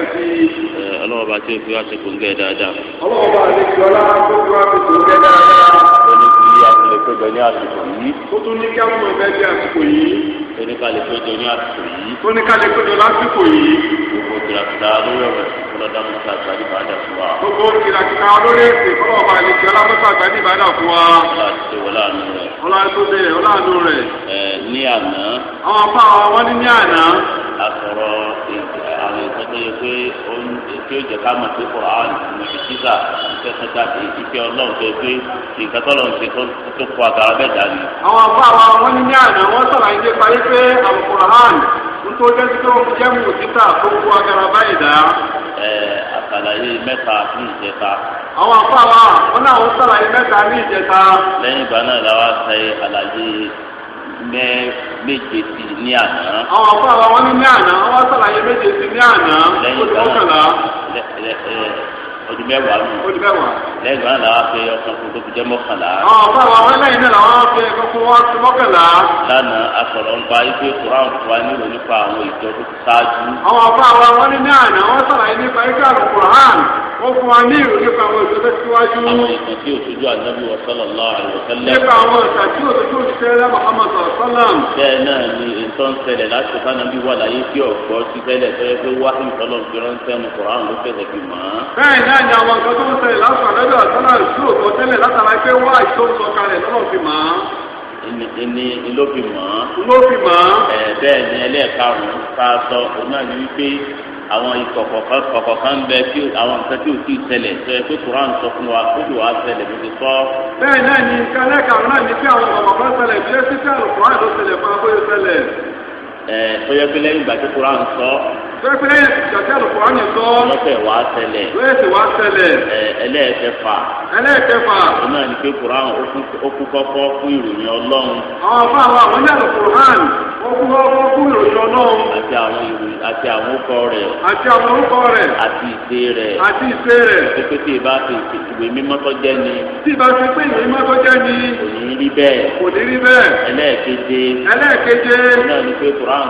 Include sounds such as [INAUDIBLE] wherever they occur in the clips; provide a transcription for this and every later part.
rẹ̀ sí i. ọlọ́wọ́ bá tí o fi wá sí kòńgẹ́ dáadáa. ọlọ́wọ́ bá lè fi ọlá tó fi wá sí kòńgẹ́ dáadáa. ó ní kí ilé àtúnlẹ̀ péjọ ní àsìkò yìí. ó tún ní kí àwọn ẹgbẹ́ bí àsìkò yìí. ó ní ká lè péjọ ní àsìkò yìí. ó ní ká lè péjọ lásìkò yìí. gbogbo tìràkìtà lórí ọ̀rẹ́ kọ́lọ́dá mọ́tà àgbàdì bàdà fún wa. gbogbo tìràkìtà lórí ẹ̀sìn kọ́lọ́ bá lè fi ọlá mọ́tà àgbàdì bàdà fún wa. ọlọ́àtúndé rẹ̀ ọlọ́àtúndé rẹ̀. ẹ ní àná. àwọn afáwọn wọn ní ní àná. a sọ̀rọ̀ tó yẹ pé tí ó jẹ ká mọ̀ pé kò àwọn ìmọ̀ ìṣísà ìfẹ́sẹ̀ jáde ìfẹ́ ọlọ́run tó yẹ pé nǹkan tó lọ́n ṣe tó kọ àgàrà bẹ́ẹ̀ dání. àwọn àpá wa wọn ní ní àná wọn sọ̀rọ̀ ayé parí pé àwòkùnrán nítorí jẹ́ tó ń jẹ́ mú títà tó kọ àgàrà báyìí dá. ẹ àtàlàyé mẹ́ta fún ìjẹta. àwọn àpá wa wọn náà wọn sọ̀rọ̀ ayé mẹ́ta ní ìjẹta. lẹ́yìn ìgbà náà méje sí ní àná. àwọn ọ̀pọ̀ àwọn wọn ní ní àná wọ́n sàlàyé méje sí ní àná. lẹ́yìn tó kàlá. ọdún mẹ́wàá lù. ọdún mẹ́wàá lẹ́yìn náà làwọn afẹ́ ọkàn fún tó fi jẹ́ mọ́kànlá. ọ̀pá àwọn ọmọ ẹlẹ́yìn náà làwọn afẹ́ kọ́kọ́ wá sí mọ́kànlá. lánàá asọ̀rọ̀ ń bá ife kuran fún wa nílò nípa àwọn ìjọ tó ti ṣáájú. àwọn ọ̀pá àwọn ọmọ ní ní àná wọ́n sàlàyé nípa ife àrùn kuran wọ́n fún wa ní ìrò nípa àwọn ìjọ tó síwájú. àwọn ìtàn tí òṣojú ànábì wọ sallallahu alaihi wasallam. nípa àwọn ìtàn tí òṣojú òṣìṣẹ́ Muhammad sallam. bẹ́ẹ̀ náà ni ètò ń ṣẹlẹ̀ láti sànàbí wà láyé tí ọ̀gbọ́ ti fẹ́lẹ̀ tó yẹ pé wáhìn tọ́lọ̀ fi ránṣẹ́ nu kuran ló fẹ́lẹ̀ fi mọ́. bẹ́ẹ̀ náà ni àwọn nǹkan tó ń ṣẹlẹ̀ láti sànàbí ànábì àtúnà ìṣú òtọ́ tẹ́lẹ̀ látara pé wá ìṣó ń sọkalẹ̀ lọ́nà fi mọ̀ án. ìní ìní ló fi mọ̀ án. ló fi mọ̀ án. ẹ bẹ́ẹ̀ ni ẹlẹ́ẹ̀karùn-ún ká sọ òun náà ní wípé àwọn ìkọ̀kọ̀ kan bẹ tí àwọn nǹkan tí ò tí ì ṣẹlẹ̀ sọ ẹ pé Quran sọ fún wa kó lè wá ṣẹlẹ̀ ló ti sọ. bẹ́ẹ̀ náà ni kálẹ́kàrún náà ní kí àwọn ọ̀rọ̀ kan ṣẹlẹ̀ ìdílé títí àlùkò àìló ṣẹlẹ̀ fún abóyè ṣẹlẹ̀. ẹ tó yẹ pé lẹ́yìn ìgbà tí Quran sọ pẹ́pẹ́ ìjàkẹ́ àlùkò àmì sọ. lọ́sẹ̀ wá ṣẹlẹ̀. lọ́sẹ̀ wá ṣẹlẹ̀. ẹ ẹlẹ́ẹ̀kẹfà. ẹlẹ́ẹ̀kẹfà. ó náà ní pé kuran ó kú kọ́kọ́ fún ìròyìn ọlọ́run. àwọn fún àwọn àwọn yàrá kuran ó kú kọ́kọ́ fún ìròyìn ọlọ́run. àti àwọn ìròyìn àti àwọn orúkọ rẹ̀. àti àwọn orúkọ rẹ̀. àti ìṣe rẹ̀. àti ìṣe rẹ̀. pépé tí ìbá ti ìwé mímọ́ tó jẹ́ ni. tí ìbá ti pé ìwé mímọ́ tó jẹ́ ni. kò ní rí bẹ́ẹ̀. kò ní rí bẹ́ẹ̀. ẹlẹ́ẹ̀keje. ẹlẹ́ẹ̀keje. ó náà ní pé kuran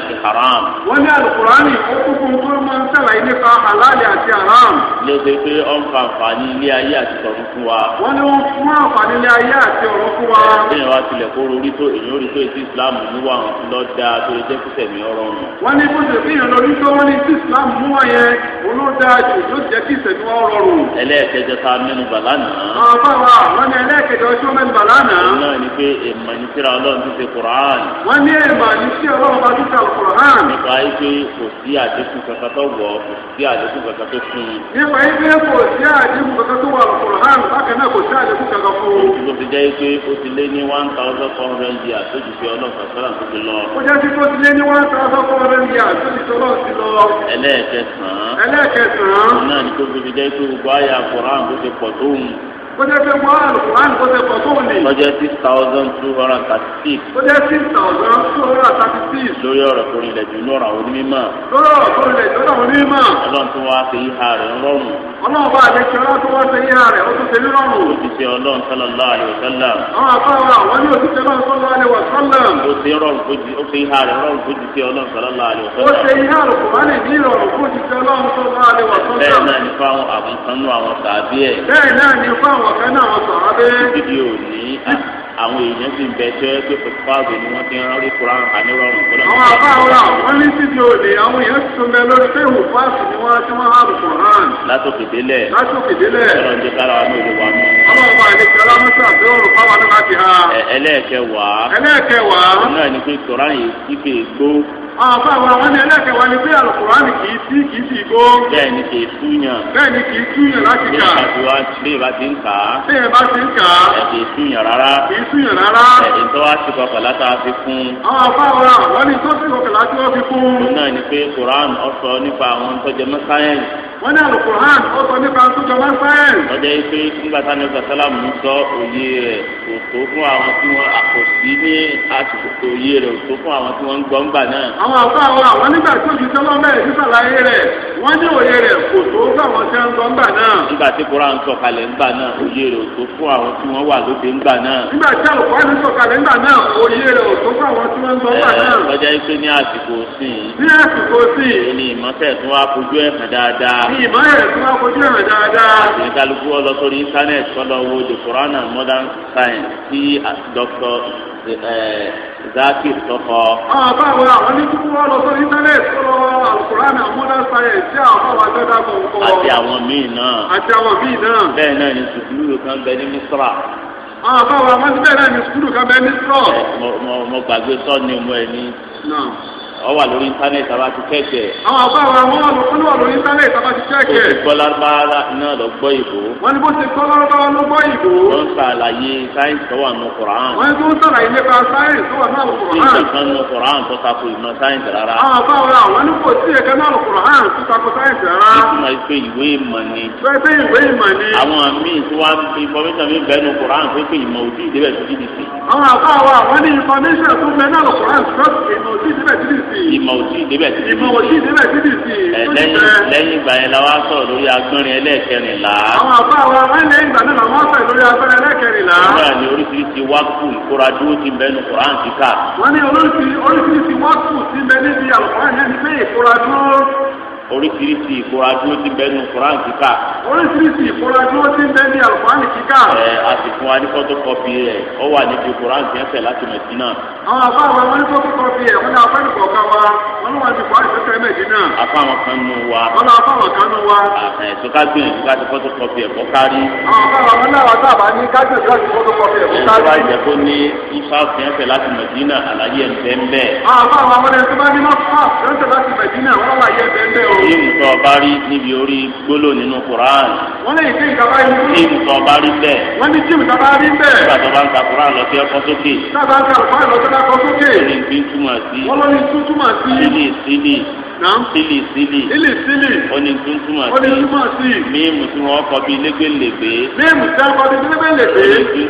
àti haram. wọ́n ní alukurani ó kúkún tó máa ń sàlàyé nípa halali àti haram. ló ṣe pé ó ń fa àǹfààní ilé ayé àti ọ̀run fún wa. wọ́n ní wọ́n fún àǹfààní ilé ayé àti ọ̀run fún wa. bẹ́ẹ̀ wá tilẹ̀ kó rorí tó èyí rí tó èsì islam níwà lọ́dà tó lè jẹ́ kó ọ̀rọ̀ rùn. wọ́n ní bó ṣe fi ìrìn lórí tó wọ́n ní tí islam mú wa yẹn olóda jù jẹ́ kí ìsẹ̀mí wa rọrùn. ẹlẹ́ẹ̀kẹjọ ta mẹ́nu bàlánà. àbáwá wọ́n ní ẹlẹ́ẹ̀kẹjọ tó mẹ́nu bàlánà. òun ni pé èèmọ̀ ní síra ọlọ́run ti ṣe kùrán. wọ́n ní èèmọ̀ ní sí ọlọ́run bá ti ṣe Al-Qur'an. nípa ife kò sí àdínkù kankan tó wọ̀ kò sí àdínkù kankan tó fún un. nípa ife kò sí àdínkù kankan tó wọ̀ Al-Qur'an bákan náà kò sí àdínkù kankan fún un. oṣù tó fi jẹ́ ife ó ti lé ní one thousand four hundred years tó ju fi ọlọ́ọ̀kan sọ́lá tó ti lọ. ó jẹ́ sípò ti lé ní one thousand four hundred years tó ti sọ́lá ti lọ. ẹlẹ́ẹ̀kẹsàn-án. ẹlẹ́ẹ̀kẹsàn-án. náà ni tó fi jẹ́ ife gbogbo àyà Al-Qur'an tó ti pọ̀ tóun ó jẹ́ pé wọ́n àlùkùránì kó ṣe pọ̀ tóun ní. ó jẹ́ six thousand two hundred and thirty six. ó jẹ́ six thousand two hundred and thirty six. lórí ọ̀rọ̀ tó rinlẹ̀ jù lọ́rọ̀ àwọn onímọ̀. lórí ọ̀rọ̀ tó rinlẹ̀ jù lọ́rọ̀ àwọn onímọ̀. ọlọ́run tó wá ṣe yíha rẹ̀ rọrùn. ọlọ́run bá àlẹ́ kí ọlọ́run tó wá ṣe yíha rẹ̀ ó tún ṣe rírọ̀rùn. òṣìṣẹ́ ọlọ́run sọ́lọ́lá àlẹ́wọ̀sálàm. àwọn àbáwá àwọn ní òṣìṣẹ́ ọlọ́run sọ́lọ́lá àlẹ́wọ̀sálàm. ó ṣe rọrùn fojú ó ṣe yíha rẹ̀ rọrùn fojú sí ọlọ́run sọ́lọ́lá àlẹ́wọ̀sálàm. ó ṣe yíha rẹ̀ kùmánì ní ìrọ̀rùn fojú sí ọlọ́run sọ́lọ́lá àlẹ́wọ̀sálàm. bẹ́ẹ̀ náà ni fáwọn àbùkánú àwọn tàbí ẹ̀. bẹ́ẹ̀ náà ni fáwọn ọ̀kan náà wọ́n sọ̀rọ̀ bẹ́ẹ̀. gidi ò àwọn èèyàn ti bẹ tẹ pé fáwọn ni wọ́n ti ń rí kuran ànírọ̀rùn gbọ́dọ̀. àwọn àbá wa ní gidi ò àwọn èèyàn ti tún bẹ lórí pé wò fáàsì ni wọ́n ti wọ́n há lù kuran. látòkè délẹ̀. látòkè délẹ̀. ọlọ́run ti kára wa ní òde wa mú. ọmọ ọba àlejò alámọ́sà tó ń rùn fáwọn ní àfa àwọn àwọn ní ẹlẹ́kẹ̀ wa ni pé àlùkùránì kì í sí kì í sì gbó. bẹ́ẹ̀ ni kì í túyàn. bẹ́ẹ̀ ni kì í túyàn láti kà. bí ìbá ti ń kà á. bí ìbá ti ń kà á. ẹ kì í túyàn rárá. kì í túyàn rárá. ẹ̀yìn tó wá sí kọkànlá tá a fi kún. àwọn àfa àwọn àwọn ní tó sí kọkànlá tí wọ́n fi kún. òun náà ni pé kùránì ọ̀sọ̀ nípa àwọn tó jẹ mọ́ wọ́n ní alukur'an ó nípa sójọ máa ń sáyẹ̀n. ọjọ́ yìí nígbà táwọn àwọn àbá wa àwọn nígbà tí òjì sọlọ bẹ́ẹ̀ sísàlàyé rẹ̀ wọ́n ní òye rẹ̀ kò tó fáwọn tí wọ́n gbọ́ ńgbà náà. nígbà tí kura ń sọ̀kalẹ̀ ńgbà náà òye rẹ̀ ò tó fún àwọn tí wọ́n wà lóde ńgbà náà. nígbà tí àlùkò ń sọ̀kalẹ̀ ńgbà náà òye rẹ̀ ò tó fún àwọn tí wọ́n gbọ́ ńgbà náà. lọ́jà ife ní àsìkò sí i. ní àsìkò sí i. èyí ni ìmọ̀tẹ̀ tún wá fojú ẹ̀ hàn dáadáa. ní ìmọ̀tẹ̀ tún wá fojú ẹ̀ hàn dáadáa. Eh, zakir tọkọ. àbá ah, àwọn àwọn ní kíkú wọn lọ sórí íńtánẹ́ẹ̀tì tó lọ alukur'an amúdá sáyẹ̀ tí a àwọn àjọdá kò ń kọ́. àti àwọn míì náà. àti àwọn míì náà. bẹ́ẹ̀ náà ni sùkúlù kan bẹ ní misra àbá wa máa ń bẹ̀rẹ̀ ní sukúlù kan bẹ́ẹ̀ ní sọ. mo mo gbàgbé sọ ni mo ẹ ní ọ wà lórí íńtánẹ́ẹ̀tì àbá ti kẹ́ẹ̀kì ẹ̀. àwọn àbá wa wọn wà lórí wà lórí íńtánẹ́ẹ̀tì àbá ti kẹ́ẹ̀kì ẹ̀. ó ti gbọ́ lárúbáwá náà lọ gbọ́ ìbò. wọ́n ní bó ti gbọ́ lárúbáwá ló gbọ́ ìbò. wọ́n ń ṣàlàyé sáyẹ́ǹsì tó wà nù kùrán. wọ́n tún ṣàlàyé nípa sáyẹ́ǹsì tó wà nù kùrán. ìṣe kan nù kùrán tó takò ìmọ̀ sáyẹ́ǹsì rárá. àwọn àbá wa wọn ní kò sí ẹ̀kẹ́ náà kùrán tó takò sáyẹ́ǹsì rárá. ìtumọ̀ ìpè ìwé ìmọ̀ ni. pé ìwé ìmọ̀ ni. àwọn míì tí wọ́n information mi bẹ́ẹ̀ nù kùrán pé pé ìmọ̀ òdì ìdíbẹ̀ tó dídì sí. àwọn àbá wa wọn ní information tó bẹ́ẹ̀ náà kùrán tó ìmọ̀ òdì ìdíbẹ̀ tó dídì sí ìmọ̀ òsì débẹ̀ títí. ìmọ̀ òsì débẹ̀ títí sí. ẹ lẹ́yìn lẹ́yìn ìgbà yẹn la wá sọ̀rọ̀ lórí agbọ́nrin ẹlẹ́ẹ̀kẹrìnlá. àwọn àbá wa wọn lẹ́yìn ìgbà náà wọ́n sọ̀rọ̀ lórí agbọ́nrin ẹlẹ́ẹ̀kẹrìnlá. wọ́n ní oríṣiríṣi wákù ìkóradúró ti bẹ nu koran kíkà. wọ́n ní oríṣiríṣi wákù ti bẹ níbi àlùkò oríṣiríṣi ìfura tí ó ti bẹ nu kuran kíkà. oríṣiríṣi ìfura tí ó ti bẹ ní alukuran kíkà. ẹ a sì fún wa ní fọ́tò kọ́pì rẹ ó wà níbi kuran kẹfẹ láti Mẹdínà. àwọn àbá àwọn ọmọ ní fọ́tò kọ́pì rẹ wọn ní afẹ́ nìkan kan wa wọn ní wọn ti kuran kẹfẹ Mẹdínà. afọ àwọn kan nù wa. wọn ní afọ àwọn kan nù wa. àfẹ tó ká gbìyànjú ká ti fọ́tò kọ́pì rẹ kó kárí. àwọn àbá àwọn náà wà sábà ní ká gbìyànjú ká ti fọ́tò kọ́pì rẹ kó kárí. ìwà ìjẹ́kó ní musaaf kẹfẹ láti Mẹdínà àlàyé ẹ̀ ìmù tó ọba rí níbi orí gbólò nínú Quran. wọ́n lè tí nǹkan bá rí bẹ́ẹ̀. ìmù tó ọba rí bẹ́ẹ̀. wọ́n ní tí nǹkan rí bẹ́ẹ̀. nígbà tó bá ń ka Quran lọ sí ọkọ sókè. nígbà tó bá ń ka Quran lọ sí ọkọ sókè. wọ́n lè fi túmọ̀ sí. wọ́n lè fi túmọ̀ sí. sílì sílì sílì sílì sílì sílì oní túntúmọ̀ sí onítúmọ̀ sí mímu tí wọ́n kọ bí légbélégbé Oni tí wọ́n kọ bí légbélégbé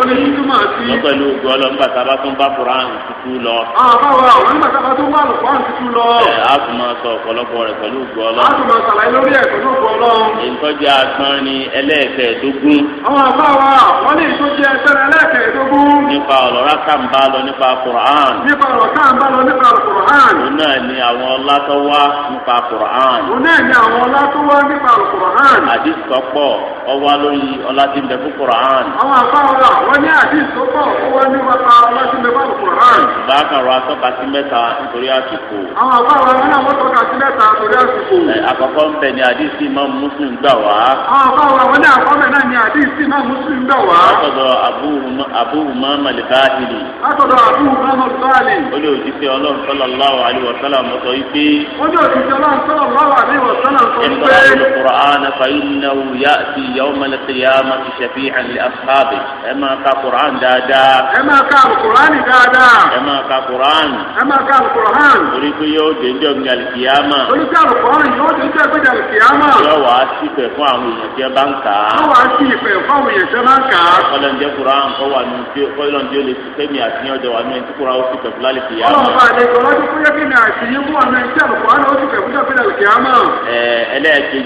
onítúmọ̀ sí onítúmọ̀ sí lọ́pẹ̀lú ogun ọlọ́mùbà sábà tó ń bá kuran tutù lọ. àbáwọ̀ ọlọ́mùbà sábà tó ń bá kuran tutù lọ. ẹ á tún máa sọ ọ̀pọ̀lọpọ̀ rẹ̀ pẹ̀lú ogun ọlọ́run. á tún máa sàlàyé lórí ẹ̀ pẹ̀lú ogun ọlọ́run. ìtọ́jú agbọ́n ni ẹlẹ́ẹ̀kẹ́ẹ̀dógún. àwọn àbáwọ̀ wọ́n ní ìtọ́jú ẹgbẹ́rẹ́ ẹlẹ́ẹ̀kẹ́ẹ̀dógún. nípa ọ̀rọ̀ rákàmbá lọ nípa kuran. nípa ọ̀rọ̀ wá nípa Qur'an. òun náà ni àwọn ọlá tó wá nípa Qur'an. àdìsí tó pọ̀ ọwá lórí ọlá tí ń bẹ fún Qur'an. àwọn àbáwọlá wọn ní àdìsí tó pọ̀ ọwọ́ nípa ọlá tí ń bẹ fún Qur'an. bákàrọ̀ atọ́ka sí mẹ́ta nítorí àsìkò. àwọn àbáwọlá wọn náà wọ́n tọ́ka sí mẹ́ta nítorí àsìkò. àkọ́kọ́ ń bẹ ní gbà wá. wọ́n ní òṣìṣẹ́ ọlọ́run sọ́nà lọ́wọ́ àbí ìwọ̀sánà sọ wípé. ìtura alukur'an fàyínnáwó yá ti yàwó mẹlẹkẹyà máa ti ṣẹfí àlẹ asáàbì ẹ máa ka kur'an dáadáa. ẹ máa ka alukur'an dáadáa. ẹ máa ka kur'an. ẹ máa ka alukur'an. torí pé yóò dé ní ọgbìn alikiyama. torí pé alukur'an yóò dé ní ọgbìn alikiyama. yóò wá sí ìfẹ́ fún àwọn èèyàn tí ẹ bá ń kà á. yóò wá sí ìfẹ́ fún àwọn èèyàn tí ẹ bá ń kà á. kọlọ̀njẹ́ kur'an kọ́ wà ní kọlọ̀njẹ́ olè sẹ́mi àtìyànjọ́ wà ní ẹni tí kur'an ó sì fẹ́ fún lálẹ́ kìyàmá. ọlọ́run kùránì ó sì fẹ̀ fún jọ́pẹ́ lẹ́lẹ̀ kìámà. ẹ ẹlẹ́ẹ̀kejì.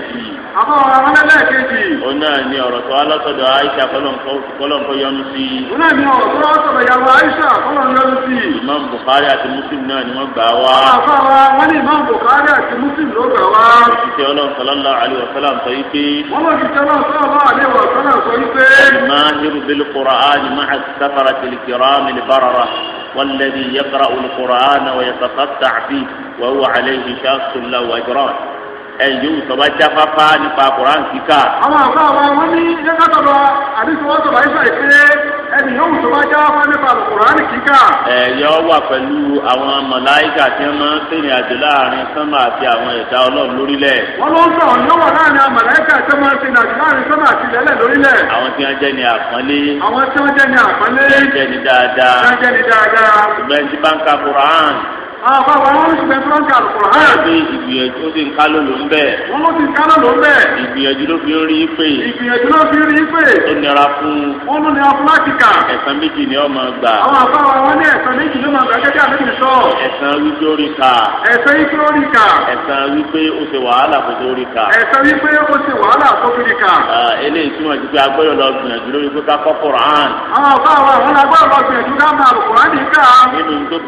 àbọ̀wọ̀ àwọn ẹlẹ́ẹ̀kejì. òun náà ni ọ̀rọ̀ tó wá lọ́sọ̀dọ̀ Aisha kọ́lọ́ǹkọ́ yọnu sí i. òun náà ni ọ̀rọ̀ tó wá lọ́sọ̀dọ̀ yàrá Aisha kọ́lọ́ǹkọ́ yọnu sí i. Imam Bukhari àti Muslim náà ni wọ́n gbà wá. àbáwá wọn ni Imam Bukhari àti Muslim ló gbà wá. ìṣe ọlọ́ọ̀sọ̀lọ́lá والذي يقرأ القرآن ويتقطع فيه وهو عليه شاق له أجران ẹ̀yìn yòówù sọba jáfáfá nípa koran kíkà. àwọn àbá wa wọn ní yẹ́ká sọ̀rọ̀ àdìsí wọn sọ̀rọ̀ àìsàn ìpè ẹni yòówù sọba jáfáfá nípa koran kíkà. ẹ̀yọ́ wà pẹ̀lú àwọn mọ̀láìkà tí wọ́n máa ń sẹ́yìn àjò láàrin sánmà àti àwọn ẹ̀dá ọlọ́run lórílẹ̀. wọ́n ló ń sọ ọ̀nà wà láàrin àwọn mọ̀láìkà tí wọ́n máa ń sẹ́yìn àjò láàrin sánmà àti ilẹ̀ lórílẹ̀. àwọn tí wọ́n àwọn àwọn ọmọ oṣù mẹ́fọ́ ń kàlù kùrọ̀ hàn. bí ìgbìyànjú ó sì ń ká lólo ń bẹ̀. wọ́n ló ti ń ká lólo ń bẹ̀. ìgbìyànjú ló fi ń rí pé. ìgbìyànjú ló fi ń rí pé. ó nira fún. ó ló nira fún láti kà. ẹ̀san méjì ni ó máa gbà. àwọn àbá wa wọn ní ẹ̀san méjì ló máa gbà gẹ́gẹ́ àbí mi sọ. ẹ̀san wípé ó rí ka. ẹ̀san wípé ó rí ka. ẹ̀san wípé ó ṣe wàhálà kó tó rí ka. ẹ̀san wípé ó ṣe wàhálà kó tó rí ka.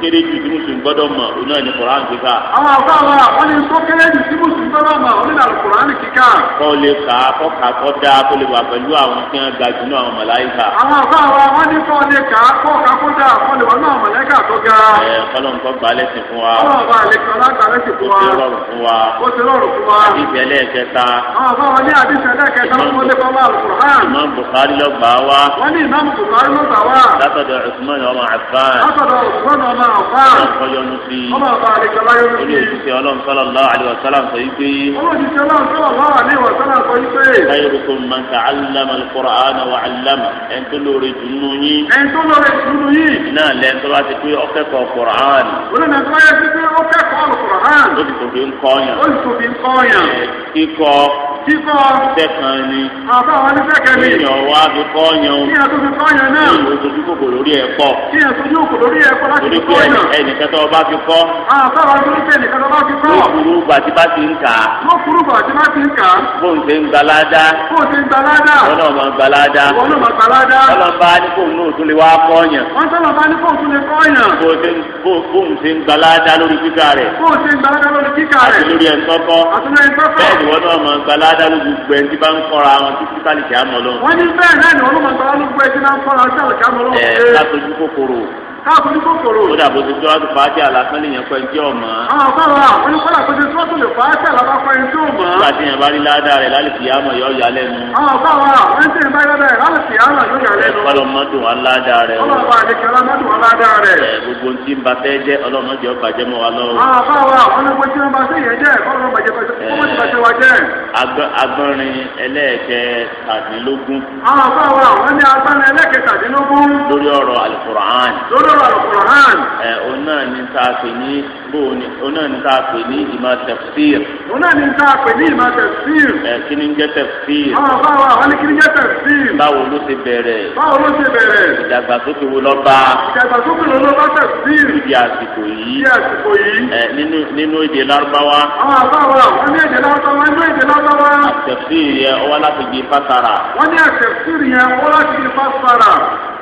eléyìí mọ̀ òun ní koran kíkà. àwọn àbá wa wọn ni tó kéré jù sí mùsùlùmí tó bá mọ òun nílò koran kíkà. kọ́ lè kà á kọ́ kà á kọ́ dáa kó lè wà pẹ̀lú àwọn tí wọ́n ga jù náà àwọn màláíkà. àwọn àbá wa wọn ni kọ́ lè kà á kọ́ kà á kó dáa kó lè wà náà màláíkà tó ga. ẹ kọ́lọ̀ ń kọ́ gba lẹ́sìn fún wa. kọ́lọ̀ ń gba lẹ́sìn fún wa. ó ti rọrùn fún wa. ó ti rọrùn fún wa. àdìsẹ́ lẹ́ẹ̀kẹta. àwọn àbá wa ní àdìsẹ́ lẹ́ẹ̀kẹta ló mọ́lẹ́ fọ́ máa rùn hàn. ìmáàmù Bukhari ló gbà wá. wọ́n ní ìmáàmù Bukhari ló gbà wá. látọ̀dọ̀ Usman ọmọ Affan. látọ̀dọ̀ Usman ọmọ Affan tí olùsísẹ́ ọlọ́run sallallahu alaihi wasallam sọ yìí pé. olùsísẹ́ ọlọ́run sallallahu alaihi wasallam sọ yìí pé. khairukum man ta'allama al-Qur'ana wa 'allama ẹn tó lóore dunu yín. ẹn tó lóore dunu yín. náà lẹ́yìn tó bá ti pé ó kẹ́kọ̀ọ́ Qur'an. olùsísẹ́ ọlọ́run sọ yìí pé ó kẹ́kọ̀ọ́ Qur'an. ó ti tòbi ń kọ́yàn. ó ti tòbi ń kọ́yàn. kíkọ́ kíkọ́ sẹ́kàn ni. àbá ni. èèyàn wá fi kọ́ yan. kí ẹ tó fi kọ́ yan náà. kí ẹ sojú kòkò lórí ẹ̀ pọ̀. kí ẹ sojú kòkò fi kọ́ yan. torí pé ẹnìkan bá fi kọ́. àtàwọn ọdún tẹ̀ nìkan tó bá ti kọ́. ló kúrú gbà tí bá ti ń kà. ló kúrú gbà tí bá ti ń kà. bó ń ṣe ń gbalada. bó ń ṣe ń gbalada. wọn náà máa gbalada. wọn náà máa gbalada. ọlọ́run bá ní kóun náà tún lè wá kọ́ yàn. wọ́n sábà bá ní kóun tún lè kọ́ yàn. bó ń ṣe ń gbalada lórí kíkà rẹ̀. bó ń ṣe ń gbalada lórí kíkà rẹ̀. àti lórí ẹ̀ńtọ́kọ́. àti lórí ẹ̀ńtọ́kọ́. bẹ́ẹ̀ ni wọ́n náà máa gbalada lójú gbẹ̀ẹ́ tí bá ń kọ́ra wọn títí sálì kí á mọ̀ lọ́wọ́. wọ́n ní bẹ́ẹ̀ náà ni wọ́n máa gbalada lójú gbẹ̀ẹ́ tí bá ń kọ́ra sálì kí á mọ̀ lọ́wọ́. ẹ káàkó ní kòkòrò. ó dàbò ti tó láti fàájì àlàkán lè yẹn pẹ́ ní ọmọ. àwọn báwa àwọn kọ́lá tó ti tó tó lè fàájì àlàkán pẹ́ ní ọmọ. nígbà tí yẹn bá rí ládàá rẹ̀ lálẹ́ fìyà mọ̀ yọ yà tí yẹn bá rí ládàá rẹ̀ lálẹ́ fìyà mọ̀ yọ yà lẹ́nu. ọlọmọdún wa ládàá rẹ̀. ọlọmọdún wa tí ń ba fẹ́ jẹ́ ọlọmọdé ọba jẹ́ ń jẹ́ agbọ́nrin sọ̀rọ̀ alukur'an. ẹ òun náà ní tá a pè ní bóòní òun náà ní tá a pè ní ìmọ̀ tafsir. òun náà ní tá a pè ní ìmọ̀ tafsir. ẹ kí ni ń jẹ́ tafsir. àwọn báwa àwọn ní kí ni ń jẹ́ tafsir. báwo ló ti bẹ̀rẹ̀. báwo ló ti bẹ̀rẹ̀. ìdàgbàsókè wo lọ bá. ìdàgbàsókè wo lọ bá tafsir. ibi àsìkò yìí. ibi àsìkò yìí. ẹ nínú nínú èdè lárúbáwá. àwọn báwa wọn ní èdè lárúbáwá nínú èdè lárúbáwá. àtẹ̀síìrì yẹn wọ́n láti di fásara. wọ́n ní àtẹ̀síìrì yẹn wọ́n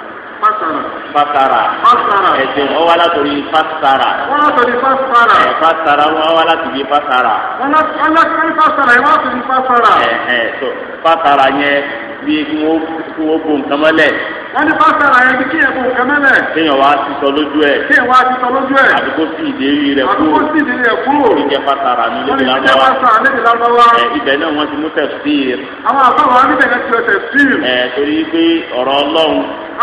fasara ẹsẹ wọn wá látòrí fasara wọn látòrí fasara ẹ fasara wọn wá látòrí fasara wọn látòrí fasara ẹ wọn látòrí fasara ẹ ẹ so fasara yẹn bí kí wọn kí wọn bò nǹkan mọ́lẹ̀. wọn ní fasara yẹn bí kí yẹn bò nǹkan mọ́lẹ̀. kéèyàn wá sísọ lójú ẹ. kéèyàn wá sísọ lójú ẹ. àdúgbò sí ìdérí rẹ kúrò. àdúgbò sí ìdérí rẹ kúrò. wọn ìjẹ fasara ní lébi lábáwá. wọn ìjẹ fasara lébi lábáwá. ẹ ibẹ̀ náà wọn ti mú tẹfsir. àwọn àbáwọ níbẹ̀ náà ti lọ tẹfsir. ẹ torí pé ọ̀rọ̀ Ọlọ́run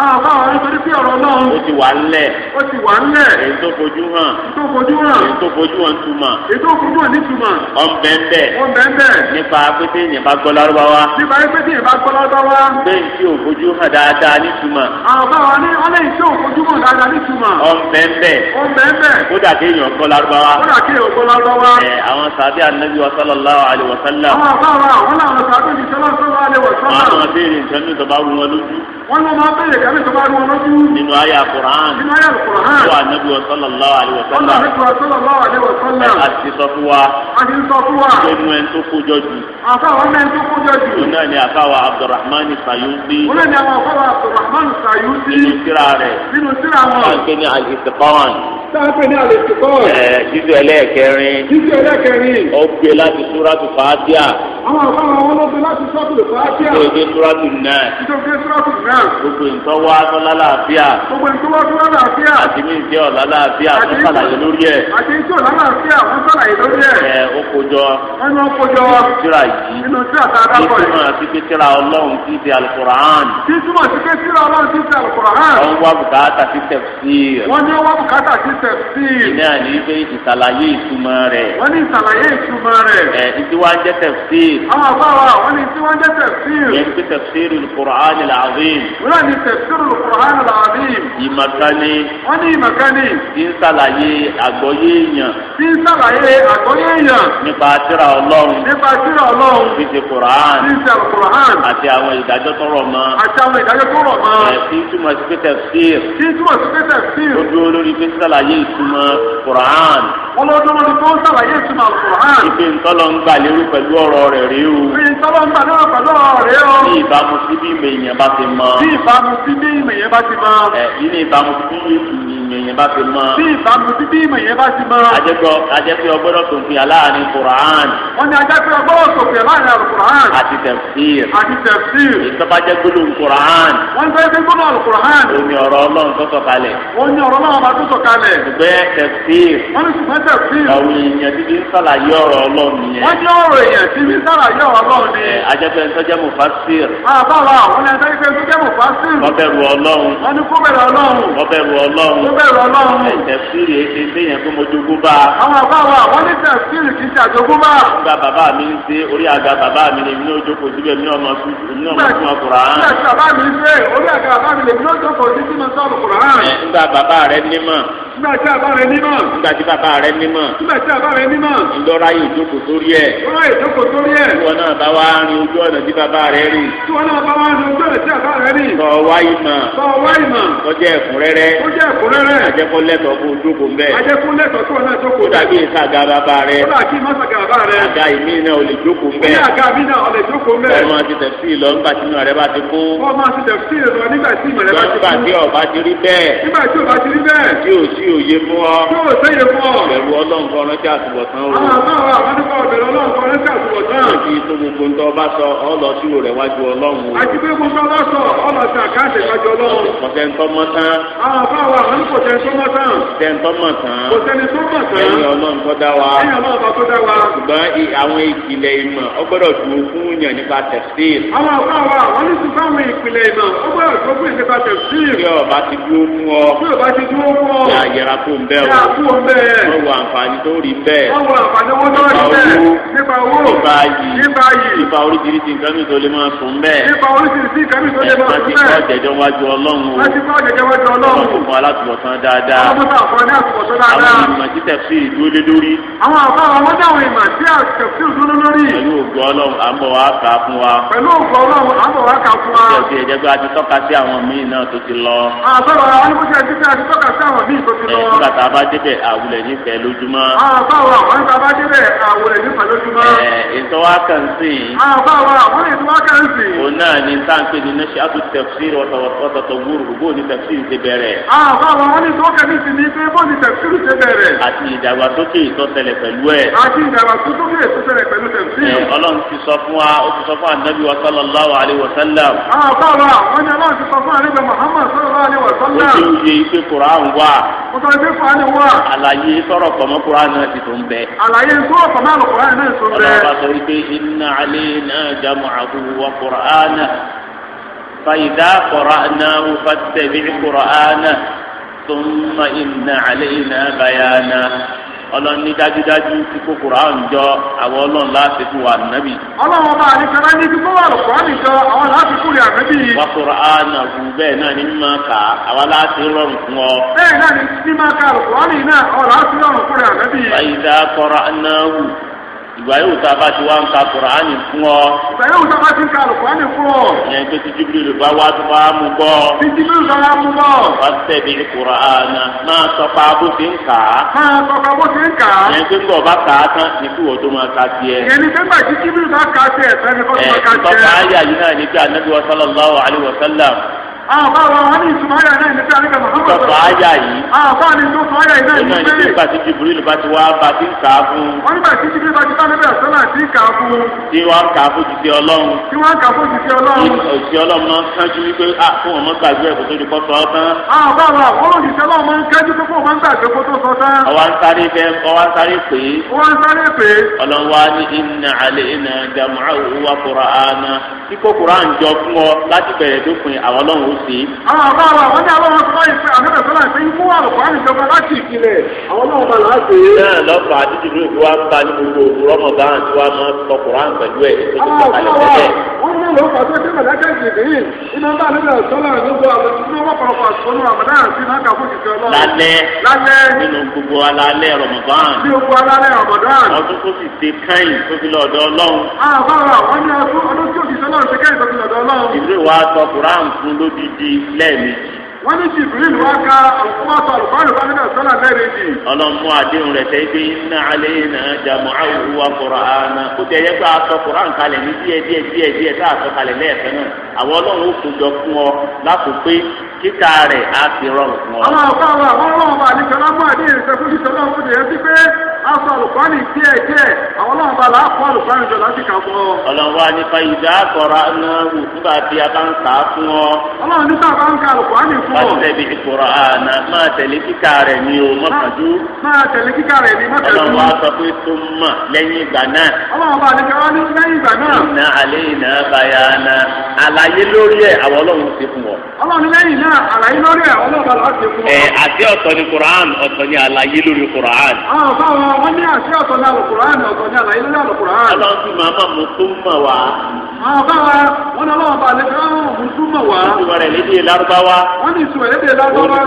àwọn àwọn nítorí pé ọ̀rọ̀ náà. ó ti wà ńlẹ̀. ó ti wà ńlẹ̀. èyí tó fojú hàn. èyí tó fojú hàn. èyí tó fojú hàn túmọ̀. èyí tó fojú hàn nítumọ̀. ọ̀nbẹ̀nbẹ̀. ọ̀nbẹ̀nbẹ̀. nípa pété yẹn bá gbọ́ lárúbáwá. nípa pété yẹn bá gbọ́ lárúbáwá. bẹ́ẹ̀ tí ò fojú hàn dáadáa nítumọ̀. àwọn báwa ní ọlẹ́yìn tí ò fojú hàn dáadáa nítumọ̀. ọ̀nbẹ̀nbẹ̀. ọ̀nbẹ̀nbẹ̀. ó dà kéèyàn gbọ́ lárúbáwá. ó dà kéèyàn gbọ́ lárúbáwá. ẹ àwọn sàbí anabi wa sallallahu alayhi wa sallam. àwọn àbáwá àwọn làwọn sàbí ìṣẹ́lá sallallahu alayhi wa sallam. àwọn àbẹ̀rẹ̀ nǹkan ní ìtọ́ba wù wọn lójú. wọ́n lọ máa bẹ̀rẹ̀ àmì tó bá rú wọn lójú. nínú àyà Qur'an. nínú àyà Qur'an. wà nàbí wa sallallahu alaihi wa sallam. wà nàbí wa sallallahu alaihi wa sallam. a ti sọ fún wa. a ti sọ fún wa. pé nu ẹni tó kójọ jù. àfàwọn mẹ́rin tó kójọ jù. òun ni àfàwà Abdurrahman Sayuti. nínú síra rẹ̀. nínú síra wọn sáfẹ́ ní àlè tó kọ́. ẹ jíjọ ẹlẹ́ẹ̀kẹrin. jíjọ ẹlẹ́ẹ̀kẹrin. ó gbé láti súrátù fàátíà. àwọn àbáwọn àwọn ọlọ́gbẹ́ láti súrátù fàátíà. ó gbé súrátù náà. ó gbé súrátù náà. gbogbo nǹkan wá tó lálàáfíà. gbogbo nǹkan wá tó lálàáfíà. àti mí jẹ́ ọ̀la láàfíà tó sàlàyé lórí ẹ̀. àti iṣẹ́ ọ̀la láàfíà tó sàlàyé lórí ẹ̀. ẹ ó kojọ. ẹnu ó kojọ. tíra yìí. inú tíra tá a dákọ̀ yìí. títúmọ̀ sí pé tíra ọlọ́run ti ti alukur'an tafsir. ìní àní ife ìsàlàyé ìtumọ̀ rẹ̀. wọ́n ní ìsàlàyé ìtumọ̀ rẹ̀. ẹ ìdí wa jẹ́ tafsir. àwọn àgbà wa wọ́n ní ìdí wa jẹ́ tafsir. yẹn ti tafsir al-Qur'an al-azim. wọ́n ní tafsir al-Qur'an al-azim. ìmàkánì. wọ́n ní ìmàkánì. ti ń sàlàyé àgbọ́yé èèyàn. ti ń sàlàyé àgbọ́yé èèyàn. nípa tírà ọlọ́run. nípa tírà ọlọ́run. fi ti Qur'an. fi ti al àti àwọn ìdájọ́ tó rọ̀ àti àwọn ìdájọ́ tó rọ̀ ẹ ti túmọ̀ sí pé tafsir. ti túmọ̀ sí pé tafsir. ó dúró pé sàlàyé ṣàlàyé ìtumọ̀ Quran. wọ́n lọ dúró ní kó ṣàlàyé ìtumọ̀ Quran. ìpè ntọ́lọ ń gbà lérò pẹ̀lú ọ̀rọ̀ rẹ̀ rí o. ìpè ntọ́lọ ń gbà lérò pẹ̀lú ọ̀rọ̀ rẹ̀ o. ní ìbámu sí bí ìmẹ̀yìn bá ti mọ. ní ìbámu sí bí ìmẹ̀yìn bá ti mọ. ẹ ní ìbámu sí bí ìmẹ̀yìn bá ti mọ. ní ìbámu sí bí ìmẹ̀yìn bá ti mọ. ajẹ́pẹ́ ọgbọ́dọ̀ tó ń fi aláàárín Quran. wọ́n ní ajẹ́pẹ́ ọgbọ́dọ̀ tó ń fi aláàárín Quran. àti tafsir. àti tafsir. ìtọ́bajẹ́ Quran. wọ́n ń fẹ́ gbólóhùn Quran. omi ọ̀rọ̀ Ọlọ́run tó sọ̀kalẹ̀. omi ọ̀rọ̀ ẹ̀dùgbẹ́ tẹ̀síìr. wọ́n ní ṣùgbọ́n tẹ̀síìr. àwọn èèyàn ti fi ń sàlàyé ọ̀rọ̀ ọlọ́run yẹn. wọ́n ní ọ̀rọ̀ èèyàn ti fi ń sàlàyé ọ̀rọ̀ ọlọ́run ni. ajẹ́pẹ́ ń tọ́jẹ́ mufasir. àbáwá àwọn ẹni tọ́jẹ́ ń tọ́jẹ́ mufasir. wọ́n bẹ̀rù ọlọ́run. wọ́n ní kó bẹ̀rù ọlọ́run. wọ́n bẹ̀rù ọlọ́run. ọlọ́run. tẹ̀síìr èsì nígbà bàbá rẹ ní nígbà nígbà tí bàbá rẹ nímọ̀. nígbà tí bàbá rẹ nímọ̀. nígbà tí bàbá rẹ nímọ̀. ńlọra yìí ìjókòó sórí ẹ̀. ńlọra ìjókòó sórí ẹ̀. tí wọn náà bá wá rin ojú ọ̀nà tí bàbá rẹ rìn. tí wọn náà bá wá rin ojú ọ̀nà tí bàbá rẹ rìn. sọ wá ìmọ̀. sọ wá ìmọ̀. kọjá ẹ̀kúnrẹ́rẹ́. kọjá ẹ̀kúnrẹ́rẹ́. àjẹkọ́ lẹ́tọ̀ọ́ kó jókòó mbẹ́. àjẹkọ́ lẹ́tọ̀ọ́ kó náà jókòó. kódà bí ìsàgà bàbá rẹ. kódà kí òye fún ọ. yóò sẹ́yìn fún ọ. bẹ̀rù ọlọ́run kọ́ o. àti tó gbogbo ń tọ́ bá sọ ọlọ sí rẹ̀ wájú ọlọ́run àti pé gbogbo bá sọ ọlọ sí àkáǹtì wájú ọlọ́run. kọ̀tẹ́ ń tọ́mọ tán. àbáwọ̀ àwọn kọ̀tẹ́ ń tọ́mọ tán. kọ̀tẹ́ ń tọ́mọ tán. kọ̀tẹ́ ọlọ́run tó dá wa. ẹ̀yin ọlọ́run tó dá wa. ṣùgbọ́n àwọn ìpìlẹ̀ ìmọ̀ ọ dúró fún yàn yàrá kó ń bẹ́ẹ̀ o wọ́n wo àǹfààní tó rí bẹ́ẹ̀ nípa owó nípa yìí nípa oríṣiríṣi nǹkan mi tó lè máa sùn bẹ́ẹ̀ nípa oríṣiríṣi nǹkan mi tó lè máa sùn bẹ́ẹ̀ láti kọ́ jẹjọ́ wájú ọlọ́run o láti kọ́ jẹjọ́ wájú ọlọ́run o ọlọ́run fún alátùbọ̀tán dáadáa àwọn ìmọ̀ tí tẹ̀sí ìdúró lórí. àwọn àbá àwọn dáhùn ìmọ̀ tí tẹ̀sí ìdúró lórí. pẹ̀lú ògùn ọlọ́run àbọ̀ àti tọ́ka nígbà tá a bá débẹ̀ àwùlẹ̀ nífẹ̀ẹ́ lójúmọ́. àbáwọ̀ àwọn nígbà bá débẹ̀ àwùlẹ̀ nífẹ̀ẹ́ lójúmọ́. ẹ ìtọ́wá kan sí i. àbáwọ̀ àwọn ìtọ́wá kan sí i. òun náà ni táǹpé ní nọ́ọ̀sì àti tẹ̀fsìrì ọ̀tọ̀ọ̀tọ̀ gbúrú bó ni tẹ̀fsìrì ti bẹ̀rẹ̀. àbáwọ̀ àwọn ìtọ́wá kan sí ni pé bó ni tẹ̀fsìrì ti bẹ̀rẹ̀. àti ìdàgbàsókè tó ṣẹlẹ̀ pẹ̀lú ẹ̀. àti ìdàgbàsókè tó ṣẹlẹ̀ pẹ̀lú tẹ̀fsìrì. ọlọ́run ti sọ fún wa ó ti sọ fún anabi wa sallallahu alayhi wa sallam. àbáwọ̀ àwọn ìtọ́wá kan sí ni pé bó ni tẹ̀fsìrì ti bẹ̀rẹ̀. àti ìdàgbàsókè tó ṣẹlẹ̀ pẹ̀lú tẹ̀fsìrì. ọlọ́run ti sọ fún wa ó ti sọ fún anabi wa sallallahu alayhi wa sallam. àbáwọ̀ àwọn ìtọ́wá kan sí ni pé bó ni tẹ̀fsìrì ti bẹ̀rẹ̀. àti ìdàgbàsókè tó ṣẹlẹ̀ pẹ̀lú tẹ̀fsìrì. ó ti yí iye pé kòrán wà ọ̀tọ̀ ẹgbẹ́ kura ni wà. àlàyé sọ̀rọ̀ pọ̀mọ́ kura náà ti tó ń bẹ. àlàyé sọ̀rọ̀ pọ̀mọ́ àlọ́ kura náà tó ń bẹ. ọlọ́run bá sọ wípé inna alayna jam'ahu wa qur'ana fa idha qara'nahu fattabi' qur'ana thumma inna alayna bayana ọlọ́ni dájúdájú tí kòkòrò àwọn jọ àwọn ọlọ́run láti fún wa nàbì. ọlọ́run ọba àdìsára ní kíkó wà lọ́kọ́ àdìsọ àwọn láti fún rẹ̀ àgbẹ̀bí. wọ́n sọ̀rọ̀ àánà wù bẹ́ẹ̀ náà ní mímọ́ kà á àwa láti rọrùn fún ọ. bẹ́ẹ̀ náà ní mímọ́ kà lọ́kọ́ àdìsọ àwọn láti rọrùn fún rẹ̀ àgbẹ̀bí ìgbà yóò tá a bá ti wá ń ka kùránì fún ọ. ìgbà yóò tá a bá ti ń ka kùránì fún ọ. ìyẹn tó ti Jibril bá wá tó bá mú bọ́. ti Jibril bá wá mú bọ́. wá tẹ̀lé kùránà máa tọ́ka bó ti ń kà á. máa tọ́ka bó ti ń kà á. ìyẹn tó ń bọ̀ bá kà á tán ní kí wọ́n tó máa ka tiẹ̀. ìyẹn ní sẹ́gbà tí Jibril bá ka tiẹ̀ sẹ́ni tó máa ka tiẹ̀. ẹ̀ tọ́ka ayé àbá ah, wa wọn ní ìtumọ̀ ayà náà nípa àríkà mọ̀tòkò. sọ̀tọ̀ ayà yìí. àbá ah, ni tó sọ ayà yìí náà ní pé. nígbà tí Jibril bá ti wá bá ti ń kà á fún. wọ́n nígbà tí Jibril bá ti bá níbi àsọ́nà àti kà á fún. tí wọ́n kà á fún jìṣẹ́ ọlọ́run. tí wọ́n kà á fún jìṣẹ́ ọlọ́run. jìṣẹ́ ọlọ́run náà kánjú wípé à fún ọmọ gbàgbé ẹ̀kọ́ tó di kọ́ sọ tán. àbá ah, wa àwọn òṣìṣẹ́ ọlọ́run máa ń kánjú tó fún ọmọ gbàgbé kó tó sọ tán. ọwọ́ ń sáré bẹ́ ọwọ́ ń sáré pé. ọwọ́ ń sáré pé. ọlọ́run wa ní inna alaina jam'ahu wa qur'ana. kíkó Kùránì jọ fún ọ láti bẹ̀rẹ̀ dópin àwọn sí. àwọn àbá wa àwọn ní àwọn ọmọ ìfẹ àgbẹ̀bẹ̀ sọ́lá ìfẹ́ yín mú àlùkò ànìjọba láti ìpìlẹ̀ àwọn náà máa là á ṣe. náà àdídìrú ìlú wa ń ba ní gbogbo òwúrọ̀ mọ̀ àti wa máa tọkùnrin pẹ̀lú ẹ̀ ètò ìgbàkalẹ̀ tẹ́lẹ̀ òun ló fà tó dé mọ̀lẹ́kẹ́ jìbìyìn iná bá nílẹ̀ sọ́lá gbogbo àwọn tí wọ́n pọ̀lọpọ̀ àtúnú àmọ́dá àti náà fún ìṣẹ́ ọlọ́run. lálẹ́ lálẹ́ nínú gbogbo alalẹ́ Ramadan. bí gbogbo alalẹ́ Ramadan. ọdún tó sì ṣe káyìn tó fi lọ ọ̀dọ̀ Ọlọ́run. àbára àwọn ọdún tó fi ṣe káyìn tó fi lọ ọ̀dọ̀ Ọlọ́run. ìlú ìwà sọ fún lódìdí lẹ́ẹ̀mejì wọ́n ní jibril wá ka àkúmọ̀tò àlùfáàlù bá nínú àṣọ náà lẹ́rìí di. ọlọ́mú àdéhùn rẹ̀ sẹ́yìn pé iná alẹ́ náà jàmọ́ àwòrán wa kọ̀rọ̀ àná. ó ti ẹ̀yẹ́ pé a sọ kùrán kalẹ̀ ní díẹ̀ díẹ̀ díẹ̀ díẹ̀ tá a sọ kalẹ̀ lẹ́ẹ̀fẹ́ náà àwọn ọlọ́run ó kó jọ fún ọ lákòó títà rẹ̀ a sọ àlùkọ́ni díẹ̀ díẹ̀ àwọn là á kọ́ jọ láti kà ọ. ọlọ́run ìdá àkọ́ra a bá ń kà á fún ọ. ọlọ́run nígbà bá ń ka fún ọ. tẹ̀lé kíkà rẹ̀ o mọ̀ náà àlàyé lórí ẹ̀ ọlọ́ọ̀bá láti fún ọ. ẹ àti ọ̀tọ̀ ni quran ọ̀tọ̀ ni àlàyé lórí quran. ọ̀ báwo wọ́n ní àti ọ̀tọ̀ ni alukuran ọ̀tọ̀ ni àlàyé lórí alukuran. ọlọ́run ti máa máa mú tó mọ̀ wá. ọ̀ báwa wọn ní ọlọ́run bá lè fẹ́ mú tó mọ̀ wá. ìtumọ̀ rẹ̀ lédè lárúbáwá. wọ́n ní ìtumọ̀ lédè lárúbáwá.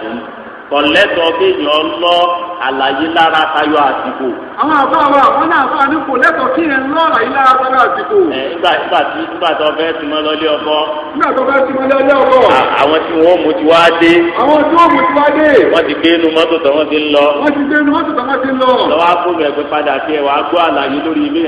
ó kọ̀lẹ́tọ̀ kéèyàn lọ àlàyé lára tayọ àsìkò. àwọn àbá wa àwọn náà fà ní kò lẹ́tọ̀ kí yẹn lọ àlàyé lára tayọ àsìkò. ẹ nígbà nígbà tí nígbà tó fẹ́ tìmọ́ lọ́lé ọkọ. nígbà tó fẹ́ tìmọ́ lọ́lé ọkọ. àwọn tí wọ́n mú ti wá dé. àwọn tí wọ́n mú ti wá dé. wọ́n ti gbé inú mọ́tò tó wọ́n ti ń lọ. wọ́n ti gbé inú mọ́tò tó wọ́n ti ń lọ. lọ́wọ́ fóònù ẹ̀gbẹ́ padà tiẹ̀ wàá wàá gbọ́ àlàyé lórí ilé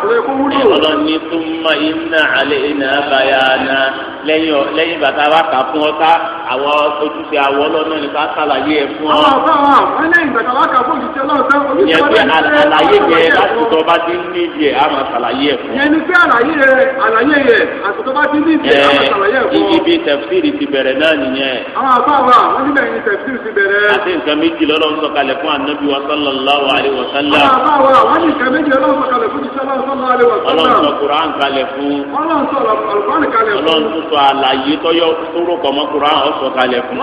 tó yẹ kó wúlò. ọlọ́ni tún mọ iná alẹ́ iná bayana lẹ́yìn lẹ́yìn bàtà bá kà fún ọ ká àwọn ojúṣe àwọn ọlọ́nà ní ká sàlàyé ẹ fún ọ. àwọn ọ̀gá wa wọ́n lẹ́yìn bàtà bá kà fún òjijì ọlọ́run tán ojúṣe wọn lẹ́yìn bàtà bá kà fún òjijì ọlọ́run tán ojúṣe wọn lẹ́yìn bàtà bá kà méjì lọ́lọ́run sọ̀kalẹ̀ fún anabi wa sallallahu alayhi wa sallam. àwọn àbáwọ̀ àwọn nìkan méjì lọ́lọ́run sọ̀kalẹ̀ fún ìṣẹ́lá ọlọ́run sọ kuran kalẹ̀ fún ọlọ́run tó sọ àlàyé tọ́yọ tóró kọ̀mọ́ kuran ọ̀sọ̀ kalẹ̀ fún.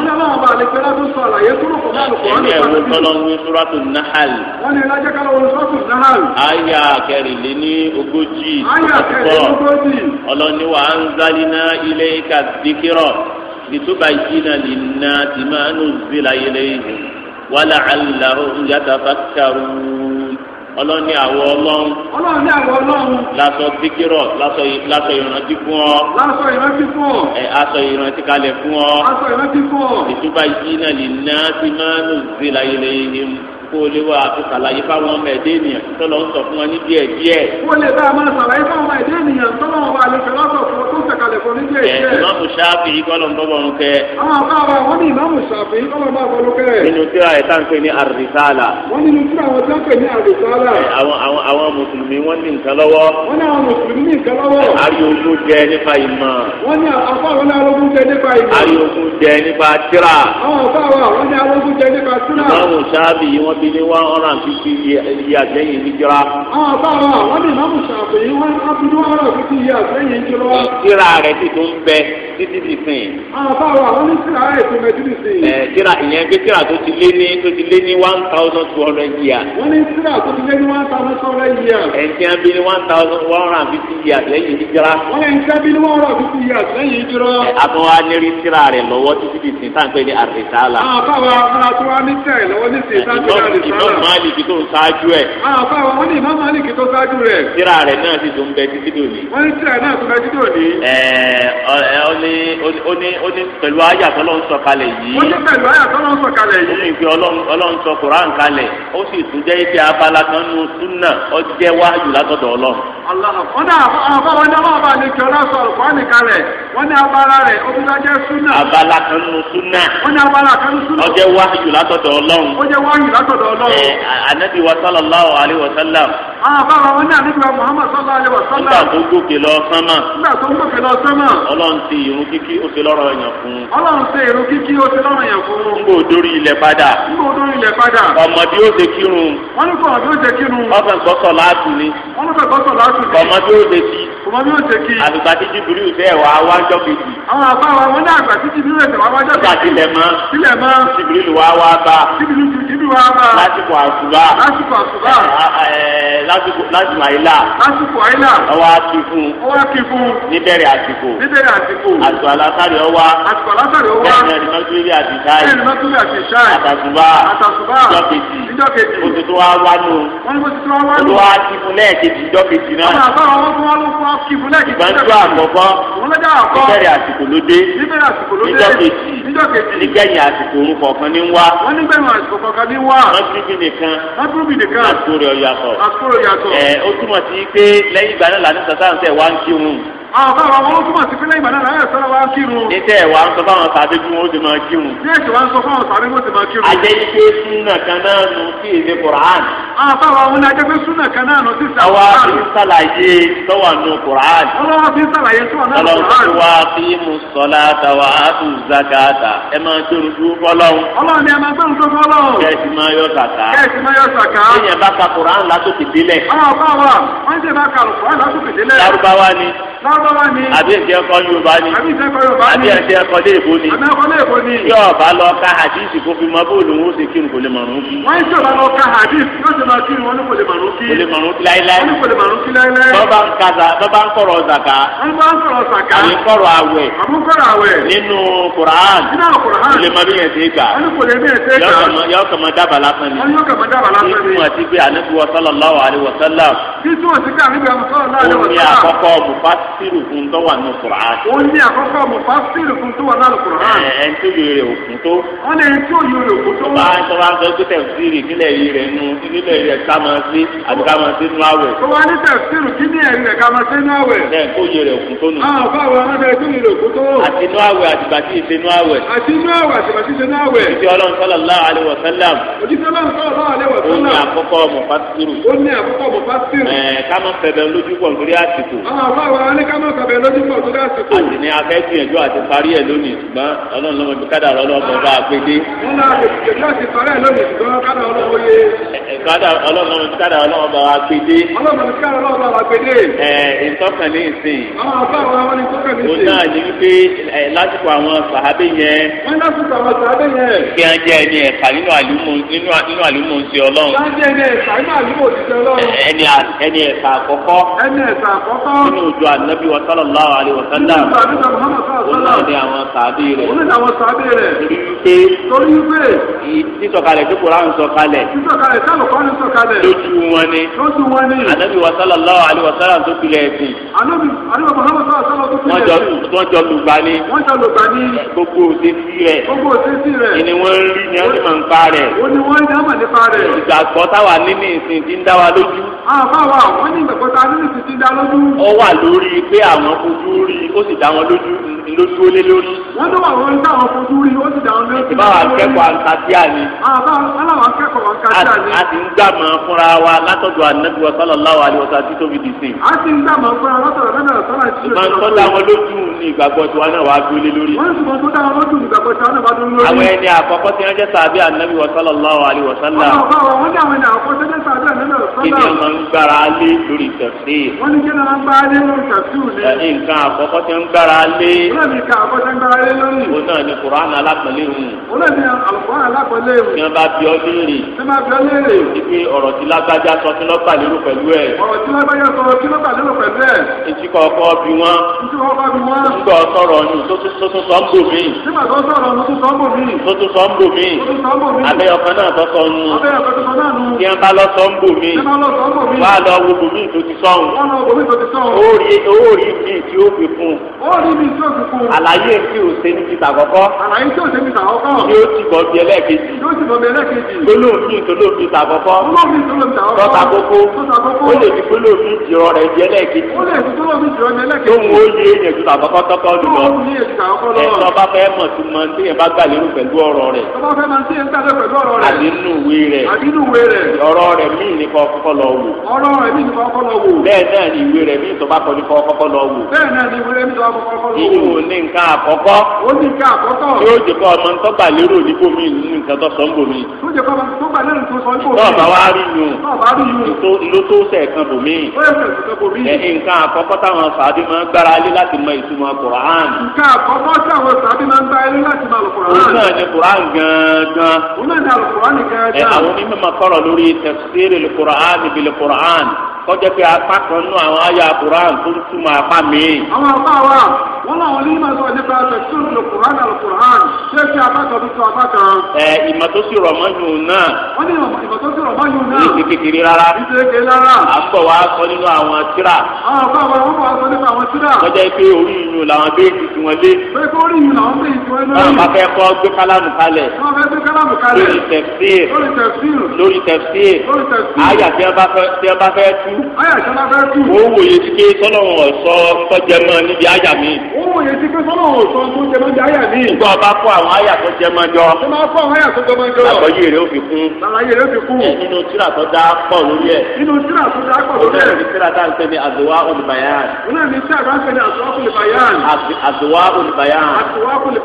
ẹni ẹ̀wò tọ́lọ́wé suratu nahal. aya kẹrìnléní ogójì ọlọ́ni wa anzalina ilayka dhikra litubayyina linnasi ma nuzzila ilayhim wa la'allahum yatafakkarun ọlọ́ni àwọ̀ ọlọ́run. ọlọ́ni àwọ̀ ọlọ́run. lásọ díkírọ̀ lásọ ìrántí fún ọ. lásọ ìrántí fún ọ. ẹ aṣọ ìrántí kalẹ̀ fún ọ. aṣọ ìrántí fún ọ. ìtúbà yìí náà lè ná sí máa ń zi láyé lẹ́yìn kó lè wá àtúnṣàlàyé fáwọn ọmọ ẹ̀dẹ́ ènìyàn tọ́lọ́ ń sọ fún wọn ní díẹ̀ díẹ̀. kó lè bá a máa ṣàlàyé ìmáàmù ṣáàfì yìí kọ́lọ̀ ń bọ́ bọ́ọ̀rùn kẹ́. Ah, ah, ah, wọ́n ní ìmáàmù ṣáàfì yìí kọ́lọ̀ ń bọ́ bọ́ọ̀rùn kẹ́. nínú tíra ẹ̀ táǹpé ní àrísàlà. wọ́n nínú tíra àwọn táǹpé ní àrísàlà. àwọn àwọn àwọn mùsùlùmí wọ́n ní nǹkan lọ́wọ́. wọ́n ní àwọn mùsùlùmí ní nǹkan lọ́wọ́. ariwo jẹ nípa ìmọ̀. wọ́n ní àfáwọn ní alógún jẹ nípa ìmọ̀. ariwo jẹ nípa tíra. àwọn àfáwọn wọ́n ní alógún jẹ nípa tíra. ìmáàmù ṣáàfì yìí wọ́n bí ní one hundred and fifty years lẹ́yìn hijira. àwọn sì tó ń bẹ títí di sìn. àbáwọ̀ ah, àwọn ní tíra ẹ̀ tó mẹ́jú ní sìn. ẹ tíra ìyẹn gbé tíra tó ti lé ní tó ti lé ní one thousand two hundred years. wọ́n ní tíra tó ti lé ní one thousand two hundred years. ẹ̀ ń tiẹ́ bí ní one thousand one hundred and fifty years lẹ́yìn ìjìra. wọ́n ní tiẹ́ bí ní one hundred and fifty years lẹ́yìn ìjìra. àtọ́ wa ní rí tíra rẹ̀ lọ́wọ́ títí di sìn tá à ń pè ní àrètálà. àbáwọ̀ àwọn àtọ́ wa ní tíra rẹ̀ lọ́wọ́ ní sìn tá à ń pè ní àrètálà. ìmọ̀ máàlìkì tó ń ṣáájú ẹ̀. àbáwọ̀ ah, wọ́n ní ìmọ̀ máàlìkì tó ṣáájú rẹ̀. tíra rẹ̀ náà ti tó ń bẹ títí dòní. wọ́n ní tíra náà tó bẹ títí dòní. ẹ̀ẹ́ ó ní ó ní pẹ̀lú ayé àtọ́lọ́hún sọ̀kalẹ̀ yìí. ó ní pẹ̀lú ayé àtọ́lọ́hún sọ̀kalẹ̀ yìí. ó ní pé ọlọ́run sọ koran kalẹ̀ ó sì tún jẹ́ ibi abala kan nínú súnà ọjẹ́ wáyù ọlọ́run abala ó wa wọn ní wa nígbà tó sánmà. ọlọ́run ti irun kíkí ó ti lọ́rọ̀ yàn fún un. ọlọ́run ti irun kíkí ó ti lọ́rọ̀ yàn fún un. nbò dórí ilẹ̀ padà. nbò dórí ilẹ̀ padà. ọmọ bí ó ṣe kírun. wọ́n ní kọ́ ọ̀dọ́ ṣe kírun. ọ̀sán gbọ́sọ̀ láàtú ni. wọ́n ní kọ́ ọ̀dọ́ ṣe kírun. ọmọ ó ṣe kí ṣùgbọ́n bí ó ṣe kí. àlùbá tí jìbìrì ṣe ẹ̀ wá wájọ́ kejì. àwọn àgbà wa wọn ní àgbà tí jìbìrì ṣe wá wájọ́ kejì. nígbà tilẹ̀ mọ́. tilẹ̀ mọ́. jìbìrì lù wá wá bá. jìbìrì lù jìbìrì wá bá. lásìkò àṣùbà. lásìkò àṣùbà. lásìkò lásìkò àyílà. lásìkò àyílà. ọwọ́ akí fún. ọwọ́ akí fún. níbẹ̀rẹ̀ àsìkò. níbẹ̀rẹ̀ àsìkò. àṣù alásàrì ọwá. àṣù alásàrì ọwá. bẹ́ẹ̀ni mẹ́túrì àti ṣáì. bẹ́ẹ̀ni mẹ́túrì àti ṣáì. àtàṣùbà. àtàṣùbà. ìjọ kejì. ìjọ kejì. oṣù tó wá wá nù. wọ́n ní oṣù tó wá wá nù. olùwà akí fún lẹ́ẹ̀kejì ìjọ kejì náà. ọ̀nà kí fún lẹ́yìn. ìgbà tó àkọ́kọ́ níbẹ̀rẹ̀ àsìkò ló dé níjọ́ kejì nígbẹ̀yìn àsìkò òun kọ̀ọ̀kan ní wá. wọ́n nígbẹ̀yìn àsìkò kọ̀ọ̀kan ní wá. wọ́n tún bí nìkan. wọ́n tún bí nìkan. àsìkò rẹ̀ yàtọ̀. àsìkò rẹ̀ yàtọ̀. ẹ ó túmọ̀ sí pé lẹ́yìn ìgbà náà làní sàtàǹtẹ̀ wá ń kírun àwọn bá àwọn ọmọ túmọ̀ sí pé lẹ́yìn ìbàdàn láyé sọ́lá wa kírun. ní tẹ́ ẹ̀ wá ń sọ fáwọn sàdé bí wọ́n ti máa kírun. ní ẹ̀sìn wá ń sọ fáwọn sàdé bí wọ́n ti máa kírun. ajẹ́ súnà kan náà nù sí èdè Qur'an. àwọn báwa súnà kan náà nù sí sàwọn. àwa fi sàlàyé tọ́wà nù Qur'an. ọlọ́wọ́ fi sàlàyé tọ́wà nù Qur'an. ọlọ́run wa fi mú sọlá tàwa àtú zakata ẹ máa gbẹrù dúró fọlọ́run. ọlọ́run ni ẹ lọ́gbọ́n ni. àbí ẹ̀sìn ẹ̀kọ́ yorùbá ni. àbí ẹ̀sìn ẹ̀kọ́ yorùbá ni. àbí ẹ̀sìn ẹ̀kọ́ léèbó ni. àbí ẹ̀kọ́ léèbó ni. tí ọba lọ ka hadith kó fi mọ bóòlù ń ṣe kírun kò lè mọ̀rún kí. wọ́n tí ọba lọ ka hadith yóò ṣe máa kírun wọn ní kò lè mọ̀rún kí. kò lè mọ̀rún kí láíláí. wọ́n ní kò lè mọ̀rún kí láíláí. bọ́bá ń kaza bọ́bá ń kọ̀rọ̀ zaka. wọ́n bá ń kọ̀rọ̀ zaka. àbí kọ̀rọ̀ àwẹ̀. àbí kọ̀rọ̀ àwẹ̀. nínú Qur'an. nínú Qur'an. kò lè mọ bí yẹn ṣe gbà. wọ́n ní kò lè bí mufasiru kun tó wà nù kura. ó ní àkọ́kọ́ mufasiru kun tó wà nù kura. ẹ ẹ tí yóò rẹ òkun tó. ó ní tí yóò rẹ òkun tó. bá a sọ̀rọ̀ àgbẹ̀ tó tẹ̀síìrì nílẹ̀ yìí rẹ̀ nù nílẹ̀ yìí rẹ̀ ká máa sí àti ká máa sí nù àwẹ̀. ó wá ní tẹ̀síìrì kí ní ẹ̀rí rẹ̀ ká máa sí nù àwẹ̀. ẹ kó yẹ rẹ òkun tó nù. àwọn afáwọn ọmọdé tó yẹ rẹ òkun tó. àti nù àwẹ̀ àtìgbà tí ì àti inú àwẹ̀ àtìmọ̀tí ṣe náà wẹ̀. òjijì ọlọ́run sallallahu alaihi wasallam. òjijì ọlọ́run sallallahu alaihi wasallam. ó ní àkọ́kọ́ mọ̀fásírù. ó ní àkọ́kọ́ mọ̀fásírù. ẹ̀ẹ́ ká má fẹ̀bẹ̀ lójú pọ̀ ní ká mọ̀ sọ̀bẹ̀ lójú pọ̀ tó dásìkò. àti ní akẹ́gbìyànjú àti parí ẹ̀ lónìí ṣùgbọ́n ọlọ́run lọ́mọ ibi kádà ọlọ́mọ bá a pédé. wọ́n náà lè gbìyànjú àti parí ẹ̀ lónìí ṣùgbọ́n kádà ọlọ́mọ yé. kádà ọlọ́mọ ibi kádà ọlọ́mọ bá a pédé. ọlọ́mọ ibi kádà ọlọ́mọ bá a pédé. ẹ ìtọ́kàn ní ìsìn. àwọn àbá àwọn ọmọ ní náà ní wípé lásìkò àwọn sàhábé yẹn. wọ́n lásìkò àwọn sàhábé yẹn. kí wọ́n jẹ́ ẹni ẹ̀ka nínú àlùmọ̀ ń ṣe ọlọ́run. wọ́n jẹ́ ẹni ẹ̀ka nínú àlùmọ̀ ń ọlọ́run. ẹni ẹ̀ka àkọ́kọ́. ẹni ẹ̀ka àkọ́kọ́. nínú ìjọ àná anabi wa sallallahu alayhi wa sallam òun náà ní àwọn sàbí rẹ̀ òun náà ní àwọn sàbí rẹ̀ torí wípé torí wípé títọ̀kalẹ̀ tí kura ń sọ̀kalẹ̀ títọ̀kalẹ̀ tí alùpùpù ń sọ̀kalẹ̀ lójú wọn ni lójú wọn ni anabi wa sallallahu alayhi wa sallam tó pilẹ̀ ẹ̀sìn anabi anabi muhammad sallallahu alayhi wa sallam tó pilẹ̀ ẹ̀sìn wọ́n jọ lùgbani wọ́n jọ lùgbani gbogbo òsèsì rẹ̀ gbogbo òsèsì rẹ̀ ìní wọ́n rí ni wọ́n máa ń pa rẹ̀ wọ́n ni wọ́n ń dáhùn nípa ìgbàgbọ́ táwa nínú ìsìn ti ń dá wa lójú. àwọn àbáwá wọ́n ní pé àwọn fojú rí ó sì dá wọn lójú ló dúró lé lórí. wọ́n tó wà wọ́n ń dá àwọn fojú rí ó sì dá àwọn lórí. ìbá wa kẹ́kọ̀ọ́ àǹkàtíà ni. aláwa ah, kẹ́kọ̀ọ́ àǹkàtíà ni. a ti ń gbà fúnra wa látọ̀dọ̀ ànágbé wa sallallahu alaihi wasallam tí tóbi di sìn. a ti ń gbà mọ́ fúnra látọ̀dọ̀ ànágbé wa sọ́lá tí tóbi di sìn. ìmọ̀ tọ́ta wọn lójú ní ìgbàgbọ́ tiwa náà wàá dúró lé lórí. wọ́n sì mọ̀ tọ́ta wọn lójú ìgbàgbọ́ tiwa náà wàá dúró lórí. àwọn ẹni àkọ́kọ́ alaihi wasallam. kí ni ọmọ ń gbára lé lórí tafsir. wọ́n ní kí ni wọ́n náà ní ká àkọ́ṣe ń gbára lé lórí. òun náà ní kuran alápẹ̀lẹ́ òun. òun náà ní alukuran alápẹ̀lẹ́ òun. tí wọ́n bá bí ọ léèrè. tí wọ́n bá bí ọ léèrè. ibi ọ̀rọ̀ tí lágbájá sọ kí ló gbà lérò pẹ̀lú ẹ̀. ọ̀rọ̀ tí lágbájá sọ kí ló gbà lérò pẹ̀lú ẹ̀. etí kọ̀ọ̀kọ́ bí wọ́n. etí kọ̀ọ̀kọ́ bí wọ́n. nígbà sọ̀rọ̀ ọ̀nù tó tún sọ ń bò mí. nígbà tó sọ̀rọ̀ ọ̀nù tó tún sọ ń bò mí. tó tún sọ ń bò mí. abẹ́ ọkàn náà tó sọ nù. abẹ́ ọkàn tó sọ náà nù. kí wọ́n bá lọ sọ ń bò mí. kí wọ́n lọ sọ ń bò mí. wọ́n lọ wo bòmí tó ti sọ̀hún. wọ́n lọ bòmí tó ti sọ̀hún. ó rí ó tí ó fi fún. ó rí bíi tí ó àlàyé tí o ṣe ní títà kọ́kọ́. àlàyé tí ò ṣe ní títà kọ́kọ́. yóò ti bọ̀ bí ẹlẹ́ẹ̀kejì. yóò ti bọ̀ bí ẹlẹ́ẹ̀kejì. gbólóòfin tólóòfin tà kọ́kọ́. gbólóòfin tólóòfin tà kọ́kọ́. tọ́ta kókó. tọ́ta kókó. ó lè fi gbólóòfin jìrọ rẹ̀ di ẹlẹ́ẹ̀kejì. ó lè fi gbólóòfin jìrọ rẹ̀ di ẹlẹ́ẹ̀kejì. tóun ó yé èèyàn tó tàkọ́kọ́ tọ́kọ́ lọ. ẹ̀sọ́ bá fẹ́ mọ̀ tó mọ tí yẹn bá gbà lérò pẹ̀lú ọ̀rọ̀ rẹ̀. ọba fẹ́ máa ń tí yẹn gbà lérò pẹ̀lú ọ̀rọ̀ rẹ̀. àdínú ìwé rẹ̀. àdínú ìwé rẹ̀. ọ̀rọ̀ rẹ̀ míì ní kọ́ kọ́kọ́ lọ wò. lọ tó bá kọ́ ní kọ́ tó bá kọ́kọ́ lọ wò ní nǹkan àkọ́kọ́. ó ní nǹkan àkọ́kọ́. yóò jẹ́ kó ọmọ tó gbà lérò níbo mi nínú nǹkan tó sọ ń bò mí. yóò jẹ́ kó ọmọ tó gbà lérò tó sọ ń bò mí. tọ́ọ̀bà wa rí yun. tọ́ọ̀bà rí yun. ló tó sẹ̀ kan bò mí. ó yẹ kẹ̀sì kan bò mí. ẹ nǹkan àkọ́kọ́ táwọn sàbí máa ń gbára lé láti mọ ìtumọ̀ Qur'an. nǹkan àkọ́kọ́ táwọn sàbí máa ń gbára lé láti mọ Qur'an. òun náà ni Qur'an gangan. òun náà ni Qur'an gangan. ẹ àwọn onímọ̀ kọ́rọ̀ lórí tafsir al-Qur'an bil-Qur'an kọjá pé apá kan nú àwọn ayé àkùrán tó ń túmọ̀ apá mi. àwọn apá wa wọn náà wọn ní ìmọ̀ sọ̀rọ̀ nípa tẹ̀síọ̀n ló kùrán náà kùrán ṣé ṣe apá kan tó apá kan. ẹ ìmọ̀ tó sì rọ̀ mọ́jú náà. wọ́n ní ìmọ̀ tó sì rọ̀ mọ́jú náà. ìṣe kékeré rárá. ìṣe kékeré rárá. à ń bọ̀ wá sọ nínú àwọn tíra. àwọn apá wa wọ́n bọ̀ wá sọ nípa àwọn tíra. kọjá pé orí ìyún làwọn béèjì tí wọ́n lé. pé kó orí ìyún làwọn béèjì tí wọ́n lé. báwọn bá fẹ́ kọ́ gbé kálámù kalẹ̀. báwọn fẹ́ gbé kálámù kalẹ̀. lórí tẹ̀fsíì. lórí tẹ̀fsíì. lórí tẹ̀fsíì. kú. Ayà ìṣẹ́lá fẹ́ kú. Ó wòye sí pé sọ́lọ́run ọ̀sọ́ tọ́jẹ mọ́ níbi àyà mi. Ó wòye ti pé sọ́lọ́run ọ̀sọ́ tó jẹ mọ́ níbi àyà mi. Nígbà ọba kó àwọn àyà tó jọ. Ṣé máa kó àwọn àyà jọ? Àgbọ̀yé rẹ̀ ó fi kún. Àlàyé rẹ̀ ó fi kún. Nínú tíra tó dá pọ̀ lórí ẹ̀. Nínú tíra tó dá pọ̀ lórí ẹ̀. àdùwá olùbàyàn. ní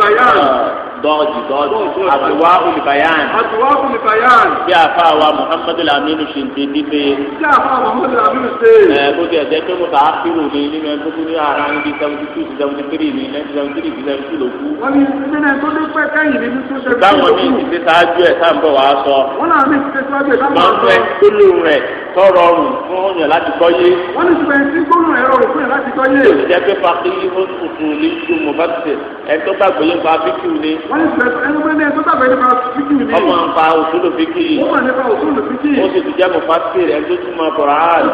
dọ́ọ̀jì dọ́ọ̀jì àtiwá olùbáyàn. àtiwá olùbáyàn. bí àfa wa muhammadu laminu ṣe ń ṣe dídé. bí àfa wa muhammadu laminu ṣe. ẹ bó ti ẹ̀jẹ̀ tó mú ká kírò ní nínú ẹgbẹ́ tó ní ara ní seventy two to seventy three ní nineteen seventy three to seventy two ló kú. wọ́n ní sílẹ̀ tó ní pẹ́ kẹ́yìn ní two seventy two ló kú. báwọn ní ti ṣe ṣáájú ẹ̀ sáà ń bọ̀ wá sọ. wọ́n náà ní ti ṣe ṣáájú ẹ̀ sáà ń bọ̀ wá sọ tọrọ ọrùn fún yàn láti kọ́ yé. wọ́n ní sùgbọ́n tí gbóná ẹ̀rọ rẹ̀ fún yàn láti kọ́ yé. ìjẹ́ pé fàkì oṣù ní ju mọ̀fàtì ẹ̀ tó gbàgbé nípa fíkì ni. wọ́n ní sùgbọ́n ẹ̀ tó gbàgbé nípa fíkì ni. ọmọ nípa òṣèlú fíkì. ọmọ nípa òṣèlú fíkì. ó sì tún jẹ́ mọ̀fàtì ẹ̀ tó tún mọ áàlì.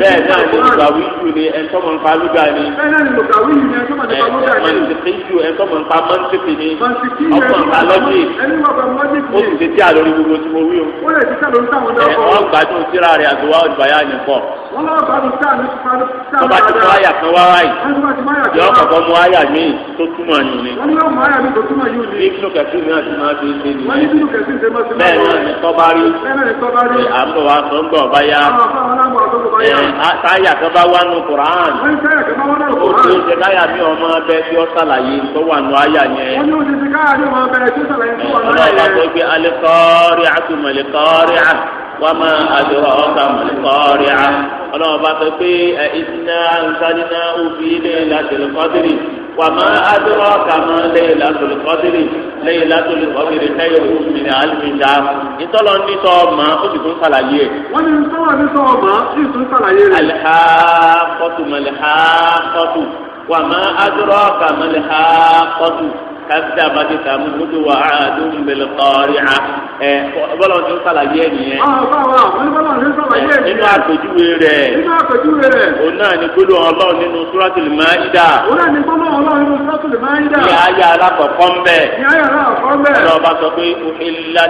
bẹ́ẹ̀ náà ni lùgàwí ju ni ẹ̀ tó mọ̀ nípa lùgà bẹ́ẹ̀ náà ni ti a lórí gbogbo tí tíra rẹ̀ àdúrà ìgbàyà ni pọ̀. tọ́ba ti kọ́ àyà kan wá wáyé yọ kọ̀kọ́ mu àyà mi tó túmọ̀ yìí ni. bí inú kẹ̀sí náà ti máa fi ṣe nìyẹn. bẹ́ẹ̀ náà ni tọ́ba rí à ń bọ̀ wá ń yá. táyà kan bá wá ti ń ṣe mi ọmọ abẹ tí ó ṣàlàyé tó wà nù àyà yẹn. wàmà àdúrà ọkà mọlẹkọọrẹ à Ọlọ́run bá sọ pé ẹ iná nsàdínà òbí lẹ́yìnlá tòlùkọdìrì wàmà àdúrà ọkà mọ lẹ́yìnlá tòlùkọdìrì lẹ́yìnlá tòlùkọdìrì lẹ́yìn òmìnira àlùmíjà ìtọ́lọ̀ nítọ́ ọmọ ó sì tún kàlàyé ẹ̀. wọ́n ní ìtọ́lọ̀ nítọ́ ọmọ ó sì tún kàlàyé rẹ̀. àlìhà kọ́tù mọ̀lẹ́hà kọ́tù wàmà àdúrà ọkà mọ̀lẹ́hà kọ́tù kásítà bàtí sàmú lójú wà á dùn bẹ̀lẹ̀ kọ́ọ̀rì à ẹ bọ́lá ọ̀sẹ̀ sàlàyé ẹ̀ nìyẹn. Ah, nínú àpèjúwe rẹ̀ òun náà ni gbólóhùn ọlọ́run nínú suratul Maida. òun náà gbólóhùn nínú ní àyà alákọ̀ọ́kọ́ ń bẹ̀. ní àyà alákọ̀ọ́kọ́ ń bẹ̀. sọ pé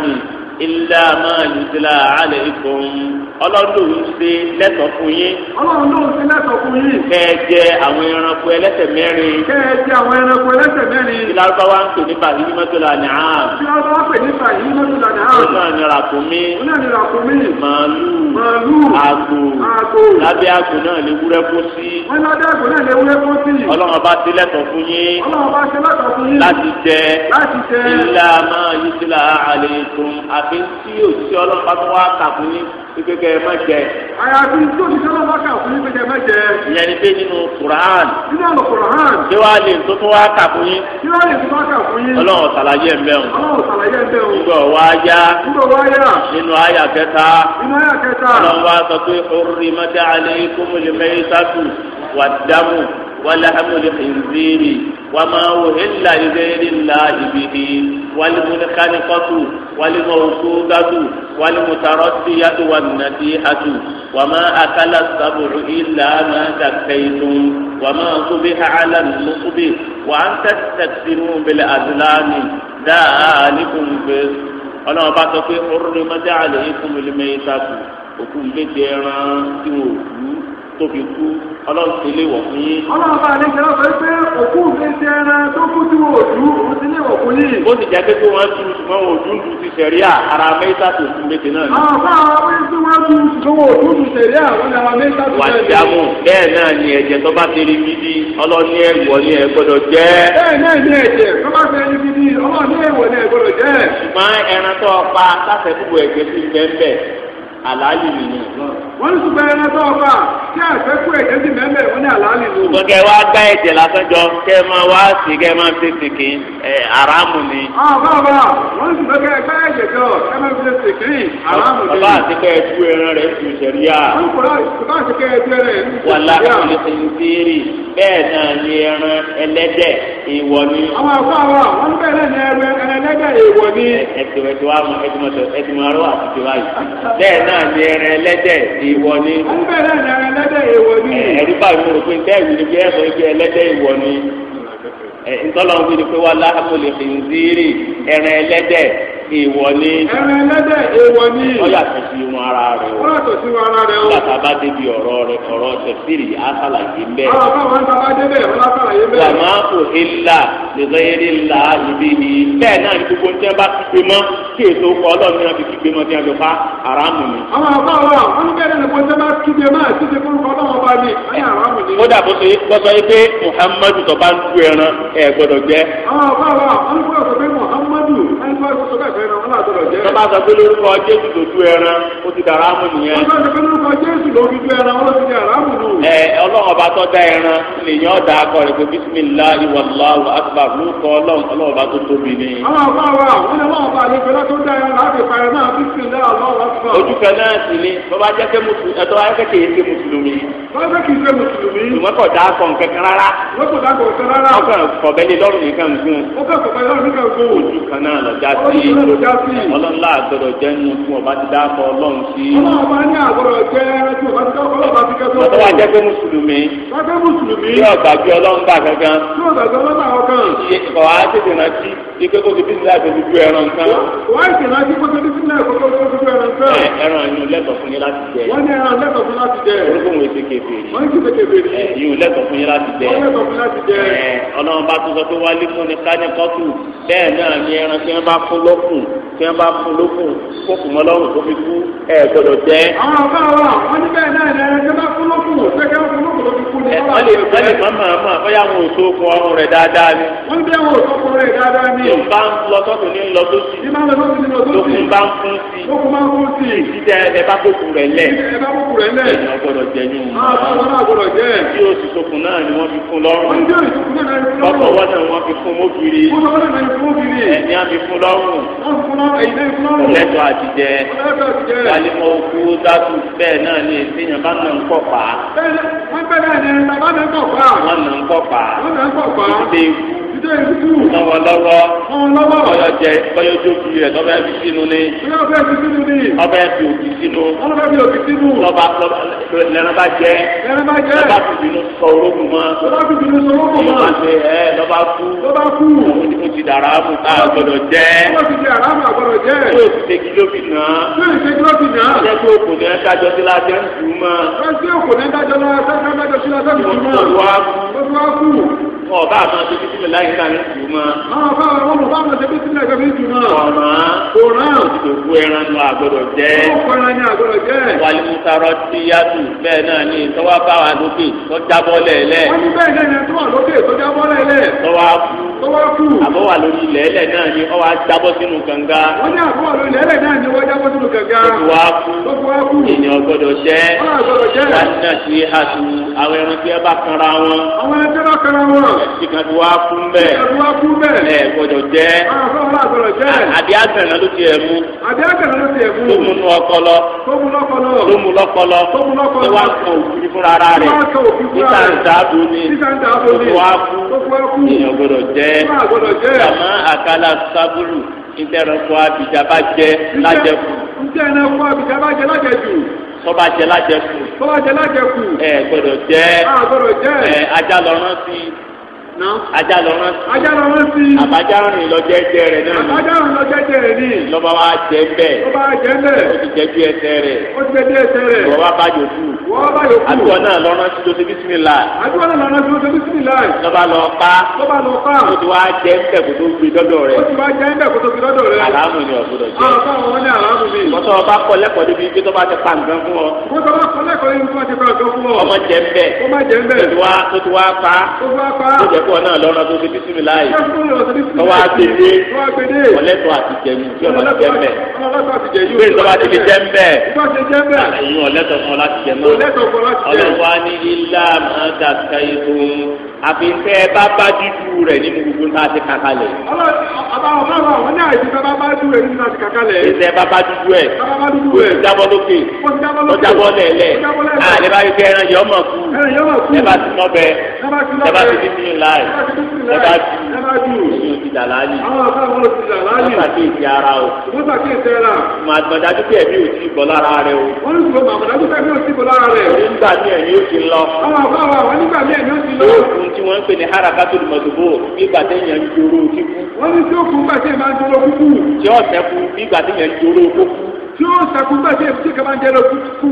ń ilé àmà yùtìlá àlẹ́ ikùn ọlọ́dún ń ṣe lẹ́tọ̀ fún yín. ọlọ́run ló ń ṣe lẹ́tọ̀ fún yín. kẹ́ ẹ jẹ àwọn ẹranko ẹlẹ́sẹ̀ mẹ́rin. kẹ́ ẹ jẹ àwọn ẹranko ẹlẹ́sẹ̀ mẹ́rin. ìlàrúbáwá ń pè ní bàyí ní mọ́tòlá ní àám. ìlàrúbáwá pè ní bàyí ní mọ́tòlá ní àám. ó náà ní ràkúnmí. ó náà ní ràkúnmí. màálù. màálù. àgbò. àgbò. lábẹ́ àgbò náà lè wúrẹ́ kó sí. wọ́n lábẹ́ àgbò náà lè wúrẹ́ kó sí. ọlọ́run bá ti lẹ́tọ̀ fún yín. ọlọ́run bá àbí tí yóò ṣe ọlọ́pàá tó wá kàkún ní pípẹ́kẹ́ ẹ má jẹ. àyà àti tí yóò ṣe ọlọ́pàá kàkún ní pípẹ́kẹ́ ẹ má jẹ. ìyẹn ni pé nínú Quran. nínú àlọ́ Quran. ṣé wàá lè tó tó wá kàkún yín. ṣé wàá lè tó wá kàkún yín. ọlọ́run ṣàlàyé ẹ̀ mẹ́rin. ọlọ́run ṣàlàyé ẹ̀ mẹ́rin. nígbà wá nígbà wá nínú àyà kẹta. nínú àyà kẹta. ọlọ́run wá sọ وما أهل لغير الله به والمنخنقة والموقوذة والمتردية والنتيحة وما أكل السبع إلا ما ذكيتم وما صبح على النصب وأن تستكسروا بالأزلام ذلكم فسق ọlọ́run bá sọ pé ọ̀rọ̀ mẹ́tẹ́ àlẹ́ ikú mi lè mẹ́ta kù òkú méje ẹran tí wọ́n kú tóbi kú ọlọ́run ti lé wọ̀ fún yín. ọlọ́run bá àlejò náà fẹ́ pé òkú mi ti ẹran tó kú tí wọ́n òdú òun ti lé wọ̀ fún yín. ó sì jẹ́ pé kí wọ́n tún ṣùgbọ́n wọn òdú ju ti sẹ̀rí à ara mẹ́ta tó tún méje náà ni. àwọn bá wọn pé tí wọ́n tún ṣùgbọ́n wọn òdú ju sẹ̀rí à wọn ni ara mẹ́ta tó tún méje. wà á ti àmú bẹ́ẹ̀ náà ni ẹ̀jẹ̀ tó bá ti rí gidi ọlọ́ni ẹ̀wọ̀ ni ẹ gbọ́dọ̀ jẹ. bẹ́ẹ̀ náà ni ẹ̀jẹ̀ tó bá ti gidi ọlọ́ni ẹ̀wọ̀ ni ẹ gbọ́dọ̀ jẹ. ṣùgbọ́n ẹran tó pa wọ́n ní ṣùgbọ́n ẹran tó ọba tí àfẹ́kù ẹ̀jẹ̀ sì mẹ́mẹ́ wọ́n ní àlàálì lò. ṣùgbọ́n kẹ wá gbá ẹ̀jẹ̀ lásánjọ kẹ máa wá sí kẹ máa ṣe sìnkì ẹ àràmù ni. àbábà wọ́n ní ṣùgbọ́n kẹ gbá ẹ̀jẹ̀ jọ kẹ máa ṣe sìnkì àràmù ni. ọba àti kẹ ẹtú ẹran rẹ ju sẹríà. ọba àti kẹ ẹtú ẹran rẹ ju sẹríà. wàlá kọ́ni bẹ́ẹ̀ náà ni ẹran ẹlẹ́dẹ̀ ìwọ ni. àwọn àgbà wa wọn bẹ́ẹ̀ náà ni ẹran ìwọ ni. ó ń bẹ̀rẹ̀ lára ẹlẹ́dẹ̀ ìwọ ni. ẹ̀rí báyìí mo rò pé ntẹ́ ìwé ni bí ẹ sọ pé ẹlẹ́dẹ̀ ìwọ ni. ntọ́lọ́run fi ni pé wà láhàmúlẹ̀ fi ń zírì ẹran ẹlẹ́dẹ̀ èèwọ̀ ni. ẹran ẹlẹ́dẹ̀ èèwọ̀ ni. wọ́n yàtọ̀ sí wọn ara rẹ̀ o. wọ́n yàtọ̀ sí wọn ara rẹ̀ o. bàtà bá débi ọ̀rọ̀ rẹ̀ ọ̀rọ̀ tẹ̀sírì àṣàlàyé bẹ́ẹ̀. ọ̀rọ̀ báwọn ń bá débẹ̀ wọ́n láṣàlàyé bẹ́ẹ̀. jàmá kò hé la lè lè la ibi ni. bẹ́ẹ̀ náà ni gbogbo tẹ́ bá kígbe mọ́ kí èso kọ ọlọ́run náà ni. àwọn àbá wa wọn bẹ́ẹ̀ náà ni gbogbo tẹ́ bá kígbe mọ́ àti ṣe fún ọlọ́run ọba ni ẹ̀yà àràmù ni. kódà bó Muhammadu tó bá ń du ẹran ẹ̀ gbọ́dọ̀ jẹ́ tó bá sọ pé lórúkọ jésù tó dú ẹran ó ti dàrá mú nìyẹn. tó bá sọ pé lórúkọ jésù ló fi dú ẹran ó ti dàrá mú nù. ẹ ọlọ́run ọba tó dá ẹran lèyìn ọ̀dà akọrin pé bisimilahi wàláhu akbar lórúkọ ọlọ́run ọlọ́run ọba tó tóbi ni. àwọn àbá wa àwọn ọlọ́run ọba àlejò látó dá ẹran láti pa ẹran náà bisimilahi wàláhu akbar ojú kan náà sì ni bàbá jẹ́ pé mùsùlùmí ẹ̀tọ́ ayé kẹ̀kẹ́ yìí ṣe mùsùlùmí. bàbá jẹ́ kì í ṣe mùsùlùmí. ṣùgbọ́n kò dáa kọ̀ nǹkan kan rárá. wọ́n kò dáa kọ̀ nǹkan rárá. wọ́n kàn kọ̀bẹ́ ní lọ́rùn nìkan gún. wọ́n kàn kọ̀bẹ́ lọ́rùn nìkan gún. ojú kan náà lọ já sí i. ọlọ́lá àgbọ̀dọ̀ jẹ́ nínú tí wọ́n bá ti dá kọ ọlọ́run sí. ọlọ́run bá ní àgbọ̀dọ̀ jẹ́ tí wọ́n bá ti dá kọ ọlọ́run bá ti kẹ́kọ̀ọ́. bàbá jẹ́ pé mùsùlùmí. bàbá mùsùlùmí. yóò gbàgbé ọlọ́run gbà kankan. yóò gbàgbé ọlọ́run kan. wọ́n á tètè rántí kó ti bí kan bẹ́ẹ̀ ẹran yìí lẹ́tọ̀ọ́ fún yín láti jẹ. wọ́n ní ẹran lẹ́tọ̀ọ́ fún láti jẹ. orúkọ wọn ti kébè rí. wọ́n ti kébè rí. yìí lẹ́tọ̀ọ́ fún yín láti jẹ. wọ́n lẹ́tọ̀ọ́ fún láti jẹ. ẹ ọlọ́run bá tún sọ pé wálé fún ni káni kọ́tù bẹ́ẹ̀ náà ni ẹran tí wọ́n bá fún lókun tí wọ́n bá fún lókun kó kùn mọ́ lọ́rùn tó fi kú ẹ gbọ́dọ̀ jẹ. àwọn àbá wa wọ́n ní bẹ́ẹ̀ náà ni ẹran tí wọ́n bá fún lókun fẹ́kẹ́ fún lókun tó fi kú ni wọ́n bá jẹ. wọ́n lè máa máa máa bóyá wọn ò tó kun ọrùn rẹ̀ dáadáa ni. wọ́n bẹ́ẹ̀ wọn ò tó kun rẹ̀ dáadáa ni. tó ń bá ń lọ sọ́tún ní ń lọ sósì. tó ń bá ń fún sí. tó ń bá ń fún sí sì ti tẹ ẹ bá kókù rẹ lẹ. ẹ bá kókù rẹ lẹ. ẹ̀yin ọgbọ́dọ̀ jẹ ní òun. Ah, àwọn ọgbọ́dọ̀ jẹ. tí o sì sokùn náà ni wọ́n fi fún lọ́rùn. wọ́n jẹ́ ìsìnkú náà ni wọ́n fi fún lọ́rùn. ọkọ̀ wọ́n náà wọ́n fi fún mọ́kiri. wọ́n náà wọ́n fi fún mọ́kiri. ẹni á fi fún lọ́rùn. wọ́n fún lọ́rùn ẹ̀yin náà fún lọ́rùn. ọ̀lẹ́tọ̀ àtijẹ́. ọ̀lẹ́tọ̀ àtijẹ́. wàlímọ̀ òkú dátù bẹ́ẹ̀ náà ni èsìyàn bá nà ń kọ̀ pa. wọ́n bẹ́ẹ̀ náà ni bàbá náà ń kọ̀ pa. wọ́n nà ń kọ̀ ṣe ìlú. lọ́wọ́ lọ́wọ́ ọyọ jẹ ọyọ jókòó rẹ̀ lọ́bẹ̀ fi sínú ni. lọ́bẹ̀ fi sínú ni. ọbẹ̀ fi òkú sínú. ọlọ́bẹ̀ fi òkú sínú. lọ́ba lẹ́ran bá jẹ. lẹ́ran bá jẹ. lọ́ba fi bínú sọ orógùn mọ́. lọ́ba fi bínú sọ orógùn mọ́. ìgbà tẹ ẹ lọ́ba kú. lọ́ba kú. òun ni mo ti dàrá mu ká gbọdọ̀ jẹ. mo ti di àrá mu àgbọdọ̀ jẹ. yóò ti ṣe kílófì náà. yóò ti ṣe kílófì náà. ọjọ́ tí òkùn náà dájọ́ sí lásán jù ú mọ́. ọjọ́ tí òkùn náà dájọ́ sí lásán jù ú mọ́ ọba àmọ́ ṣe bí sílẹ̀ láyé ká ní jù mọ́. Ah, ah, ọba ọba àmọ́ ṣe bí sílẹ̀ ká ní jù mọ́. ọ̀nà kóra òkú ẹran ni àgbọ̀dọ̀ jẹ́. òkú ẹran ni àgbọ̀dọ̀ jẹ́. wàlí musarọ ti yàtù bẹ́ẹ̀ náà ni tọ́wọ́ bá wa lókè tọ́já bọ́lẹ̀ lẹ̀. wọ́n ní bẹ́ẹ̀ náà ni tọ́wọ́ lókè tọ́já bọ́lẹ̀ lẹ̀. tọ́wọ́ kú. tọ́wọ́ kú. àbọ̀ wà lórí ilẹ̀ẹ́lẹ̀ náà ni ọ wá jábọ́ sínú kànga. wọ́n ní àbọ̀ wà lórí ilẹ̀ẹ́lẹ̀ náà ni wọ́n jábọ́ sínú kànga. tọ́wọ́ kú. tọ́wọ́ kú. ènìyàn gbọ́dọ̀ ṣẹ́. wọ́n àgbọ̀dọ̀ ṣẹ́. wàá ẹ̀sìn kan ti wá fún bẹ́ẹ̀. ẹ̀sìn kan ti wá fún bẹ́ẹ̀. ẹ̀ gbọ́dọ̀ jẹ́. àbí àgbẹ̀rẹ̀ ló ti ẹ̀ mú. àbí àgbẹ̀rẹ̀ ló ti ẹ̀ mú. tó mú nú ọpọlọ. tó mú lọ́pọlọ. tó mú lọ́pọlọ. tó mú lọ́pọlọ. tó wá kan òfin fúnra ara rẹ̀. tó wá kan òfin fúnra rẹ̀. níta ń dàdú ni. níta ń dàdú ni. tó wá kú. tó wá kú. èèyàn gbọ́dọ̀ jẹ́. gbọ́dọ̀ jẹ lájẹkù. jẹ lajẹ kù. tọba jẹ lajẹ kù. ẹ gbọ́dọ̀ jẹ. a gbọ́dọ̀ jẹ. ẹ ajá lọ rántí ajá lọ rán sí. ajá lọ rán sí. àbájá rìn lọ jẹ́jẹ́ rẹ̀ náà ni. àbájá rìn lọ jẹ́jẹ́ rẹ̀ ni. lọ́ba wa jẹ́ bẹ́ẹ̀. lọ́ba wa jẹ́ bẹ́ẹ̀. ó ti jẹ́ bí ẹsẹ̀ rẹ̀. ó ti jẹ́ bí ẹsẹ̀ rẹ̀. lọ́ba bá yòókù. wọ́n bá yòókù. àdúgbò náà lọ rán sí tó ṣe àdúgbò náà lọ rán sí tó ṣe lọ́ba lọ pa. lọ́ba lọ pa. ó ti wá jẹ́ ah, bẹ́ẹ̀ pọ̀ náà lọ́rọ̀ tó ṣe bísí mi láàyè tọ́wọ́ àgbèdè ọ̀lẹ́tọ̀ àti jẹ̀mú tí ọ̀nà ti jẹ́ mbẹ́ pé ìjọba ti fi jẹ́ mbẹ́ ẹ̀yin ọ̀lẹ́tọ̀ fún ọ láti jẹ mọ́ ọlọ́wọ́ á ní ilá máa dà ká ikú àfi ń tẹ́ bá bá dídú rẹ̀ nínú gbogbo náà ti kàkà lẹ̀. ọlọ́wọ́ bá wà wọ́n ní àìsí bá bá dúdú rẹ̀ nínú náà ti kàkà lẹ̀. ìṣẹ́ bá bá dúdú ẹ̀ ó jábọ́ lókè ó jábọ́ lẹ̀lẹ̀ àlẹ́ bá yẹ kẹ́ ẹran yọ ọmọ bá ti mọ́ bẹ́ẹ̀ ẹ bá ti fi fi ń la báyìí ẹ bá ti ní o ti dàlá ní. àwọn àbáwọn ti dàlá ní. wọ́n ṣàkíyèsí ara o. wọ́n ṣàkíyèsí ara. màá gbọ̀dájú pé ẹ̀mí ò tí ì bọ̀ lára rẹ o. wọ́n ní sọ màá gbọ̀dájú pé ẹ̀mí ò tí ì bọ̀ lára rẹ. nígbà tí ẹ̀mí ò ti lọ. àwọn àbáwọn àwọn nígbà tí ẹ̀mí ò ti lọ. lóògùn tí wọ́n ń pè ní harakato mọ̀tòbó nígbà téèyàn ń joró kíkú. wọ́n ní tí ó kú tí ó sàkúgbà tí èmi tí kaba ń jẹ́rọ kú.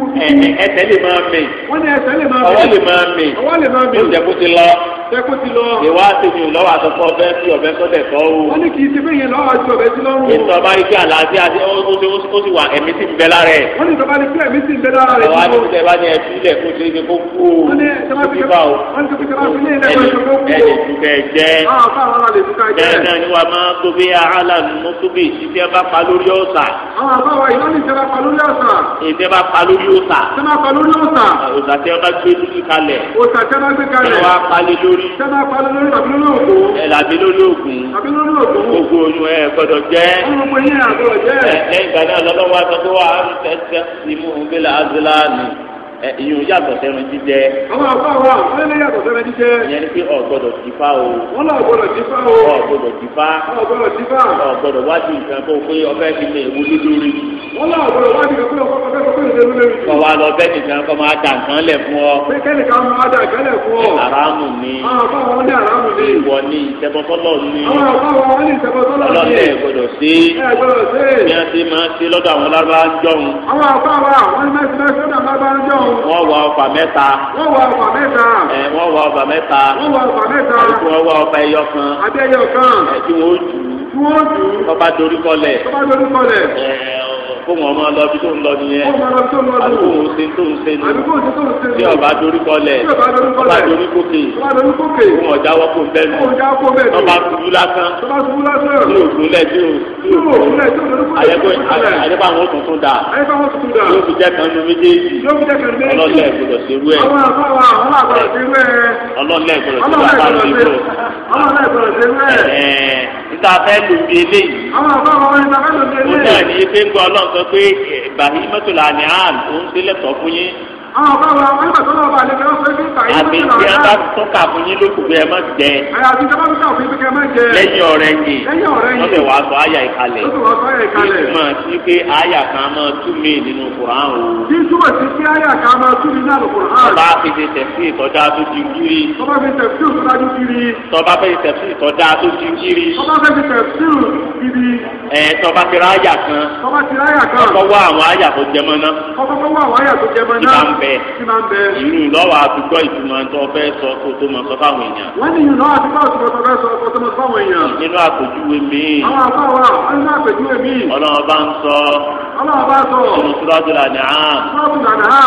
ẹsẹ̀ lè máa mì. wọ́n ní ẹsẹ̀ lè máa mì. ọwọ́ lè máa mì. ọwọ́ lè máa mì. ó jẹ́ kó ti lọ. jẹ́ kó ti lọ. ìwà àtẹ̀mí ò lọ́wọ́ àtọ́kọ́ ọbẹ̀ sí ọbẹ̀ sọ́dẹ̀ kọ́ o. wọ́n ní kì í ṣe bẹ́ẹ̀ yẹn lọ́wọ́ àti ọbẹ̀ sí lọ́rùn. ìtọ́ba ike àlàáfíà ó sì wà ẹ̀mí sì ń bẹ lára ẹ̀. wọ́n ní ìtọ́ba ike ẹ̀mí sì ń bẹ lára rẹ̀ ní ìjọba pa lórí ọ̀sà. ìjọba pa lórí ọ̀sà. ìjọba pa lórí ọ̀sà. ọ̀sà tí wọ́n bá gbé lórí kalẹ̀. ọ̀sà tí wọ́n bá gbé kalẹ̀. ìjọba palẹ̀ lórí. ìjọba palẹ̀ lórí tàbí lórí òkú. ẹ làbí lórí ògùn. tàbí lórí òkú. ògùn oyún ẹ gbọ́dọ̀ jẹ. olùkọ́ yín àgbọ̀dọ̀ jẹ. ẹ ìyún yàtọ̀ sẹ́nu jíjẹ. àwọn àbáwá wọn lè yàtọ̀ sẹ́nu jíjẹ. ìyẹn ni pé ọ̀ gbọ́dọ̀ o. wọn náà gbọ́dọ̀ jìfá o. ọ̀ gbọ́dọ̀ jìfá. ọ̀ gbọ́dọ̀ jìfá. ọ̀ gbọ́dọ̀ wájú nǹkan kó pé ọbẹ̀ fi lè wú lórí. wọn náà gbọ́dọ̀ wájú nǹkan kó ọbẹ̀ fi lè wú lórí. kọ̀ wá lọ bẹ́ẹ̀ nìkan kọ́ máa dà nǹkan lẹ̀ fún ọ. pé kẹ́lẹ̀ kan máa dà kẹ́lẹ̀ fún ọ wọ́n wọ ọfà mẹ́ta. wọ́n wọ ọfà mẹ́ta. ẹ wọ́n wọ ọfà mẹ́ta. wọ́n wọ ọfà mẹ́ta. àti wọ́n wọ ọfà ẹyọ kan. àti ẹyọ kan. ẹ tí wọ́n jù. tí wọ́n jù. tọ́ba dorí kọlẹ̀. tọ́ba dorí kọlẹ̀. ẹ kó wọn máa lọ bí tó ń lọ nìyẹn àdúgbò ń ṣe tó ń ṣe nù tí ọba dorí kọlẹ̀ ọba dorí kókè kó wọn jáwọ́ kó bẹ́ẹ̀ nù ọba tuntun lásán ní ògùn lẹ̀ tí ò àyẹ̀kọ́ àwọn tuntun dà yóò fi jẹ́ kan nu méjèèjì ọlọ́lẹ̀ gbọdọ̀ sí irú ẹ̀ ọlọ́lẹ̀ gbọdọ̀ sí bàbá rẹ̀ ìbò ẹ̀ẹ́ níta fẹ́ lò bí eléyìí ó dà ní ife ń gbọ́ ọlọ́run sọ pé bàhí mọ́tòlá ni àn òun sílẹ̀ tọ́ fún yín Ah, àbí tí a bá tún kà fún yín lókùn pé ẹ má jẹ. lẹ́yìn ọ̀rẹ́ yìí wọ́n bẹ̀ wá sọ àyà ìkalẹ̀. kí n máa sí pé àyà kan máa tú mi nínú Kùrán o. kí n túbọ̀ sí pé àyà kan máa tú mi nínú Kùrán. tọ́ba fèsì tẹ̀sí ìtọ́já tó ti kiri. tọ́ba fèsì tẹ̀sí ìtọ́já tó ti kiri. tọ́ba fèsì tẹ̀sí ìtọ́já tó ti kiri. tọ́ba fèsì tẹ̀sí ìbí. ẹ tọ́ba ti ra àyà kan. tọ́ba ti ra àyà kan. kọ́kọ́ wá àwọn àyà tó jẹ mọ́ ná. kọ́kọ́ wá àwọn àyà tó jẹ mọ́ ná bẹ ìlú lọ́wọ́ àtúgbọ́ ìtumọ̀ tó fẹ́ sọ kó tó mọ sọ fáwọn èèyàn. wọ́n ní ìlú lọ́wọ́ àtúgbọ́ ìtumọ̀ tó fẹ́ sọ kó tó mọ sọ fáwọn èèyàn. nínú àpèjúwe mi. àwọn àfọwọ́ nínú àpèjúwe mi. ọlọ́run bá ń sọ. ọlọ́run bá sọ. olùsúrájú là ní àm.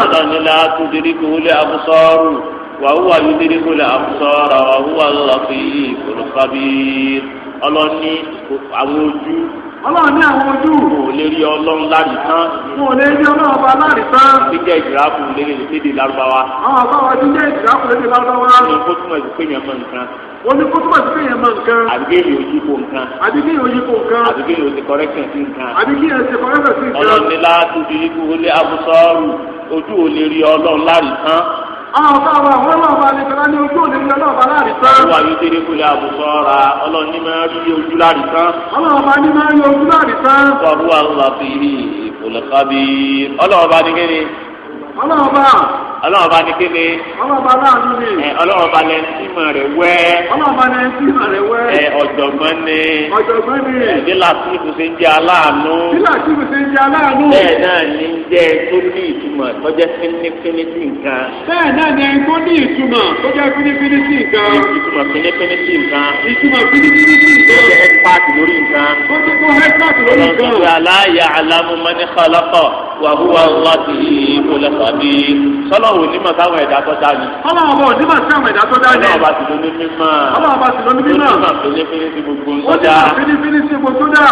ọlọ́run ní látú dirí kó lé abúsọ́rù wàhùwà yóò dirí kó lé abúsọ́rù wàhùwà lọ́ ọlọ́run ní àwọn ojú. wọn ò lè rí ọlọ́run láàrin tán. wọn ò lè rí ọlọ́run ọba láàrin tán. ti jẹ́ ìgbàkú lédè lárúbáwá. àwọn ọba wa ti jẹ́ ìgbàkú lédè lárúbáwá. ní kó túmọ̀ sí pé yẹn mọ nǹkan. wọ́n ní kó túmọ̀ sí pé yẹn mọ nǹkan. àbíké yóò yí kó nǹkan. àbíké yóò yí kó nǹkan. àbíké yóò ti correction sí nǹkan. àbíké yóò ti correction sí nǹkan. ọlọ́run ní láti àwọn ọ̀gá wa àwọn náà bá lè fẹ́ra ní ojú òní ìjọ náà bá láàrin tán. àwọn ayédèrè kò lè àbùsọ ra ọlọ́run ní máa rí ojú láàrin tán. ọlọ́run bá ní máa rí ojú láàrin tán. wàhùn àlàfíì ìfòlùkábí ọlọ́run bá ní kéde ọlọ́run bá ọlọ́run bá ní kéde ọlọ́run bá láàánú ni ẹ ọlọ́run bá lẹ ńsímọ̀ rẹ̀ wẹ́ ọlọ́run bá lẹ ńsímọ̀ rẹ̀ wẹ́ ẹ ọ̀jọ̀gbọ́n ni ọ̀jọ̀gbọ́n ni ẹ bí làtúbù ṣe ń jẹ́ aláàánú bí làtúbù ṣe ń jẹ́ aláàánú bẹ́ẹ̀ náà ní jẹ́ tó ní ìtumọ̀ tó jẹ́ fínífíní sí nǹkan bẹ́ẹ̀ náà ní ẹni tó ní ìtumọ̀ tó jẹ́ fínífíní nǹkan ìtumọ̀ fínífíní nǹkan ìtumọ̀ fínífíní nǹkan tó àbí sọlọ́wọ́ onímọ̀ sáwọn ẹ̀dá tó dá ni. ọlọ́wọ́ ọba onímọ̀ sáwọn ẹ̀dá tó dá ni. ọlọ́wọ́ ọba sì ló ní mímọ́. ọlọ́wọ́ ọba sì ló ní mímọ́. onímọ̀ fínífíní sí gbogbo ń sọdá. onímọ̀ fínífíní sí gbogbo ń sọdá.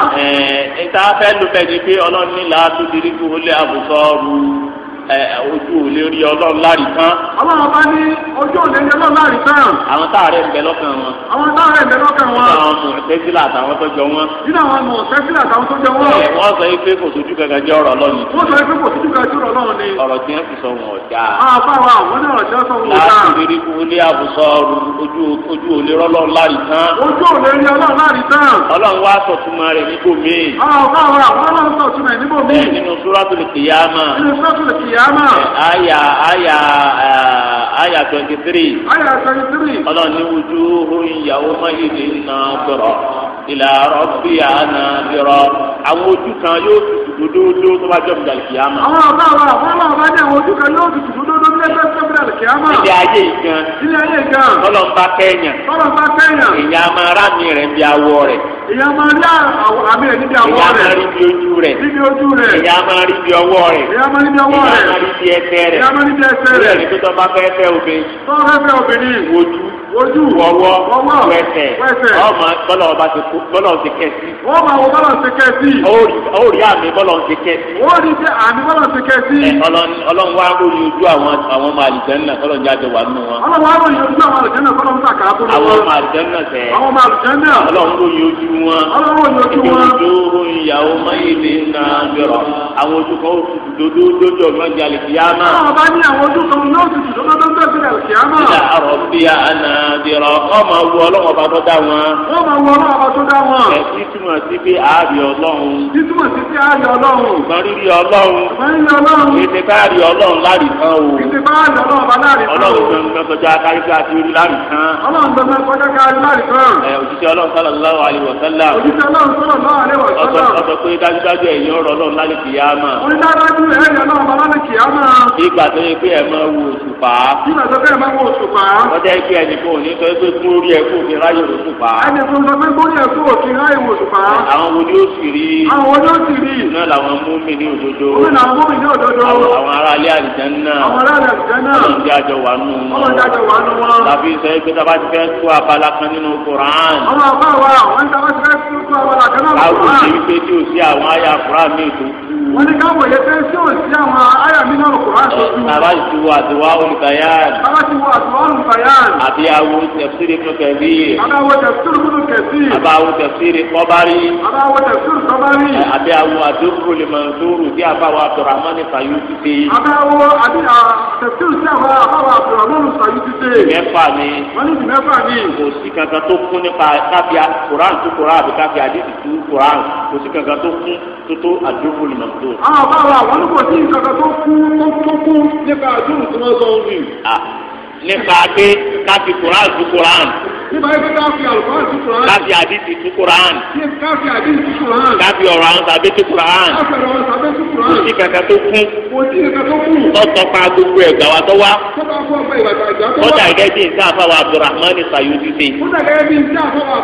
ẹ̀ẹ́d ojú ò lè rí ọlọ́run láàrin tán. ọlọ́run bá ní ojú ò lè rí ọlọ́run láàrin tán. àwọn táàrẹ̀ ń bẹ lọ́kàn wọn. àwọn táàrẹ̀ ń bẹ lọ́kàn wọn. nínú àwọn mọ̀tẹ́sílà àtàwọn tó jọ wọn. nínú àwọn mọ̀tẹ́sílà àtàwọn tó jọ wọn. ẹ wọ́n sọ pé kò sójú kankan jẹ́ ọ̀rọ̀ ọlọ́run. wọ́n sọ pé kò sójú kankan jẹ́ ọ̀rọ̀ ọlọ́run ni. ọ̀rọ̀ tí fi sọ wọn ọ̀já. àwọn náà ọ̀já kìámà. àyà àyà àyà eh, twenty three. àyà twenty three. ọlọ́ni wùdú ìyàwó mọ́yìlì náà sọ̀rọ̀ ìlà rọ̀bì àná lérò àwọn ojú kan yóò tutù dódódó tó bá jọ́ bìdàlì kìámà. àwọn àbá wa àwọn àbá wa ní àwọn ojú kan yóò tutù dódódó ní ẹgbẹ́ tó bìdàlì kìámà. ilé ayé gan. ilé ayé gan. tọ́lọ́mbà kẹ́yà. tọ́lọ́mbà kẹ́yà. ìyá máa rà mí rẹ̀ bí awọ rẹ̀. ìyá máa rí àmì rẹ̀ níbi awọ rẹ̀. ìyá máa rí bí ojú rẹ̀. níbi ojú rẹ̀. ìyá máa rí bí ọwọ́ rẹ̀. ìyá máa rí bí ọwọ́ rẹ̀. ìyá máa rí bí ẹsẹ̀ rẹ̀. ìyá máa rí bí ẹsẹ̀ rẹ̀. ìyá máa rí bí ẹsẹ̀ rẹ̀. tọ́ fẹ́ ojú ojú wọ́wọ́ wẹ́sẹ̀ ọmọ bọ́lọ̀ ọba ti kẹ́sì. wọ́n máa ti kẹ́sì ó rí àmì bọ́lọ̀ ń ṣe kẹ́ sí. ó rí àmì bọ́lọ̀ ń ṣe kẹ́ sí. ọlọ́run wá ròyìn ojú àwọn àwọn ọmọ àlùjẹ́nà kọ́lọ̀ ń jáde wà nínú wọn. ọlọ́run wá ròyìn ojú àwọn àlùjẹ́nà kọ́lọ̀ ń sàkà fún wọn. àwọn ọmọ àlùjẹ́nà sẹ́. àwọn ọmọ àlùjẹ́nà. ọlọ́run ròyìn ojú wọn. ọlọ́run ròyìn ojú wọn. ìdòdó ìyàwó mayele náà yọrọ. àwọn ojú kan ó dodo dodo lọ́jà lè fi yáma. ọlọ́run bá ní àwọn ojú kan náà tutù tó dá wọn. ọmọ wu ọlọ́run ọba tó dá wọn ọlọ́run. sí sí àárí ọlọ́run. ìmọ̀ rírì ọlọ́run. ìmọ̀ rírì ọlọ́run. ètè káàrí ọlọ́run láàrí kan o. ètè káàrí ọlọ́run bá láàrí kan o. ọlọ́run gbẹ̀ngàn kọjá kárí ká ti rí láàrí kan. ọlọ́run gbẹ̀ngàn kọjá kárí láàrí kan. ẹ òjíṣẹ́ ọlọ́run sallallahu alaihi wasallam. òjíṣẹ́ ọlọ́run sallallahu alaihi wasallam. ọ̀sọ̀ pé dájúdájú ẹ̀yìn ọ̀rọ̀ ọlọ́run lálẹ́ kìyàmá. orí dájúdájú ẹ̀yìn ọlọ́run bá lálẹ́ kìyàmá. ìgbà tó yẹ pé ẹ̀ máa wo òṣùpá. ìgbà tó fẹ́ máa wo òṣùpá. ọjọ́ ìpè ẹnìkan ò ní sọ pé kúrò rí ẹ̀kú òkè ráyè òṣùpá. ẹnìkan sọ pé kúrò rí ẹ̀kú òkè ráyè òṣùpá. àwọn wo ni ó sì rí rí. àwọn yóò sì rí. náà làwọn múmi ní òdodo. òun náà múmi ní òdodo. àwọn ará ilé àlìjẹ́n náà. àwọn ará àlìjẹ́n náà. ọlọ́run jẹ́ àjọ wà nù wọn. ọlọ́run jẹ́ àjọ wà nù wọn. tàbí sọ pé tábà ti fẹ́ tó abala kan nínú koran. ọmọ àbá wa wọn tábà ti fẹ́ tó abala kan nínú koran. káwé ṣe bàbá ti wo àdúrà olùkàyàn. bàbá ti wo àdúrà olùkàyàn. àbí awo tẹ̀síìrì fún kẹ̀sí. àbí awo tẹ̀síìrì fún kẹ̀sí. àbí awo tẹ̀síìrì kọ́bárì. àbí awo tẹ̀síìrì kọ́bárì. àbí awo àdókòrò lè máa ń sóòrò tí a bá wa tọ̀rọ̀ àmọ́ nípa yóò ti dé. àbí awo tẹ̀síìrì tí a bá wa tọ̀rọ̀ àmọ́ nípa yóò ti dé. mẹ́fà ni. wọ́n ní mẹ́fà ni. kò sí kankan tó kún nípa káfí kuran tó kuran kúkú nípa àdúrà tí wọ́n sọ ń rìn. Ah, nípa pé ká fi ju koran nígbà yẹn fẹ́ káfí àlùkò sí kuran. káfí àdìsí sí kuran. káfí àdìsí sí kuran. káfí ọ̀rọ̀ àwọn sàbẹ̀ sí kuran. káfí ọ̀rọ̀ àwọn sàbẹ̀ sí kuran. kò sí kankan tó kún. kò sí kankan tó kún. tọ́tọ́ pa gbogbo ẹ̀gbà wa tó wá. tọ́tọ́ pa gbogbo ẹ̀gbà tó wá. kódà gẹ́gẹ́ bí nǹkan àfàwọ̀ Abdulrahman Sayuti ṣe. kódà gẹ́gẹ́ bí nǹkan àfàwọ̀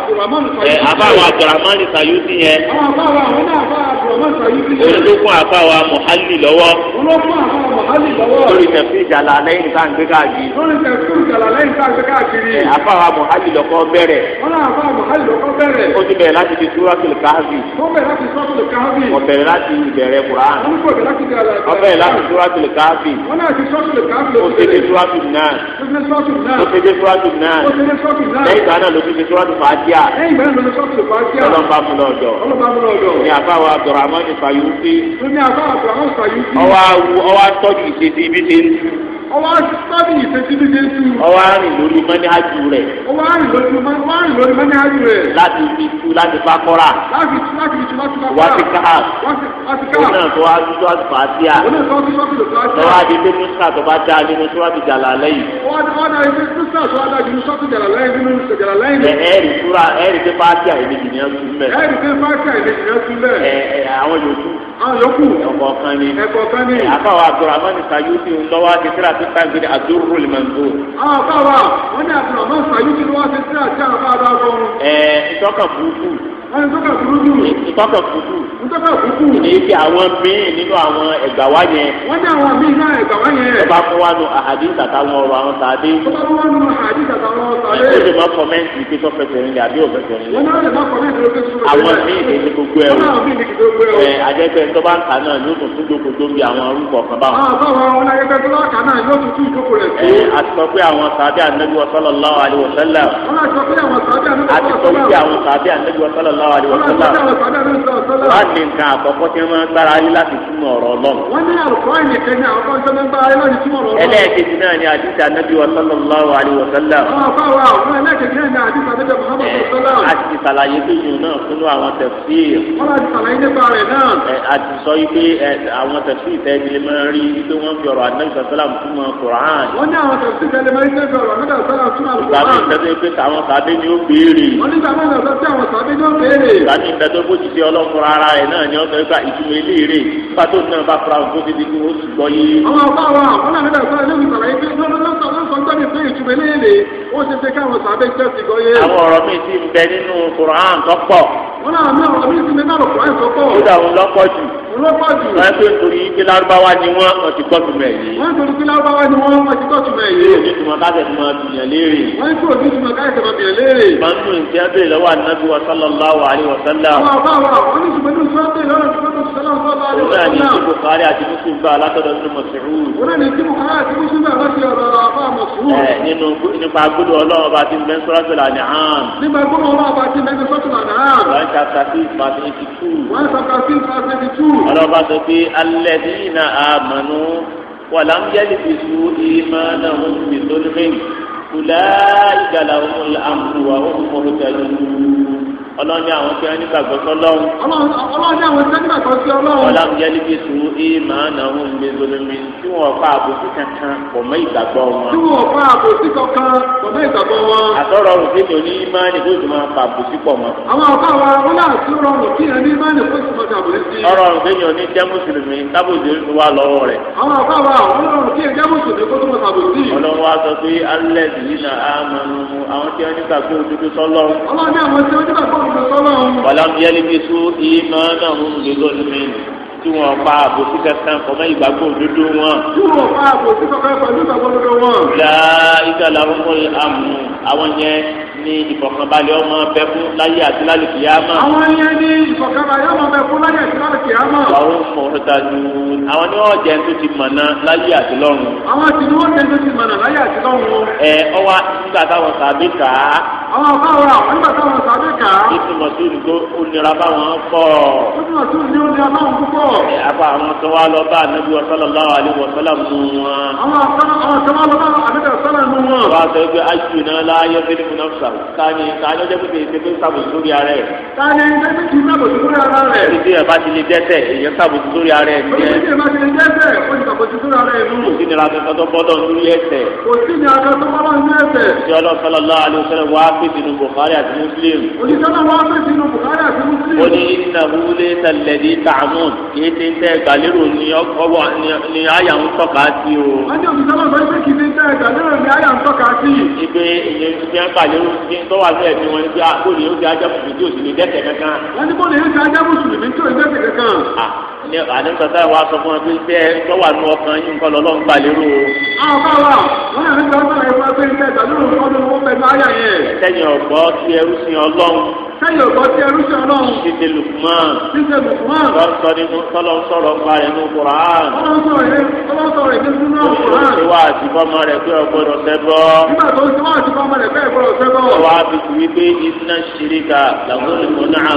Abdulrahman Sayuti ṣe. àfàwọ̀ Abdulrahman Sayuti yẹn. àwọn àfàwọ̀ àwọn náà àfàwọ̀ Abdulrahman Sayuti ṣe. olókùn àfàwọ̀ Muhalli lọ́wọ́. olókùn àfàwọ̀ Muhalli lọ́wọ́. lórí tẹ̀sí ìjàlá lẹ́yìn tá à ń gbé káàkiri. lórí lọ́kọ́ bẹ̀rẹ̀. wọ́n náà àfa àbùhálì lọ́kọ́ bẹ̀rẹ̀. ó ti bẹ̀rẹ̀ láti fi súrátùl káfí. ó bẹ̀rẹ̀ láti súrátùl káfí. ó bẹ̀rẹ̀ láti ìbẹ̀rẹ̀ kuran. ó bẹ̀rẹ̀ láti súrátùl káfí. wọ́n náà ti súrátùl káfí. ó ti dé súrátùl náà. ó ti dé súrátùl náà. o ti dé súrátùl náà. lẹ́yìn ìgbà náà ló ti dé súrátùl fàájíà. lẹ́yìn ìgbà náà ló ti súrátùl fàájíà. ọlọ́mọba mu lọ́jọ́. ọlọ́mọba mu lọ́jọ́. ní àfa wa Abdurrahman Fayusi. ní àfa Abdurrahman Fayusi. ọwọ́ àtọ́jú ìṣèṣe ibi ṣe ń tu ọwọ́ sábì ìfẹ́síbí jésù. ọwọ́ àrìn lórí mọ́níhájú rẹ̀. ọwọ́ àrìn lórí mọ́níhájú rẹ̀. láti fi tu láti bá kọ́ra. láti tu láti fi tu láti bá kọ́ra. wá sí káà. wá sí káà. òun náà tó wá tó wá fà á sí à. òun náà tó wá tó wá tó fà á sí à. lọ́wọ́ adé pé mísà tó bá dá nínú tó wá ti jà lálẹ́ yìí. ọwọ́ adé wá dá nínú mísà tó wá dá nínú tó jà lálẹ́ yìí nínú tó jà lálẹ́ yìí. ẹ̀ẹ́rì fúra ẹ̀ẹ́rì pé fáàtì àìlè jìnnìyàn tún bẹ̀. ẹ̀ẹ́rì pé fáàtì àìlè jìnnìyàn tún bẹ̀. ẹ̀ẹ́ àwọn yòókù. àwọn yòókù kíkà gbé àdúró lè máa ń tó. àbáwá wọn ní àbúrò máa ń fà yíjú ni wọn ti sí àti àbá adágún. ẹ ìtọ́ka burúkú ìtọ́kà burúkú ìtọ́kà burúkú ìtọ́kà burúkú ní fi àwọn míì nínú àwọn ẹ̀gbà wá yẹn. wọ́n ní àwọn míì náà ẹ̀gbà wá yẹn. ẹ bá fún wa nu àhàdí tàtà wọn ọ̀rọ̀ àwọn tàdé. ó bá fún wa nu àhàdí tàtà wọn ọ̀rọ̀ tàdé. ó lè má kọ́mẹ́ǹtì pé sọ́fẹ̀sẹ̀ rìn lè àbí òfẹ̀sẹ̀ rìn lè. wọ́n náà lè má kọ́mẹ́ǹtì pé sọ́fẹ̀sẹ̀ rìn lè gbogbo ẹ̀ sallallahu alaihi wa sallam wọ́n ní nǹkan àkọ́kọ́ tí wọ́n máa gbára yín láti túmọ̀ ọ̀rọ̀ ọlọ́run. wọ́n ní àlùkò ìnìkan ní àkọ́kọ́ tí wọ́n máa gbára yín láti túmọ̀ ọ̀rọ̀ ọlọ́run. ẹlẹ́ẹ̀kejì náà ni àdìsí anábì wa sallallahu alaihi wa sallam. a ti sàlàyé lóyún náà fún àwọn tafsir. a ti sọ pé àwọn tafsir tẹ́lẹ̀ máa rí pé wọ́n fi ọ̀rọ̀ anábì sàlám túmọ̀ Qur'an. wọ́n ní àwọn tafsir tẹ́lẹ̀ máa láti ìgbà tó kó jìṣẹ́ ọlọ́run ara rẹ̀ náà ni ọ̀sán ìgbà ìtumọ̀ eléèrè nípa tó náà bá fura òkú títí kí wọ́n sì gbọ́ yé. àwọn ọba wa àwọn àmì náà sọ̀rọ̀ lórí ìsàlàyé pé lọ́sọ̀ọ́sọ̀ọ́sọ̀ọ́sọ̀ọ́sọ̀ pé ìtumọ̀ eléèrè ó ti fẹ́ káwọn sàbẹ̀ ìṣẹ́ ti gbọ́ yé. àwọn ọ̀rọ̀ mi ti ń bẹ nínú Kùránì tó pọ̀. wọ́n náà ló pọ̀ jù. wọ́n pè torí kí lárúbáwá ni wọ́n wọ́n ti kọ́tù mẹ́ yìí. wọ́n torí kí lárúbáwá ni wọ́n wọ́n ti kọ́tù mẹ́ yìí. èyí tuma tuma bìyàn léèrè. wọ́n kò ní tuma káṣẹ̀ tuma bìyàn léèrè. màmú ìjẹ́ bẹ́ẹ̀ lọ́wọ́ anabi wa sallallahu alayhi wa sallam. wọ́n bá wà tuma ní sọ́ọ́ tuma ní sọ́ọ́ wọ́n ní ti Bukhari àti Muslim bá alátọ́dọ̀ nínú Mas'ud. wọ́n ní ti Bukhari àti Muslim bá alátọ́dọ̀ nínú Mas'ud. ẹ nínú nípa gbọ́dọ̀ Ọlọ́run ọba tí mbẹ sọlátọlá ní hàn. nípa gbọ́dọ̀ Ọlọ́run ọba tí mbẹ sọlátọlá ní hàn. one chapter six verse eighty two. one chapter ọlọ́ba sọ pé alladhina amanu wa lam yalbisu imanahum bi zulmin ulaika lahumul amnu wa hum muhtadun ọlọ́run ní àwọn tí wọ́n nígbàgbọ́ sọlọ́run. ọlọ́run ní àwọn tí wọ́n nígbàgbọ́ sí ọlọ́run. ọlọ́run jẹ́ níbi sùúrù ìmọ̀ àná òun lè lómi tí wọ́n fa àbòsí kankan pọ̀ mọ́ ìgbàgbọ́ wọn. tí wọ́n fa àbòsí kankan pọ̀ mọ́ ìgbàgbọ́ wọn. àtọ́rọ̀ ọ̀rùn tí tòní ìmánì kó tó máa fa àbòsí pọ̀ mọ́. àwọn ọ̀gá wa wọn náà tún rọrùn kí ẹni ìmánì kó tó máa ṣàbòsí. ọ̀rọ̀ ọ̀rùn tí yóò ní jẹ́ mùsùlùmí wọ́n lọ́n yẹ́lí bí sùn ìmọ̀ náà ń gbégbó lómi tí wọn pa àbòsí kankan fọmọ ìgbàgbọ́ òdodo wọn. tí wọn pa àbòsí kankan fọmọ ìgbàgbọ́ òdodo wọn. ìlà ìgbà làwọn kò àmú àwọn yẹn ní ìfọ̀kànbalẹ̀ ọmọ bẹ fún láyé àti lálẹ́ kìyàmá. àwọn yẹn ní ìfọ̀kànbalẹ̀ ọmọ bẹ fún láyé àti lálẹ́ kìyàmá. àwọn mọ̀ọ́ta ju àwọn ní wọ́n jẹ́ tó ti mọ̀nà láyé àti lọ́run. àwọn tí ni wọ́n jẹ́ tó ti mọ̀nà láyé àti lọ́run. ẹ ọwọ́ nígbà táwọn sàbí kà á. àwọn ọ̀gá ọ̀rọ̀ àwọn nígbà táwọn sàbí kà á. ìtumọ̀ sí ìdúró ó nira báwọn pọ̀. ìtumọ̀ sí ìdúró ó àbá àwọn tó wá lọ bá ànábì sallallahu alaihi wasallam mú wọn. àwọn tó wá lọ bá ànábì ọ̀sọ́lá mú wọn. wọ́n á sọ pé aṣù náà láyé fẹ́lẹ́ fún náà sàrò káni ọjọ́ pé sàbòsí lórí ara ẹ̀. káni ẹgbẹ́ ti sàbòsí lórí ara rẹ̀. ẹni tí ẹ bá ti lè dẹ́ṣẹ̀ èèyàn sàbòsí lórí ara ẹ̀ nìyẹn. ẹni tí ẹ bá ti lè dẹ́ṣẹ̀ ó ti sàbòsí lórí ara ẹ̀ nù. kò sí tó bọ́dọ̀ lórí ẹsẹ̀. kò sí tó bọ́dọ̀ lórí ẹsẹ̀. ṣé ọlọ́sọ̀lọ́lá alẹ́sẹ̀rẹ̀ wá pèsè nu Bukhari àti Muslim. òṣìṣẹ́ kì í ti ń tẹ́ gbàlérò ní ọwọ́ ní àyà ń tọ́ka sí o. wọ́n ní òbí sábà sọ pé kì í ti ń tẹ́ gbàlérò ní àyà ń tọ́ka sí. ibi ìyẹn ti ń gbàlérò ti ń tọ́wà sí ẹ̀mí wọn níbi àkóòlì ah, yóò fi ajá mùsùlùmí tí ò sì lè dẹ́ṣẹ̀ kankan. wọ́n ní bọ́ọ̀lù yóò fi ajá mùsùlùmí tí ò lè dẹ́ṣẹ̀ kankan. ń gbàlérò. àwọn bá wà ní àdéhùn sọ́tà sẹ́yìn ọ̀gbọ́n tí ẹrú sí ọlọ́run. títí lukman. títí lukman. lọ́sọ̀ ni tọ́lọ́ sọ̀rọ̀ pa ẹnu kuran. tọ́lọ́ sọ̀rọ̀ yẹn tọ́lọ́ sọ̀rọ̀ yẹn fún náà kuran. ó ti wá àtìfọ́mọ rẹ̀ pé ọgbọ́dọ̀ sẹ́bọ̀. nígbà tó ti wá àtìfọ́mọ rẹ̀ pé ọgbọ́dọ̀ sẹ́bọ̀. wàá fi wípé iná ṣeré ká làwọn olùkọ́ náà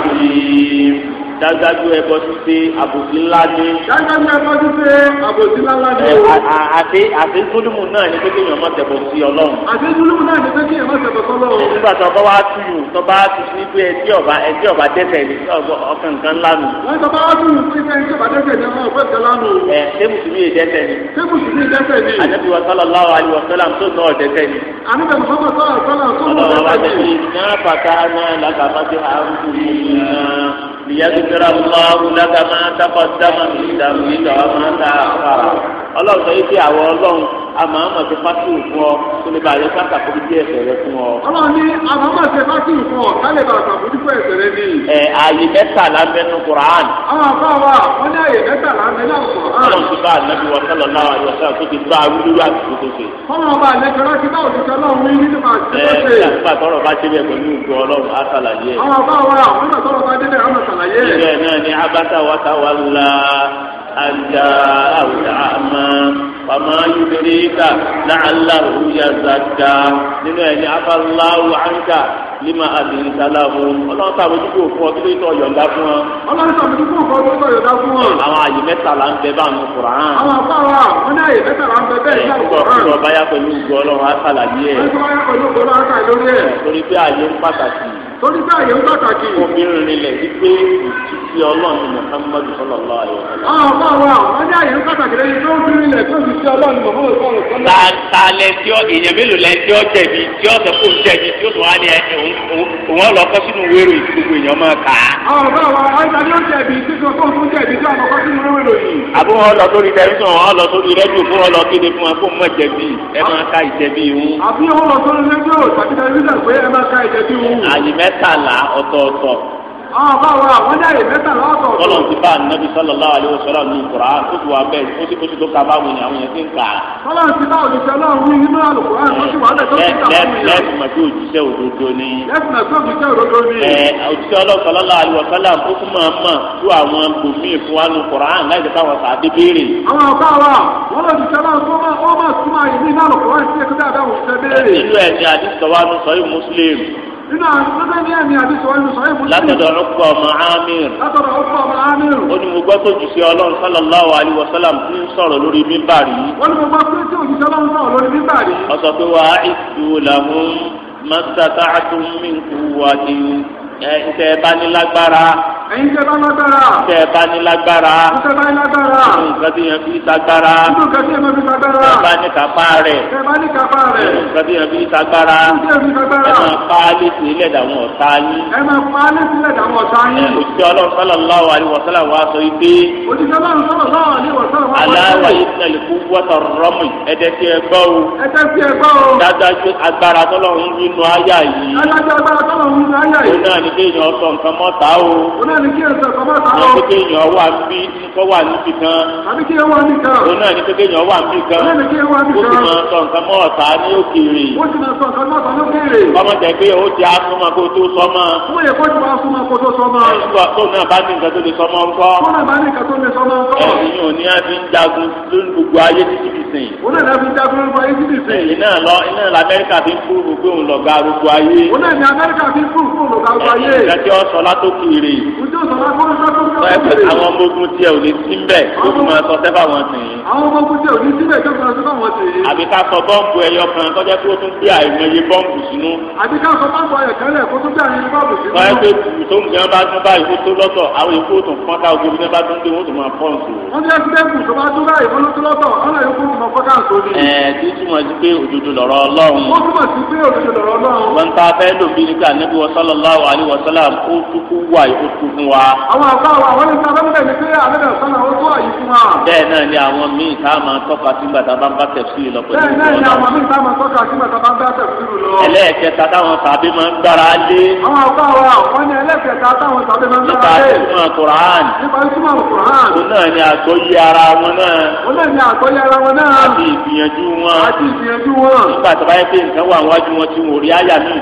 dájúdájú ẹbọ ṣíṣe àbòsí ńlá ni. dájúdájú ẹbọ ṣíṣe àbòsí ńlá ni. àti àti túlùmù náà ni pé kéèyàn má tẹ̀bọ̀ sí ọlọ́run. àti túlùmù náà ni pé kéèyàn má tẹ̀bọ̀ sí ọlọ́run. nígbà tó bá wá tuyù tó bá tutù ní pé ẹtí ọba ẹtí ọba dẹ́ṣẹ̀ ní ọkàn nǹkan ńlá nù. wọ́n tó bá wá tuyù pé ẹtí ọba dẹ́ṣẹ̀ ní ọkàn nǹkan ńlá nù. ẹ ṣé mùsùlùmí yẹ dẹ́ṣẹ̀ ni. ṣé mùsùlùmí dẹ́ṣẹ̀ ni. ànábì wa sallallahu alaihi wa sallam tó náà dẹ́ṣẹ̀ ni. ànábì wa sallallahu alaihi wa sallam tó náà dẹ́ṣẹ̀ ni. ọlọ́wọ́ wa ليذكر الله لك ما تقدم من ذنبك وما تأخر ọlọ́run sọ yìí pé àwọn ọlọ́run àmọ́ àmọ́ ti fásitì fún ọ tó lè bàa lè sáàkà kó díẹ̀ ẹ̀ṣẹ̀ rẹ fún ọ. ọlọ́run ní àmọ́ àmọ́ ti fásitì fún ọ ká lè bàa sàmójúkọ ẹ̀ṣẹ̀ rẹ ní. ẹ ààyè mẹ́ta la mẹ́nu kuran. àwọn àbá wa wọn ní ààyè mẹ́ta la mẹ́nu kuran. ọlọ́run ti bá anabi wa sọlọ náà wa yọ̀ọ́ sọ́ọ́ tó ti bá wíwú àtúntò tó ṣe. ọmọ ọba àlẹkẹrẹ ti bá òṣìṣẹ́ ọlọ́run wí nínú àti tó ṣe. ẹ nígbà tọrọ bá ṣe bẹ́ẹ̀ pẹ̀lú ìgbọ ọlọ́run á ṣàlàyé ẹ. àwọn àbá wa àwọn ìgbà tọrọ bá dé bẹ́ẹ̀ á àjà àwùjá àmà wàmà yúdúríkà làálàhù yàzàkà nínú ẹni abáláwù àǹkà lima àdìsálàmù ọlọ́run tàbí ojú kò fún ọ kílódé tó yọ̀ǹda fún ọ. ọlọ́run tàbí ojú kò fún ọ kílódé tó yọ̀ǹda fún ọ. àwọn àyè mẹ́ta là ń bẹ bá nu kuran. àwọn àbá wa wọn ní àyè mẹ́ta là ń bẹ bẹ́ẹ̀ ní àgbọ̀ kuran. ìgbọ̀ báyà pẹ̀lú ìgbọ̀ ọlọ́run á sàlàyé ẹ̀. ìgbọ̀ báyà pẹ̀lú ìgbọ̀ ọlọ́run á sàlàyé ẹ̀. torí pé àyè ń pàtàkì torí pé àyè ń pàtàkì. obìnrin rinlẹ̀ wípé ìtìsí ọlọ́run muhammadu sallallahu alaihi wasallam. Ah, ọ̀pọ̀ àwọn àwọn ní àyè ń pàtàkì lẹ́yìn tó ń fi rinlẹ̀ tó ti sí ọlọ́run muhammadu sallallahu alaihi wasallam. ta lẹ tí ọ èèyàn mélòó lẹ tí ọ jẹ̀bi tí ọ sọ pé òun jẹ̀bi tí ó tún wá ní ẹ òun ọlọkọ sínú wérò ìgbogbo èèyàn máa kà á. ọ̀pọ̀ àwọn àìsàn ni ó jẹ̀bi tí ó sọ àbúrò ọlọ tó di tẹlifíṣàn ọlọ tó di rẹdíò fún ọlọ kéde fún wa kó mọ jẹ̀bi ẹ máa ka ìjẹ̀bi òun. àbúrò ọlọ tó di rẹdíò tàbí tẹlifíṣàn mẹ́tàlá ọ̀tọ̀ọ̀tọ̀. àwọn bá wọra àwọn jáde mẹ́tàlá ọ̀tọ̀ọ̀tọ̀. kọ́lọ̀ ti bá anabi sallallahu alaihi wasallam ní ìkura tó ti wà bẹ́ẹ̀ ó ti kóso tó ka bá wọnyí àwọn yẹn ti ń kà. kọ́lọ̀ ti bá òjíṣẹ́ náà wí nínú àlùkò àti tó ti wà lẹ́tọ́ sí ìkà fún mi. lẹ́sìn mọ̀ pé òjíṣẹ́ òdodo ni. lẹ́sìn mọ̀ pé òjíṣẹ́ òdodo ni. ẹ òjíṣẹ́ ọlọ́ọ̀ sallallahu alaihi wasallam ó tún máa mọ̀ tó àwọn gbòmíì fún wa ní Qur'an láì jẹ́ káwọn sàá dé béèrè. àwọn ọ̀gá wa wọ́n lọ nínú àtúntò ní ẹ̀mí àti sọ̀rọ̀ sọ̀rọ̀ ìmúlẹ̀. látọ̀dọ̀ ọ̀pọ̀ ọmọ amir. látọ̀dọ̀ ọ̀pọ̀ ọmọ amir. ó ní mo gbọ́ tó jù sí ọlọ́run sallallahu alaihi wasallam tí ń sọ̀rọ̀ lórí mímbàrí. ó ọ̀sọ̀ pé wàá ìtù làwọn mọ́tàtà ẹ̀ńtẹ́ bánilágbára. ẹ̀ńtẹ́ bánilágbára. ẹ̀ńtẹ́ bánilágbára. ẹ̀ńtẹ́ bánilágbára. inú nǹkan tí yẹn fi tagbára. inú nǹkan tí yẹn fi tagbára. ẹ̀bá ní kápá rẹ̀. ẹ̀bá ní kápá rẹ̀. inú nǹkan tí yẹn fi tagbára. inú nǹkan tí yẹn fi ẹ máa pa alẹ́ sí dàwọn ọ̀tá yín. ẹ máa pa alẹ́ sí dàwọn ọ̀tá yín. òṣìṣẹ́ ọlọ́run sallallahu alaihi wa sallam wa sọ ipe. òṣìṣẹ́ ọlọ́run sallallahu alaihi wa sallam ní kéèyàn sọ nǹkan mọ́ta o. òun náà ní kéèyàn sọ nǹkan mọ́ta o. òun náà ní kéèyàn wà níbi nǹkan wà níbi kan. àbí kéèyàn wà níbi kan. òun náà ní kéèyàn wà níbi kan. òun náà ní kéèyàn wà níbi kan. ó sì máa sọ nǹkan mọ́ta ní òkèèrè. ó sì máa sọ nǹkan mọ́ta ní òkèèrè. ọmọ jẹ pé ó ti asúnmọ́ kó tó sọmọ. ó yẹ kó ti máa súnmọ́ kó tó sọmọ. tó náà bá ní nǹkan tó lè sọmọ ńkọ́. tó náà bá ní nǹkan tó lè sọmọ ńkọ́. ẹ̀yin ò ní á fi ń jagun lórí gbogbo ayé títí bìsìn. òun náà ní á fi ń jagun lórí gbogbo ayé títí bìsìn. iná lọ iná lamẹ́ríkà fi ń kúrò gbogbo ayé. ìdájọ́ ọ̀sán látó kiri. ìjọ ìsọ̀lá kó ń sọ́kó ń sọ́kó kiri. àwọn ọmọ ogun tiẹ̀ ò ní sí mbẹ̀ kó fi máa sọ sẹ́fà wọn tì í. àwọn ọmọ ogun tiẹ̀ ò ní sí mbẹ̀ kó fi máa sọ sẹ́fà wọn tì í. àbí ká sọ bọ́ǹbù ẹyọ kan tọ́jẹ́ kó tún gbé àìmọye bọ́ǹbù sínú. àbí ká sọ bọ́ǹbù ẹyọ kan lẹ̀ kó tún gbé àìmọye bọ́ǹbù sínú. wọ́n yẹ kó tó ń gbẹ́n bá tún báyìí kó tó lọ́tọ̀ àwọn èkó tó ń fọ́n ká ogun bí wọ́n bá tún dé wọ́n tó máa fọ́n sí. wọ́n ti ẹsẹ̀ kù tó bá tún báyìí wọ́n ló tún lọ́tọ̀ ọ̀nà yòókù tó máa fọ́n ká sọ ni. ẹ ti túmọ̀ sí pé òdodo lọ̀rọ̀ Ọlọ́run. wọ́n túmọ̀ sí pé òdodo lọ́rọ̀ Ọlọ́run. wọ́n ta fẹ́ lòbí nígbà níbi wọ́n sọ́lọ́ alaihi wasallam ó tukú wà ó tu fún wa. àwọn àgbà wa àwọn ẹni tí a bá ń bẹ̀ ní pé àlejò sọ́nà ó tó àyè fún wa. bẹ́ẹ̀ náà ni àwọn míì tá a máa tọ́ka sí gbàtà bá ń bá tẹ̀síì lọ pẹ̀lú ìwọ́n náà. bẹ́ẹ̀ náà ni àwọn míì tá a máa tọ́ka sí gbàtà bá ń bá tẹ̀síì lọ. ẹlẹ́ẹ̀kẹta táwọn tàbí máa ń gbára lé. àwọn àgbà wa àwọn ẹni ẹlẹ́ẹ̀kẹta táwọn tàbí máa ń gbára lé. nípa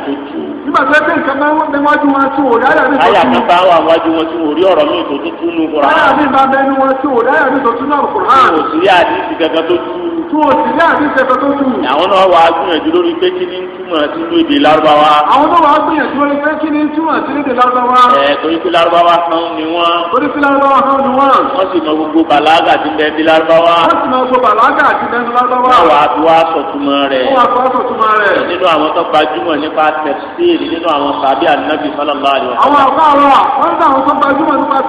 ìtumọ̀ nígbà tó ẹgbẹ́ nǹkan máa ń bẹ wájú wọn tí wò dáyà ní tòtún. àyà bá wà wájú wọn tí wò rí ọ̀rọ̀ mi tó tún nù kúrò. àyà mi bá bẹnu wọn tí wò dáyà ní tòtún náà kúrò. kò sí àdìsí kankan tó tú fún òsì láàrin ìṣẹ̀fẹ̀ tó tù. àwọn náà wàá gbìyànjú lórí pé kí ni ń túmọ̀ sí lédè lárúbáwá. àwọn náà wàá gbìyànjú lórí pé kí ni ń túmọ̀ sí lédè lárúbáwá. ẹ torí pé lárúbáwá kan ni wọn. torí pé lárúbáwá kan ni wọn. wọ́n sì mọ gbogbo bàlágà ti bẹ́ẹ̀ di lárúbáwá. wọ́n sì mọ gbogbo bàlágà ti bẹ́ẹ̀ di lárúbáwá. náà wàá fi wá sọ̀túnmọ́ rẹ̀. wọ́n wàá fi wá sọ̀túnmọ́ rẹ̀. nínú àwọn tó gbajúmọ̀ nípa tẹ̀síìlì nínú àwọn sàbí ànábì sallallahu alaihi wasallam. àwọn àbá wa wọ́n tó gbajúmọ̀ nípa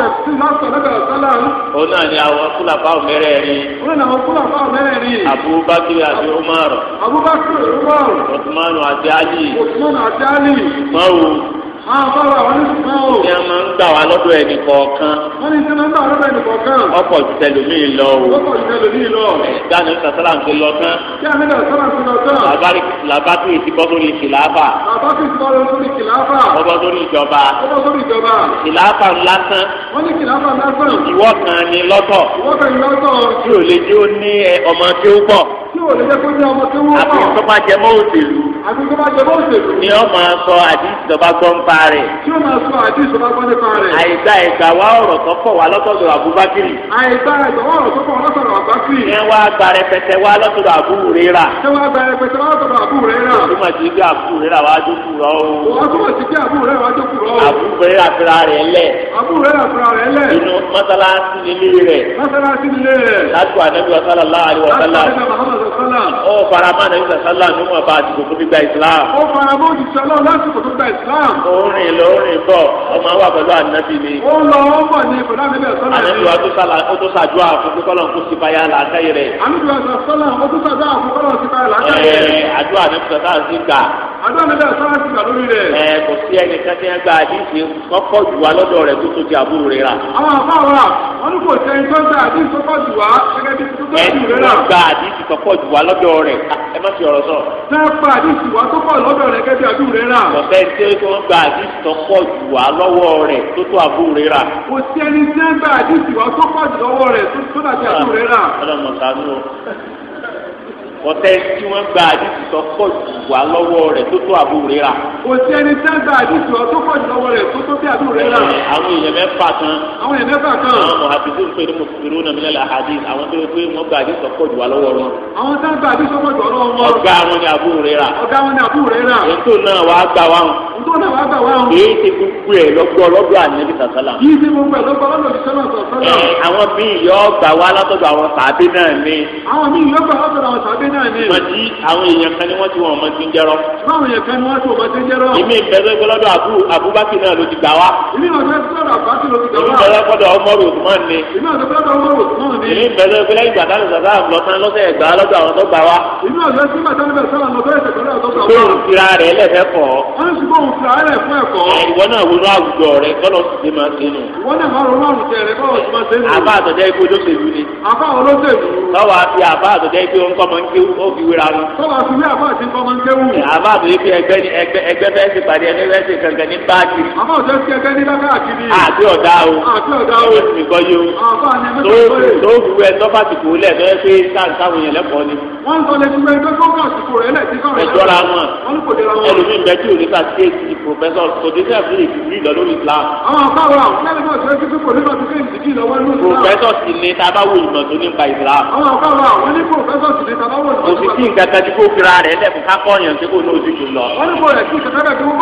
abubakar àti umar abubakar umar usman àti ali usman àti ali. báwo àbára àwọn oníṣẹ́ o. ní a máa ń gbà wá lọ́dọ̀ ẹnì kọ̀ọ̀kan. wọ́n ní sẹ́nà ń gbà lọ́dọ̀ ẹnì kọ̀ọ̀kan. ọkọ̀ ìtẹlómìn lọ o. ọkọ̀ ìtẹlómìn lọ. ìdáná sàtàlà ń ti lọ tán. kí àmì náà sọ́nà ti lọ tán. làbá kì í ti bọ́ sórí kìláàbà. làbá kì í ti bọ́ sórí kìláàbà. ọbọ̀ sórí ìjọba. ọbọ̀ sórí ìjọba. kìláàbà lásán. wọ́n ní kìláàbà lásán. ìwọ kan ni lọ́tọ̀. ìwọ kan ni lọ́tọ̀. tí ò lè dé ó ní ọmọ tí ó pọ̀ ò lè jẹ́ kó jẹ́ ọmọ tó wọ́n mọ̀. àbí tó máa jẹ mọ́ òṣèlú. àbí tó máa jẹ mọ́ òṣèlú. ni ó máa sọ àdìsí tó bá gbọ́ ń pa rẹ̀. tí ó máa sọ àdìsí tó bá gbọ́ nípa rẹ̀. àìgbà ẹ̀gbà wa ọ̀rọ̀ tó pọ̀ wá lọ́sọ̀dọ̀ àbúbákìrì. àìgbà ẹ̀gbà wa ọ̀rọ̀ tó pọ̀ lọ́sọ̀dọ̀ àbúbákìrì. ẹ wá gba rẹpẹtẹ wá lọ́sọ̀dọ̀ àbúrẹ́rà. ẹ wá gba rẹpẹtẹ wá lọ́sọ̀dọ̀ àbúrẹ́rà. ó túmọ̀ sí pé àbúrẹ́rà wá o. ó túmọ̀ sí o. àbúrẹ́rà sọ́là. ó fara mọ́ àdàbí sàlá ní wọn bá àdìgbò tó fi gba islam. ó fara mọ́ òjì sọ́là lásìkò tó gba islam. ó rìn lọ ó rìn bọ̀ ọmọ wa pẹ̀lú ànábì ni. ó lọ ó bọ̀ ní pẹ̀lú ànábì sọ́là. ànábì wa tó sàdúrà fún kọ́lọ̀ kó sì báyà làákàyè rẹ̀. ànábì wa sọ́là ó tó sàdúrà fún kọ́lọ̀ sí báyà làákàyè rẹ̀. àdúrà ní sọ́là sí gbà. àdúrà ní sọ́là sí gbà lórí rẹ̀. ẹ kò sí ẹni kẹ́kẹ́ gba àdìsí kọ́kọ́ jù wá lọ́dọ̀ rẹ̀ tó tó ti àbúrò rẹ̀ rà. àwọn àbáwọ̀ rà wọ́n ní kò sẹ́yìn tó ń ta àdìsí kọ́kọ́ jù wá gẹ́gẹ́ bí tó tó jù rẹ̀ rà. ẹ wà lọ́dọ̀ rẹ̀ ẹ má fi ọ̀rọ̀ sọ. ṣé pa àdìsí tó pọ̀ lọ́dọ̀ rẹ̀ kẹ́bí àbú rẹ̀ rà. ọ̀sẹ̀ tí ó ń gba àdìsí tó jù wá lọ́wọ́ rẹ̀ tó tó àbú rà. kò sí ẹni tí ń gba àdìsí wa tó pọ̀ jù lọ́wọ́ rẹ̀ tó tó àbú rẹ̀ rà. ọlọ́mọ ọ̀tẹ́ tí wọ́n gba àdìsí tó pọ̀ jù wá lọ́wọ́ rẹ̀ tó tó Abu Hurairah. kò sí ẹni tí wọ́n gba àdìsí tó pọ̀ jù lọ́wọ́ rẹ̀ tó tó bí Abu Hurairah. àwọn èèyàn mẹ́fà kan. àwọn èèyàn mẹ́fà kan. àwọn ọmọ àti tó ń pè ní mùsùlùmí náà nílẹ̀ la hadith àwọn tó ń pè wọ́n gba àdìsí tó pọ̀ jù wá lọ́wọ́ wọn. àwọn tó ń gba àdìsí tó pọ̀ jù wá lọ́wọ́ wọn. wọn ni Abu Hurairah. ọ̀gá wọn ni Abu Hurairah. ètò tó náà wàá bà wá o. èyí ti gbogbo ẹ lọ́gbọ́ lọ́dọ̀ ànábì sàṣálà. yìí ti gbogbo ẹ lọ́gbọ́ lọ́dọ̀ ìṣẹ́nà sàṣálà. ẹ àwọn míì yọ gbà wá látọ̀dọ̀ àwọn sàábé náà ni. àwọn míì yọ gbà látọ̀dọ̀ àwọn sàábé náà ni. wọ́n ti àwọn èèyàn kan ni wọ́n ti wọ́n ọmọ ti ń jẹ́rọ. àwọn èèyàn kan ni wọ́n ti wọ́n ti ń jẹ́rọ. ìmí ìbẹ̀rẹ̀ lọ́dọ̀ Abubakar sàárẹ̀ fún ẹ̀kọ́. ìwọ náà wo àwùjọ rẹ bọ́lọ̀ sì dé máa ṣe nù. ìwọ náà máa ronú àwùjọ rẹ bọ́lọ̀ sì máa ṣe nù. àbá àtọ̀jẹ́ ikú olóṣèlú ni. àbá olóṣèlú. tọ́wọ́ àti àbá àtọ̀jẹ́ ikú ọkọ̀ máa ń ké ó fi wéra lọ. tọ́wọ́ àti wí àbá àti ọkọ̀ máa ń ké àbá àtọ̀jẹ́ ikú ẹgbẹ́ ni ẹgbẹ́ ẹgbẹ́ fẹ́ ti kankan ẹgbẹ́ ní ti kú ti professor producer ti lè dìgírì lọ lórí Islam. àwọn àbáwọ̀ àwọn ṣe é kíkó nígbà tó kéyìn dìgírì lọ́wọ́ lórí Islam. professor ti lè ta bá wo ìmọ̀ tó nípa Islam. àwọn àbáwọ̀ àwọn ní professor ti lè ta bá wo ìmọ̀ tó nípa Islam. kò nǹkan kan tí kò rẹ̀ lẹ́kùn ká tí kò ní ojú jù lọ. wọ́n ní kò rẹ̀ sí ìṣẹ̀fẹ́ kí wọ́n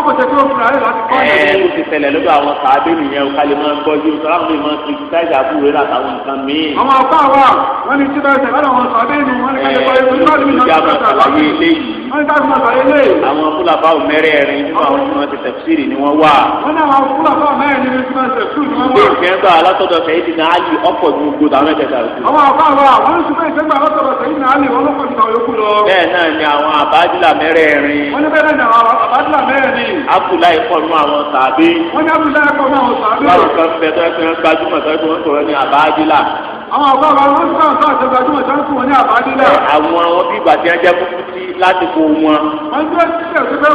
kọ́kọ́ wọ́n ká fún ọ̀sán ilé. àwọn fúlàfà mẹ́rẹ̀ẹ̀rin nínú àwọn tí wọ́n ti tẹ̀síìrì ni wọ́n wà. wọ́n ní àwọn fúlàfà mẹ́rẹ̀ẹ̀rin nínú tí wọ́n ti tẹ̀síìrì ni wọ́n wà. bẹ́ẹ̀ kẹ́ńtà alátọ́dọ̀ sẹ́yìn náà yí ọ̀pọ̀ ju gbogbo àwọn ẹ̀kẹ́ta rẹ̀. àwọn àbá wa wọ́n ń sùn ìgbẹ́gbẹ́ alátọ́dọ̀ sẹ́yìn náà lè wọ́n lọ́kọ̀ nípa yòókù lọ. bẹ́ẹ̀ náà ni àwọn àbájúlà mẹ́rẹ̀ẹ̀rin. wọ́n ní bẹ́ẹ̀ àwọn àbájúlà mẹ́rẹ̀ẹ̀rin. abdullahi kọ́ nú àwọn tàbí. wọ́n ní tó wọn sọ̀rọ̀ ń sọ̀rọ̀ wọn ní àbájúlà. àwọn àwọn bí ìgbà tí wọ́n jẹ́ kúkú sí láti kó lásìkò wọn. wọ́n ti bẹ́ẹ̀ sílẹ̀ sí bẹ́ẹ̀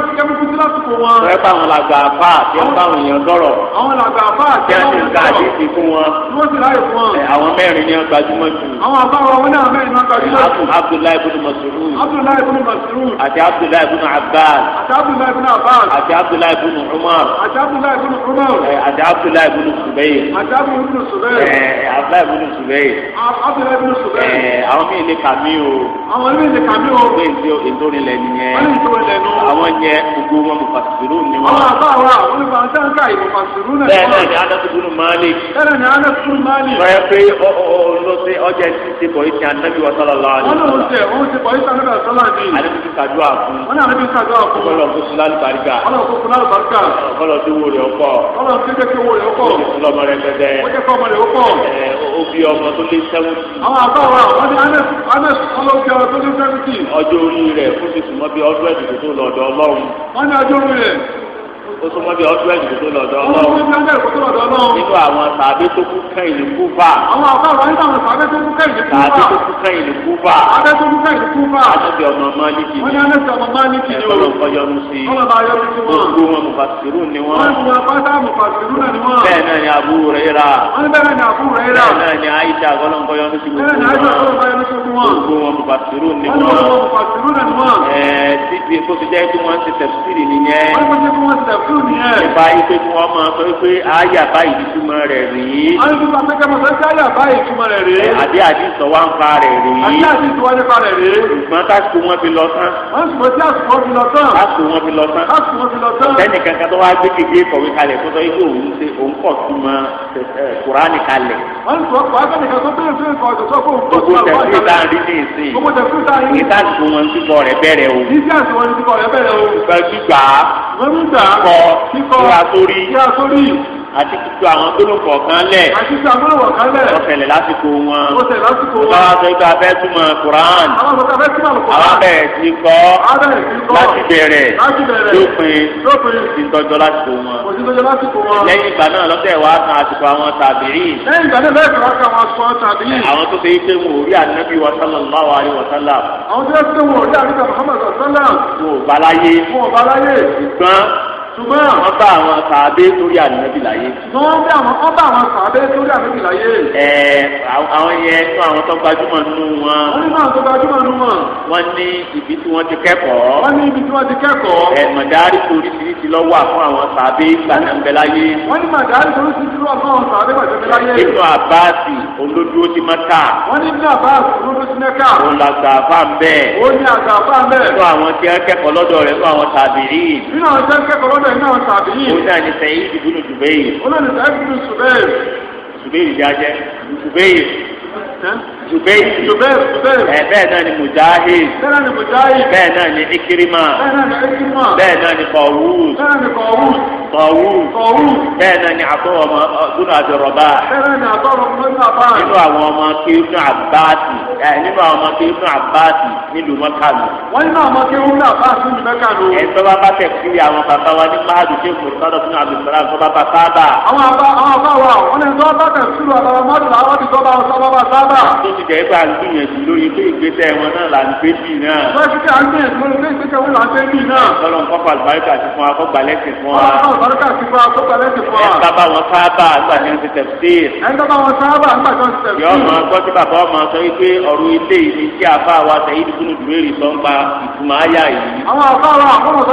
kí ẹ̀mú sí lásìkò wọn. wọ́n pa àwọn làgbà àfà tí wọ́n bá àwọn èèyàn dọ̀rọ̀. àwọn làgbà àfà tí wọ́n ti gba àdéhùn fún wọn. ni wọ́n ti láyè fún wọn. àwọn mẹ́rin ni wọ́n gbajúmọ̀ jù. àwọn àbáwọ̀ wọn náà mẹ́rin ni wọ́n gbajúmọ̀ jù. abdullahi ibn mas'ud. abdullahi ibn mas'ud. àti abdullahi ibn abbas. àti abdullahi ibn abbas. àti abdullahi ibn umar. àti abdullahi ibn umar. àti abdullahi ibn subayr. àti abdullahi ibn subayr. abdullahi ibn subayr. abdullahi ibn subayr. àwọn míì lè kàmí o. àwọn ilẹ̀ nìyẹn àwọn yẹn gbogbo wọn mufasirun ni wọn. àwọn àbá wa olùkọ́ àwọn sáńkà ìmufasirun náà. bẹ́ẹ̀ náà ni adásùdúró Malik. bẹ́ẹ̀ náà ni adásùdúró Malik. lọ́yẹ pé ọlọ́sẹ ọjà ti ṣe bọ̀ ìṣe anábì wa sálọ́lá. wọ́n náà ń tẹ̀ wọ́n ti bọ̀ ìṣe anábì wa sálọ́lá ni. àdébí ti kàdúrà fún. wọ́n náà àdébí kàdúrà fún. ọlọ́ọ̀ kó fún lálùbáríkà. kó fún lálùbáríkà. ọlọ́ọ̀ tó wó rẹ̀ ọkọ̀. ọlọ́ọ̀ tó obi ọmọ tó lé sẹ́wọ́ntì. àwọn àbá wa wọ́n ní anes anes ọlọ́ọ̀kẹ́ ọmọ tó lé sẹ́wọ́ntì. ọjọ́ orí rẹ̀ fún mi sùn mọ́ bí ọdún ẹ̀dùnkún lọ́dọ̀ ọlọ́run. wọ́n ní ọjọ́ orí rẹ̀ ó súnmọ́ bí ọdún ẹ̀dùn tó lọ́dọ̀ ọlọ́run nínú àwọn tàbí tó kú kẹ́yìn ní kúfà. àwọn àbá wa nígbà wọn tàbí tó kú kẹ́yìn ní kúfà. tàbí tó kú kẹ́yìn ní kúfà. tàbí tó kú kẹ́yìn ní kúfà. àtọ́jú ọmọ máníkì ni. wọ́n yá lẹ́sẹ̀ ọmọ máníkì ni o. ẹ̀rọ ọ̀yọ́nu sí i. ọlọ́ba ayọ́nu sí wọn. gbogbo wọn mufasiru ni ni wọ́n. bẹ́ẹ̀ ni Abu Huraira. wọ́n wọ́n ti nípa ipe tí wọ́n máa sọ pé àyà báyìí túmọ̀ rẹ̀ rèé. àyùkú bàbá kẹ́mọ̀ sọ pé àyà báyìí túmọ̀ rẹ̀ rèé. àdé àdé sọ wá ń pa rẹ̀ rèé. àdé àdé sọ wá ń pa rẹ̀ rèé. ṣùgbọ́n tásìkò wọn fi lọ tán. wọ́n sọ sí àsìkò wọn fi lọ tán. tásìkò wọn fi lọ tán. tásìkò wọn fi lọ tán. ọ̀tẹ́ni kankan tó wá gbé kékeré kọ̀wé kalẹ̀ tó sọ pé òun ṣe òun kọ̀ túmọ̀ kùránì kalẹ̀. wọ́n sọ pé akẹ́ni kíkọ ìhà sórí àti kíkọ àwọn gbólóńkọ kan lẹ̀ àti kíkọ àwọn gbólóńkọ kan lẹ̀ ọ̀sẹ̀lẹ̀ lásìkò wọn ọ̀sẹ̀lẹ̀ lásìkò wọn báwa sọ ìgbà fẹ́ túmọ̀ Quran àwọn afẹ́ ti kọ́ láti bẹ̀rẹ̀ lópin ìtọ́jọ́ lásìkò wọn lẹ́yìn ìgbà náà lọ́sẹ̀ wá kan àsìkò àwọn tàbírí lẹ́yìn ìgbà náà lẹ́yìn ìgbà kan àsìkò àwọn tàbírí àwọn tó fẹ́ pé wọn ò rí ànábì wa sallallahu alaihi wa sallam àwọn tó fẹ́ pé wọn ò rí ànábì wa sallallahu alaihi wa sallam wọn ò balaye wọn ò balaye ṣùgbọ́n ṣùgbọ́n àwọn bá àwọn sàábé torí ànábì láyé. ṣùgbọ́n wọ́n bá àwọn wọ́n bá àwọn sàábé torí ànábì láyé. ẹ àwọn yẹn nú àwọn tó gbajúmọ̀ nú wọn. wọ́n ní àwọn tó gbajúmọ̀ nú wọn. wọ́n ní ibi tí wọ́n ti kẹ́kọ̀ọ́. wọ́n ní ibi tí wọ́n ti kẹ́kọ̀ọ́. ẹ mọ̀dárì torí ti lọ wà fún àwọn sàábé gbàdánbẹ láyé. wọ́n ní mọ̀dárì torí ti lọ fún àwọn sàábé gbàdánbẹ láyé. ibnu abasi olódúró ti mẹ́ta. wọ́n ní ibnu abasi olódúró ti mẹ́ta. ó la gbàgbà ń bẹ́ẹ̀. ó ní àgbà bẹ̀ náà tàbí yìí. ó náà ní sẹ́yìn ìdìbò ṣùgbẹ́yì. ó náà ní sẹ́yìn ìdìbò ṣùgbẹ́yì. ṣùgbẹ́yì jájẹ́ ṣùgbẹ́yì. Zubair. Zubair Zubair. Ẹ eh, bẹ́ẹ̀ náà ni Mujahid. Bẹ́ẹ̀ náà ni Mujahid. Bẹ́ẹ̀ náà ni Ikirima. Bẹ́ẹ̀ náà ni Ikirima. Bẹ́ẹ̀ náà ni Kọ̀wúùs. Bẹ́ẹ̀ náà ni Kọ̀wúùs. Kọ̀wúùs. Kọ̀wúùs. Bẹ́ẹ̀ náà ni àtọ́ ọmọ Dúnà Àdìrọ̀bá. Bẹ́ẹ̀ náà ni àtọ́ ọmọ Dúnà Àbá. Nínú àwọn ọmọ Kéwùnú Àbáàtì. Ẹ nínú àwọn ọmọ Kéwùnú Àbáàtì nílùú Mọ́kàlù. Wọ́n nínú àwọn Kéwùnú Àbáàtì nílùú Mọ́kàlù. Ẹ tọ́ bá bá tẹ̀ kiri àwọn bàbá wa ní Máàdù Ṣé Mùsùlùmí fún Abdulsara ń sọ́ba bá sábà. Àwọn àbá wa, wọ́n ní sọ́ba tẹ̀ ti jẹ́ pé àgbìyànjú lórí pé ìgbésẹ̀ wọn náà là ń gbé bì náà. wọ́n ti jẹ́ àgbìyànjú lórí pé ìgbésẹ̀ wọn là ń gbé bì náà. ọlọ́run kọ́kọ́ àlùbáríkà ti fún wa kó gbalẹ̀ ti fún wa. ọlọ́run àlùbáríkà ti fún wa kó gbalẹ̀ ti fún wa. ẹ̀ ń bá wọn sábà àgbà ní ti tẹ̀sí. ẹ̀ ń bá wọn sábà àgbà ní ti tẹ̀sí. yọ ọmọ gbọ́ tí bàbá ọmọ sọ wípé ọ̀rọ̀ ilé yìí tí àfa wa tẹ̀ yìí dúkúrú dùrẹ́ rì sọ ń pa ìtumọ̀ ayá yìí. àwọn àfa wa àkọ́mọ̀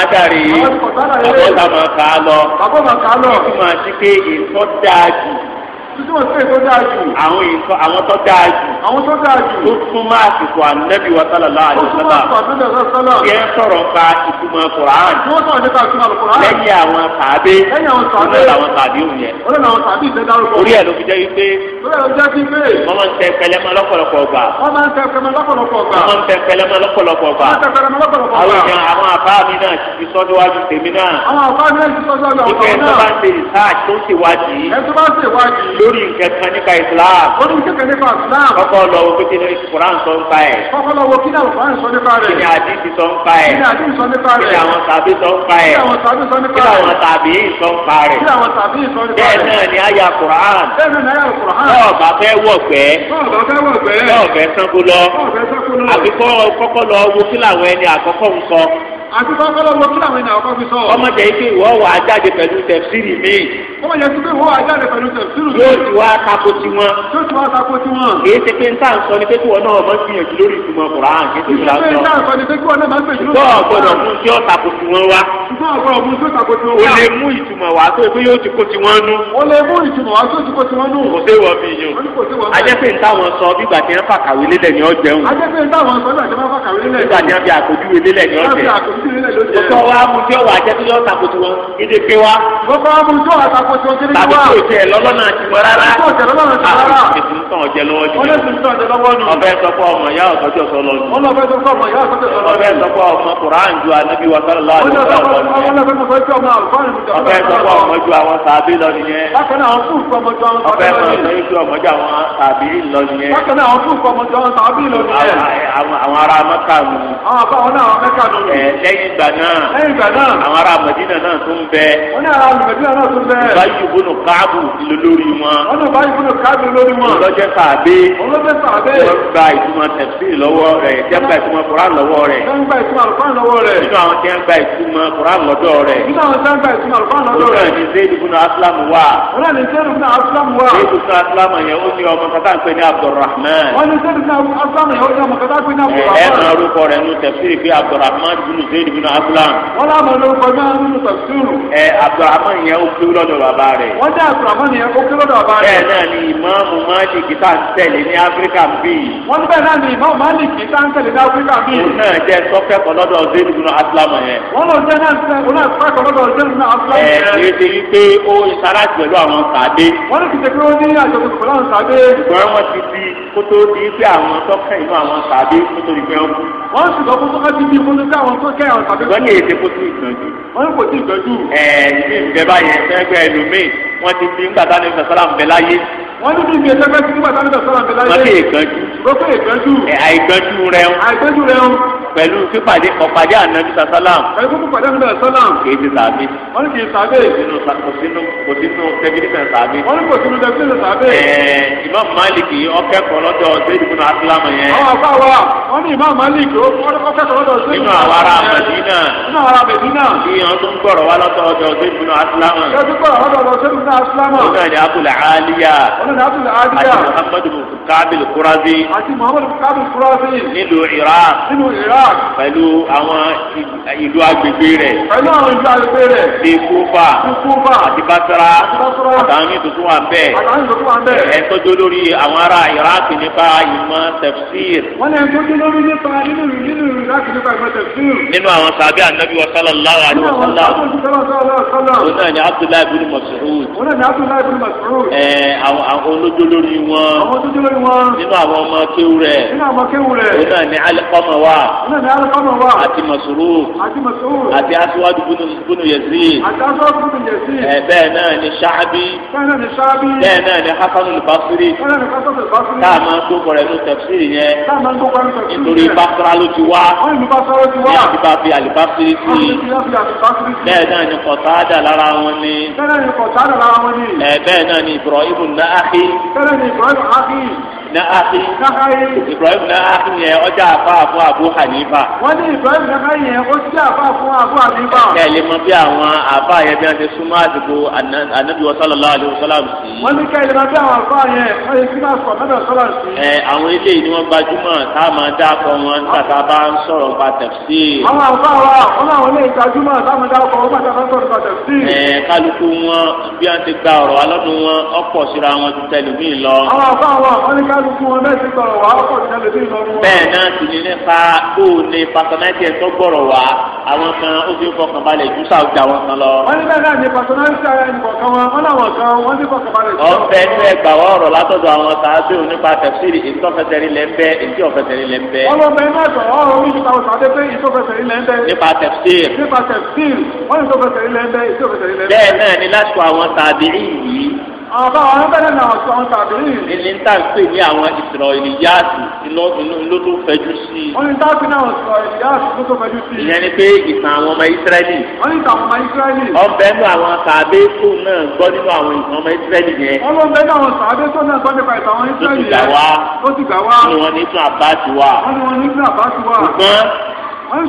sọ rí ọgọ́ta máa kà á lọ. ọgọ́ta máa kà á lọ. ìtumọ̀ àti pé ìtọ́ dáa jù túmọ̀ sí èso dáa jù. àwọn ìsọ àwọn tó dáa jù. àwọn tó dáa jù. tó súnmọ́ àsìkò ànábì wa sálàlá àdìsálà. ó súnmọ́ àsìkò ànábì wa sálàlá. kí ẹ sọ̀rọ̀ pa ìtumọ̀ kùrán. kí wọ́n sọ̀rọ̀ nípa ìtumọ̀ kùrán. lẹ́yìn àwọn tàbí. lẹ́yìn àwọn tàbí. olóòlù àwọn tàbí òun yẹn. olóòlù àwọn tàbí ìfẹ́ dárúkọ. orí ẹ̀ ló fi jẹ́ wípé. orí ẹ̀ ló jẹ́ wípé. wọ́n máa ń tẹ pẹlẹmọ lọ́pọ̀lọpọ̀ gbà. wọ́n máa ń tẹ pẹlẹmọ lọ́pọ̀lọpọ̀ gbà. wọ́n máa ń tẹ pẹlẹmọ lọ́pọ̀lọpọ̀ gbà. wọ́n máa ń tẹ pẹlẹmọ lọ́pọ̀lọpọ̀ gbà. àwọn èèyàn lórí nǹkan kan nípa islam. ó ní nǹkan kan nípa islam. kọ́kọ́ lọ wo pété ní kuran sọ nípa ẹ̀. kọ́kọ́ lọ wo kíni àwòrán sọ nípa rẹ̀. kíni àdìsí sọ nípa ẹ̀. kíni àdìsí sọ nípa rẹ̀. kíni àwọn tàbí sọ nípa ẹ̀. kíni àwọn tàbí sọ nípa rẹ̀. kíni àwọn tàbí sọ nípa rẹ̀. kíni àwọn tàbí sọ nípa rẹ̀. bẹ́ẹ̀ náà ni àyà kuran. bẹ́ẹ̀ náà ni àyà kuran. bọ́ọ̀ bá fẹ́ wọ̀gbẹ́. bọ́ọ̀ bá fẹ́ wọ̀gbẹ́. bọ́ọ̀ fẹ́ sanko lọ. bọ́ọ̀ fẹ́ sanko lọ. àbíkọ́ kọ́kọ́ lọ wo kí làwọn ẹni àkọ́kọ́ àti kọ́kọ́lọ́ lọ kí làwọn ènìyàn kọ́ fi sọ. ọmọ jẹ́ pé ìwọ wà á jáde pẹ̀lú tẹ̀síìrì mi. ọmọ jẹ́ pé ìwọ wà á jáde pẹ̀lú tẹ̀síìrì mi. yóò ti wá tako tiwọn. yóò ti wá tako tiwọn. kìí ṣe pé nta sọ ni pé wọn náà máa ń gbìyànjú lórí ìtumọ̀ Kùránì kìí ṣe ìlànà. ìṣe pé nta sọ ni pé wọn náà máa ń gbìyànjú lórí ìtumọ̀ Kùránì. gbọ́dọ̀ mú tí ó tako tiwọn wá. gbọ́dọ̀ mú tí ó tako tiwọn wá. o lè mú ìtumọ̀ o lè mú ìtumọ̀ wá tó ti kó tiwọn nú. kò sí ìwọ mi yun. ajẹ́pẹ̀ ntáwọn sọ bígbà tí wọ́n fàkàwé lélẹ̀ ọtọ wa amúdí ọwọ àjẹbí yọ takoto wọn èdè pé wa. gbogbo amúdí ọwọ takoto wọn kiri wa. tàbí tí o tẹ lọ́lọ́nà àti wọn rárá. tí o tẹ lọ́lọ́nà àti wọn rárá. àwọn èsì ń tàn ọjẹ lọ́wọ́ jù. ọlọ́sì ń tàn ọjẹ lọ́wọ́ nù. ọbẹ̀ sọpọ̀ ọmọ ya ọ̀sọ́jọ́ sọlọ nù. ọlọ́bẹ̀ sọpọ̀ ọmọ ya ọ̀sọ́jọ́ sọlọ nù. ọbẹ̀ sọpọ̀ ọmọ kuran ju anabi wa sọlọ lọ́wọ́ nù. ọbẹ̀ sọpọ̀ ọmọ ju àwọn sàbí lọ nìyẹn. bákan náà àwọn fún ìfọmọ ju àwọn sàbí lọ nìyẹn. bákan náà àwọn fún ìfọmọ ju àwọn sàbí lọ nìyẹn. àwọn ará mẹ́kà nù. àwọn àbáwọn náà mẹ́kà nù. ẹ lẹ́yìn ìgbà náà lẹ́yìn ìgbà náà àwọn ará Mẹdínà náà tún bẹ. wọ́n ní ará Mẹdínà náà tún bẹ. báyìí ìbónú káàbù lórí wọn. wọ́n ní báyìí ìbónú káàbù lórí wọn. ọlọ́jẹ́ sàbẹ. ọlọ́jẹ́ sàbẹ. wọ́n gba ìtumọ̀ tẹ̀sí lọ́wọ́ rẹ̀ jẹ́ gba ìtumọ̀ Kùránì lọ́wọ́ rẹ̀. jẹ́ gba ìtumọ̀ Kùránì lọ́wọ́ rẹ̀. nínú àwọn tí wọ́n gba ìtumọ̀ Kùránì lọ́dọ̀ rẹ̀. nínú àwọn tí wọ́n gba ìtumọ̀ Kùránì lọ́dọ̀ rẹ̀. ọlọ́ni Zayd ibn Aslam wà. ọlọ́ni Zayd ibn Aslam wà. Zayd ibn Aslam yẹn ó ní ọmọ kata ń pè ní Abdulrahman. ọlọ́ni Zayd ibn Aslam yẹn ó ní ọmọ kata ń pè Zayd bin Aslam. wọ́n láwọn olórúkọ náà nínú tafsiru. ẹ Abdulrahman yẹn ó kéwú lọ́dọ̀ bàbá rẹ̀. wọ́n dá Abdulrahman yẹn ó kéwú lọ́dọ̀ bàbá rẹ̀. bẹ́ẹ̀ náà ni ìmáàmù Malik tá ń tẹ̀lé ní Áfíríkà bíi. wọ́n bẹ́ẹ̀ náà ni ìmáàmù Malik tá ń tẹ̀lé ní Áfíríkà bíi. òun náà jẹ́ sọ́kẹ́kọ̀ọ́ lọ́dọ̀ Zayd bin Aslam yẹn. wọ́n lọ jẹ́ náà sẹ́kọ̀ọ́ lọ́dọ̀ Zayd bin Aslam yẹn. ẹ ẹ ti di kótó di pé àwọn tọ́kẹ́ inú àwọn di pé wọ́n kú. wọ́n sì lọ kótó ká ti di kótó ká àwọn tó kẹ́ bẹ́ẹ̀ àwọn tàbí. wọ́n ní èdè kó sí ìtọ́jú. wọ́n ní kò sí ìtọ́jú. ẹ̀ẹ́d wọ́n ní bíbí ẹ̀sẹ̀fẹ́ sí nígbà táwọn ìdọ̀sọ́rọ̀ mi láyé. lọ́kẹ́ ìgbẹ́jú. lọ́kẹ́ ìgbẹ́jú. àìgbẹ́jú rẹ̀ ń. àìgbẹ́jú rẹ̀ ń. pẹ̀lú pípàdé ọ̀pàdé ànábi sàsálàm. pẹ̀lú pípàdé ànábi sàsálàm. kì í ti sàbí. wọ́n ní kì í sàbí. kò sínú kò sínú tẹkínísẹ̀ sàbí. wọ́n ní kò sínú tẹkínísẹ̀ sàbí. ẹ̀ẹ́ Imam Malik ọkẹ́kọ̀ọ́ lọ́dọ̀ sẹ́yìnbùnú asilamu yẹn. àwọn àbá wa wọ́n ní Imam Malik ọkẹ́kọ̀ọ́ lọ́dọ̀ sẹ́yìnbùnú. nínú àwọn ará Mẹdínà. nínú àwọn ará Mẹdínà. kí àti abdul adiya àti muhammadu kabil kurazi àti muhammadu kabil kurazi nílùú iraq nílùú iraq pẹ̀lú àwọn ìlú agbègbè rẹ̀ pẹ̀lú àwọn ìlú agbègbè rẹ̀ bí kúfà kúfà àti basra àtàwọn mi tuntun wà bẹ́ẹ̀ ẹ̀ tọ́jú lórí àwọn ará iraq nípa ìmọ̀ tafsir. wọ́n lè tọ́jú lórí nípa nínú nínú iraq nípa ìmọ̀ tafsir. nínú àwọn sàbí ànábi wa sallallahu alayhi wa sallam. ó náà ni abdullahi bin mas'ud. ó náà ni abdullahi bin mas'ud. ẹ àwọn àwọn olójó lórí wọn. àwọn olójó lórí wọn. nínú àwọn ọmọ kéwù rẹ̀. nínú àwọn kéwù rẹ̀. òun náà ní alikọ́mọ wa. òun náà ní alikọ́mọ wa. àti masuru. àti masuru. àti asiwaju bunu yẹsi. àti asiwaju bunu yẹsi. ẹ bẹ́ẹ̀ náà ni saabi. bẹ́ẹ̀ náà ni saabi. bẹ́ẹ̀ náà ni hasan olùbásírì. bẹ́ẹ̀ náà ni hasan olùbásírì. táà máa ń tó kọrẹ ní tẹfsiri yẹn. táà máa ń tó kọrẹ ní tẹfsiri yẹn. nítorí basra ló ti wá. wọ́n ní basra ló ti wá. ní àti bàbí alibasiri ti. bẹ́ẹ̀ náà ni kọ̀tàdà lára wọn ni. bẹ́ẹ̀ náà ni kọ̀tàdà lára wọn ni. ẹ bẹ́ẹ̀ náà ni ibrahim náà àfi. kẹ́lẹ́ ni ìbọn àfi na afi ibrahim na afi yẹn ọjà afa fún abu hanifa. wọ́n ní ibrahim na afi yẹn ọjà afa fún abu hanifa. ẹ lè mọ bí àwọn afa yẹn bí wọ́n ti súnmọ́ àdìgbò anabi wa sallallahu alayhi wa sallam sí. wọ́n ní ká ìlànà bí àwọn afa yẹn wọ́n ti máa sọ mẹ́bẹ̀ sọ́lá sí. ẹ àwọn ilé yìí ni wọ́n gbajúmọ̀ tá a máa dá akọ wọn tàbá bá ń sọ̀rọ̀ nípa tẹ̀sí. àwọn afa wa wọ́n àwọn ilé ìtajúmọ̀ tá a máa dá akọ wọn tàbá sọ̀rọ̀ nípa tẹ̀sí. ẹ kálukú wọn bí wọ́n ti ní ká fún ọ mẹ́sì gbọ̀rọ̀ wá ọkọ̀ ìṣẹ̀lẹ̀ bí ìlọrin nípa tó o ní pàṣẹmẹ́tì ẹ̀ tó gbọ̀rọ̀ wá àwọn kan ó fi ń fọkàn balẹ̀ jù sáà wọn kan lọ. wọ́n ní bẹ́ẹ̀ ní pàṣẹmẹ́tì ara ẹnì kọ̀ọ̀kan wọn wọ́n kan wọ́n ti fọkàn balẹ̀ jù. inú ẹ̀ gbà wọ́n ọ̀rọ̀ látọ̀dọ̀ àwọn sàábé ò nípa tẹ̀síìrì ìtọ́fẹsẹ̀rin lẹ́ ń bẹ́ èyí ọ̀fẹsẹ̀rin lẹ́ ń bẹ́. ọlọ́mọ iná ẹ̀sọ̀ ọ̀rọ̀ orí ìṣúta ọ̀sán adé pé ìtọ́fẹsẹ̀rin lẹ́ ń bẹ́. nípa tẹ̀síìrì. nípa tẹ̀síìrì wọ́n ìtọ́fẹsẹ̀rin àwọn bá wọn bẹ̀rẹ̀ náà sọ ọ́n tàbí. ilé ń tà ń pè ní àwọn ìsọ̀rọ̀ ìyáàtì inú ló tó fẹjú sí i. wọ́n ní táàbí náà sọ ìyáàtì ló tó fẹjú sí i. ìyẹn ni pé ìtàn àwọn ọmọ ìsírẹ́lì. wọ́n ní ìtàn ọmọ ìsírẹ́lì. ọbẹ̀ nù àwọn sàbẹ̀ tó náà gbọ́ nínú àwọn ìtàn ọmọ ìsírẹ́lì yẹn. wọ́n ló ń bẹ́ nù àwọn sàbẹ̀ tó náà gbọ́ nípa ìtàn ọmọ ìsírẹ́lì yẹn. ó ti gbà wá. ó ti gbà òye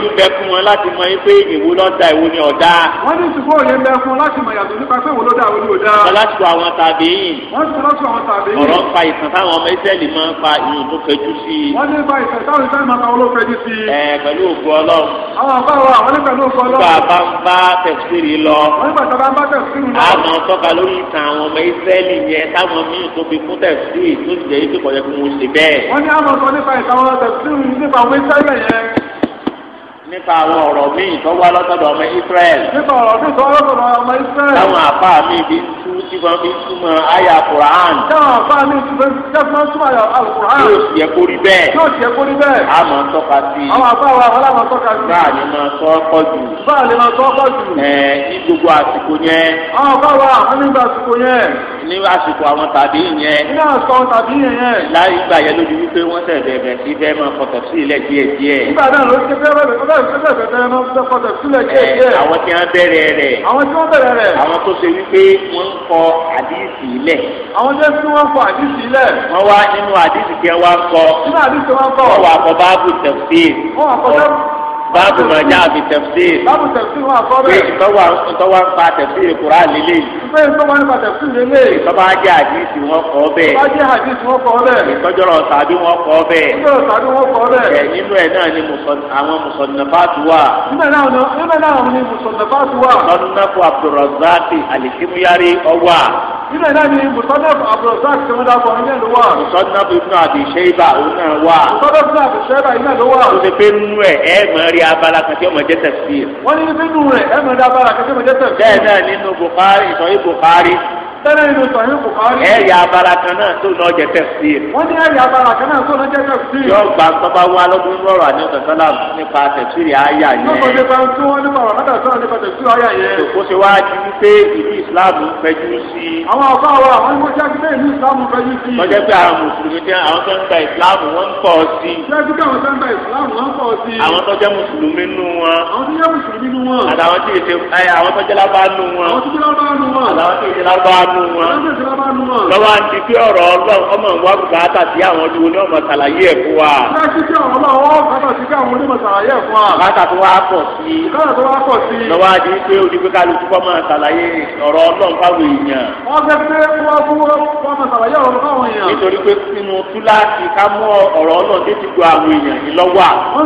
ń bẹ fún wọn láti mọ pé ìwo lọ́dà ìwo ni ọ̀dà. wọ́n ní ìsìnkú òye ń bẹ fún láti mọ yàtọ̀ nípa pé ìwo lọ́dà ìwo ni ọ̀dà. wọ́n láti kó àwọn tàbí yìí. wọ́n ti lọ́sọ̀ àwọn tàbí yìí. ọ̀rọ̀ fa ìtàn táwọn ọmọ ìsẹ́ẹ̀lì máa ń fa ìyún tó fẹjú sí i. wọ́n ní fa ìtàn táwọn ìsẹ́ẹ̀lì máa ń fa olófẹjú sí i. ẹ pẹ̀lú òkú ọlọ́run. àwọn àbá àwọn nípa ìtàn àwọn tẹ̀síìrì nípa àwọn ọ̀rọ̀ míì tó wá lọ́sọ̀dọ̀ ọmọ Israẹl. nípa ọ̀rọ̀ míì tó wá lọ́sọ̀dọ̀ ọmọ Israẹl. táwọn àfa mi bí tú tí wọ́n fi túmọ̀ àyà Quran. táwọn àfa mi bí tú tí wọ́n túmọ̀ àyà Quran. yóò tiẹ̀ kórí bẹ́ẹ̀. yóò tiẹ̀ kórí bẹ́ẹ̀. a máa tọ́ka sí i. àwọn àfa wa wọ́n láwọn tọ́ka sí i. báà ni máa tọ́ ọkọ̀ jù. báà ni máa tọ́ ọkọ̀ jù. ẹ ní gbogbo àsìkò yẹn. àwọn àfa wa àwọn nígbà àsìkò yẹn. ní àsìkò àwọn tàbí yẹn. ní àsìkò àwọn tàbí yẹn. láyé ìgbà yẹn sílẹ̀ àwọn tí wọ́n bẹ̀rẹ̀ rẹ̀. àwọn tó ṣe wípé wọ́n ń kọ àdìsí ilẹ̀. àwọn jẹ́ kí wọ́n kọ àdìsí ilẹ̀. wọ́n wá nínú àdìsí tí wọ́n kọ. nínú àdìsí wọ́n kọ. wọ́n wà kọ báàbù tẹ̀síì. wọ́n wà kọ báàbù máa já àbí tẹ̀fsíìrì. báàbù tẹ̀fsíìrì wà sọ bẹ́ẹ̀. pé ìtọ́wà ìtọ́wà ń pa tẹ̀fsíìrì kura lélẹ̀. pé ìtọ́wà ń pa tẹ̀fsíìrì lélẹ̀. ìtọ́wà jẹ́ àdìsí wọn kọ́ bẹ́ẹ̀. ìtọ́wà jẹ́ àdìsí wọn kọ́ bẹ́ẹ̀. ìtọ́jọ́rọ̀ sàbí wọn kọ́ bẹ́ẹ̀. ìtọ́jọ́rọ̀ sàbí wọn kọ́ bẹ́ẹ̀. ẹ̀ nínú ẹ̀ náà ni àwọn mùsọ̀nàfàtù wà. nígbà náà ni mùsọ̀nàfàtù wà. sọ́nàfù abdulrazaki alikimuyari ọwà nínú ẹ̀dá ni musonaf abdulrasaq tí wọ́n dákọ̀ ilé wà. musonaf náà wà. musonaf di abala kan tí ó máa jẹ́ tafsir. wọ́n ní nínú rẹ̀ ẹ̀ máa di abala kan tí ó máa jẹ́ tafsir. bẹ́ẹ̀ náà nínú Bukhari ìtọ́jú Bukhari tẹ́lẹ̀ nínú sọ̀yìn bùkọ́rí. ẹ yà abala kan náà tó lọ jẹ tẹ̀sí. wọ́n ní ẹ yà abala kan náà tó lọ jẹ tẹ̀sí. yọ gba tọ́ba wa lọ́dún lọ́rọ̀ àti ọ̀sán nípa tẹ̀sí rẹ̀ àyà yẹn. wọ́n kò lè bá tí wọ́n nípa ọ̀rọ̀ náà sọ̀rọ̀ nípa tẹ̀sí àyà yẹn. kò ṣe wá ju pé ìlú ìsìláàmù fẹjú sí. àwọn ọ̀gá wa àwọn ìwé jáde pé ìlú ìsìláàmù fẹjú sí. lọ́jọ́ pé àwọn mùsùlùmí jẹ́ àwọn tó ń gba ìsìláàmù wọ́n ń pọ̀ sí mú wọn lọ́wọ́ àti pé ọ̀rọ̀ ọlọ́run ọmọ ìwà bùkátà sí àwọn olúwo ní ọmọ sàlàyé ẹ̀ fún wa. bùkátà tó wá pọ̀ sí i lọ́wọ́ àti pé olùgbé kálukú kọ́ máa sàlàyé ọ̀rọ̀ ọlọ́run fáwọn èèyàn. wọ́n fẹ́ pé wọ́n fún wọn máa sàlàyé ọ̀rọ̀ fáwọn èèyàn. nítorí pé sínú túláàsì ká mú ọ̀rọ̀ ọlọ́run dé ti gbọ́ àwọn èèyàn yìí lọ́wọ́ à. wọ́n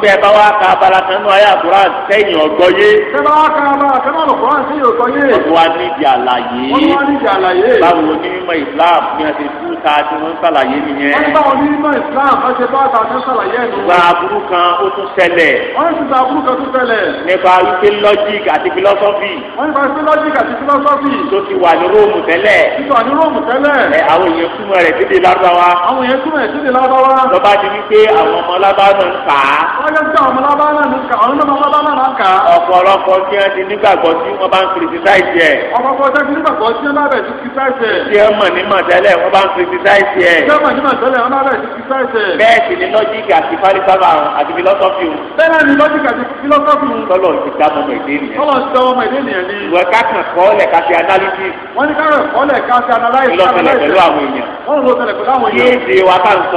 fẹ́ náà lọ kọ́ra sí yóò sọ yé. wọ́n wá nídìí àlàyé. wọ́n wá nídìí ni mímọ̀ Islam ní ẹsẹ̀ tú ta tí wọ́n ń sàlàyé nìyẹn. wọ́n ni mímọ̀ Islam ẹsẹ̀ bá ta kan ó tún ṣẹlẹ̀. wọ́n kan tún ṣẹlẹ̀. nípa wípé lọ́jíìkì àti ti wà ní róòmù tẹ́lẹ̀. tó ti wà ní róòmù tẹ́lẹ̀. ẹ àwọn èèyàn túmọ̀ rẹ̀ dédé lárúbáwá. àwọn èèyàn túmọ̀ rẹ̀ dédé lárúbáwá. ti ní pé àwọn ọmọ lábá náà ń kà á. wọ́n yẹ kí àwọn ọmọ lábá náà ń kà á. ọ̀pọ̀lọpọ̀ kí wọ́n ti nígbàgbọ́ tí wọ́n bá ń kìrìtìsáìsì ẹ̀. ọ̀pọ̀pọ̀ ṣe fi nígbàgbọ́ tí wọ́n bá bẹ̀ sí kìrìtìsáìsì ẹ̀. tí mọ̀ ní mọ̀tẹ́lẹ̀ wọ́n bá ń kìrìtìsáìsì ẹ̀. tí wọ́n mọ̀ ní mọ̀tẹ́lẹ̀ wọ́n bá bẹ̀ sí kìrìtìsáìsì bẹ́ẹ̀ sì ni lọ́jíìkì àti fálífálà àti fílọ́sọ́fì o. bẹ́ẹ̀ ni lọ́jíìkì àti fílọ́sọ́fì o. tọ́lọ̀ ti dá ọmọ ìdí nìyẹn. tọ́lọ̀ ti dá ọmọ ìdí nìyẹn ni. ìwọ ká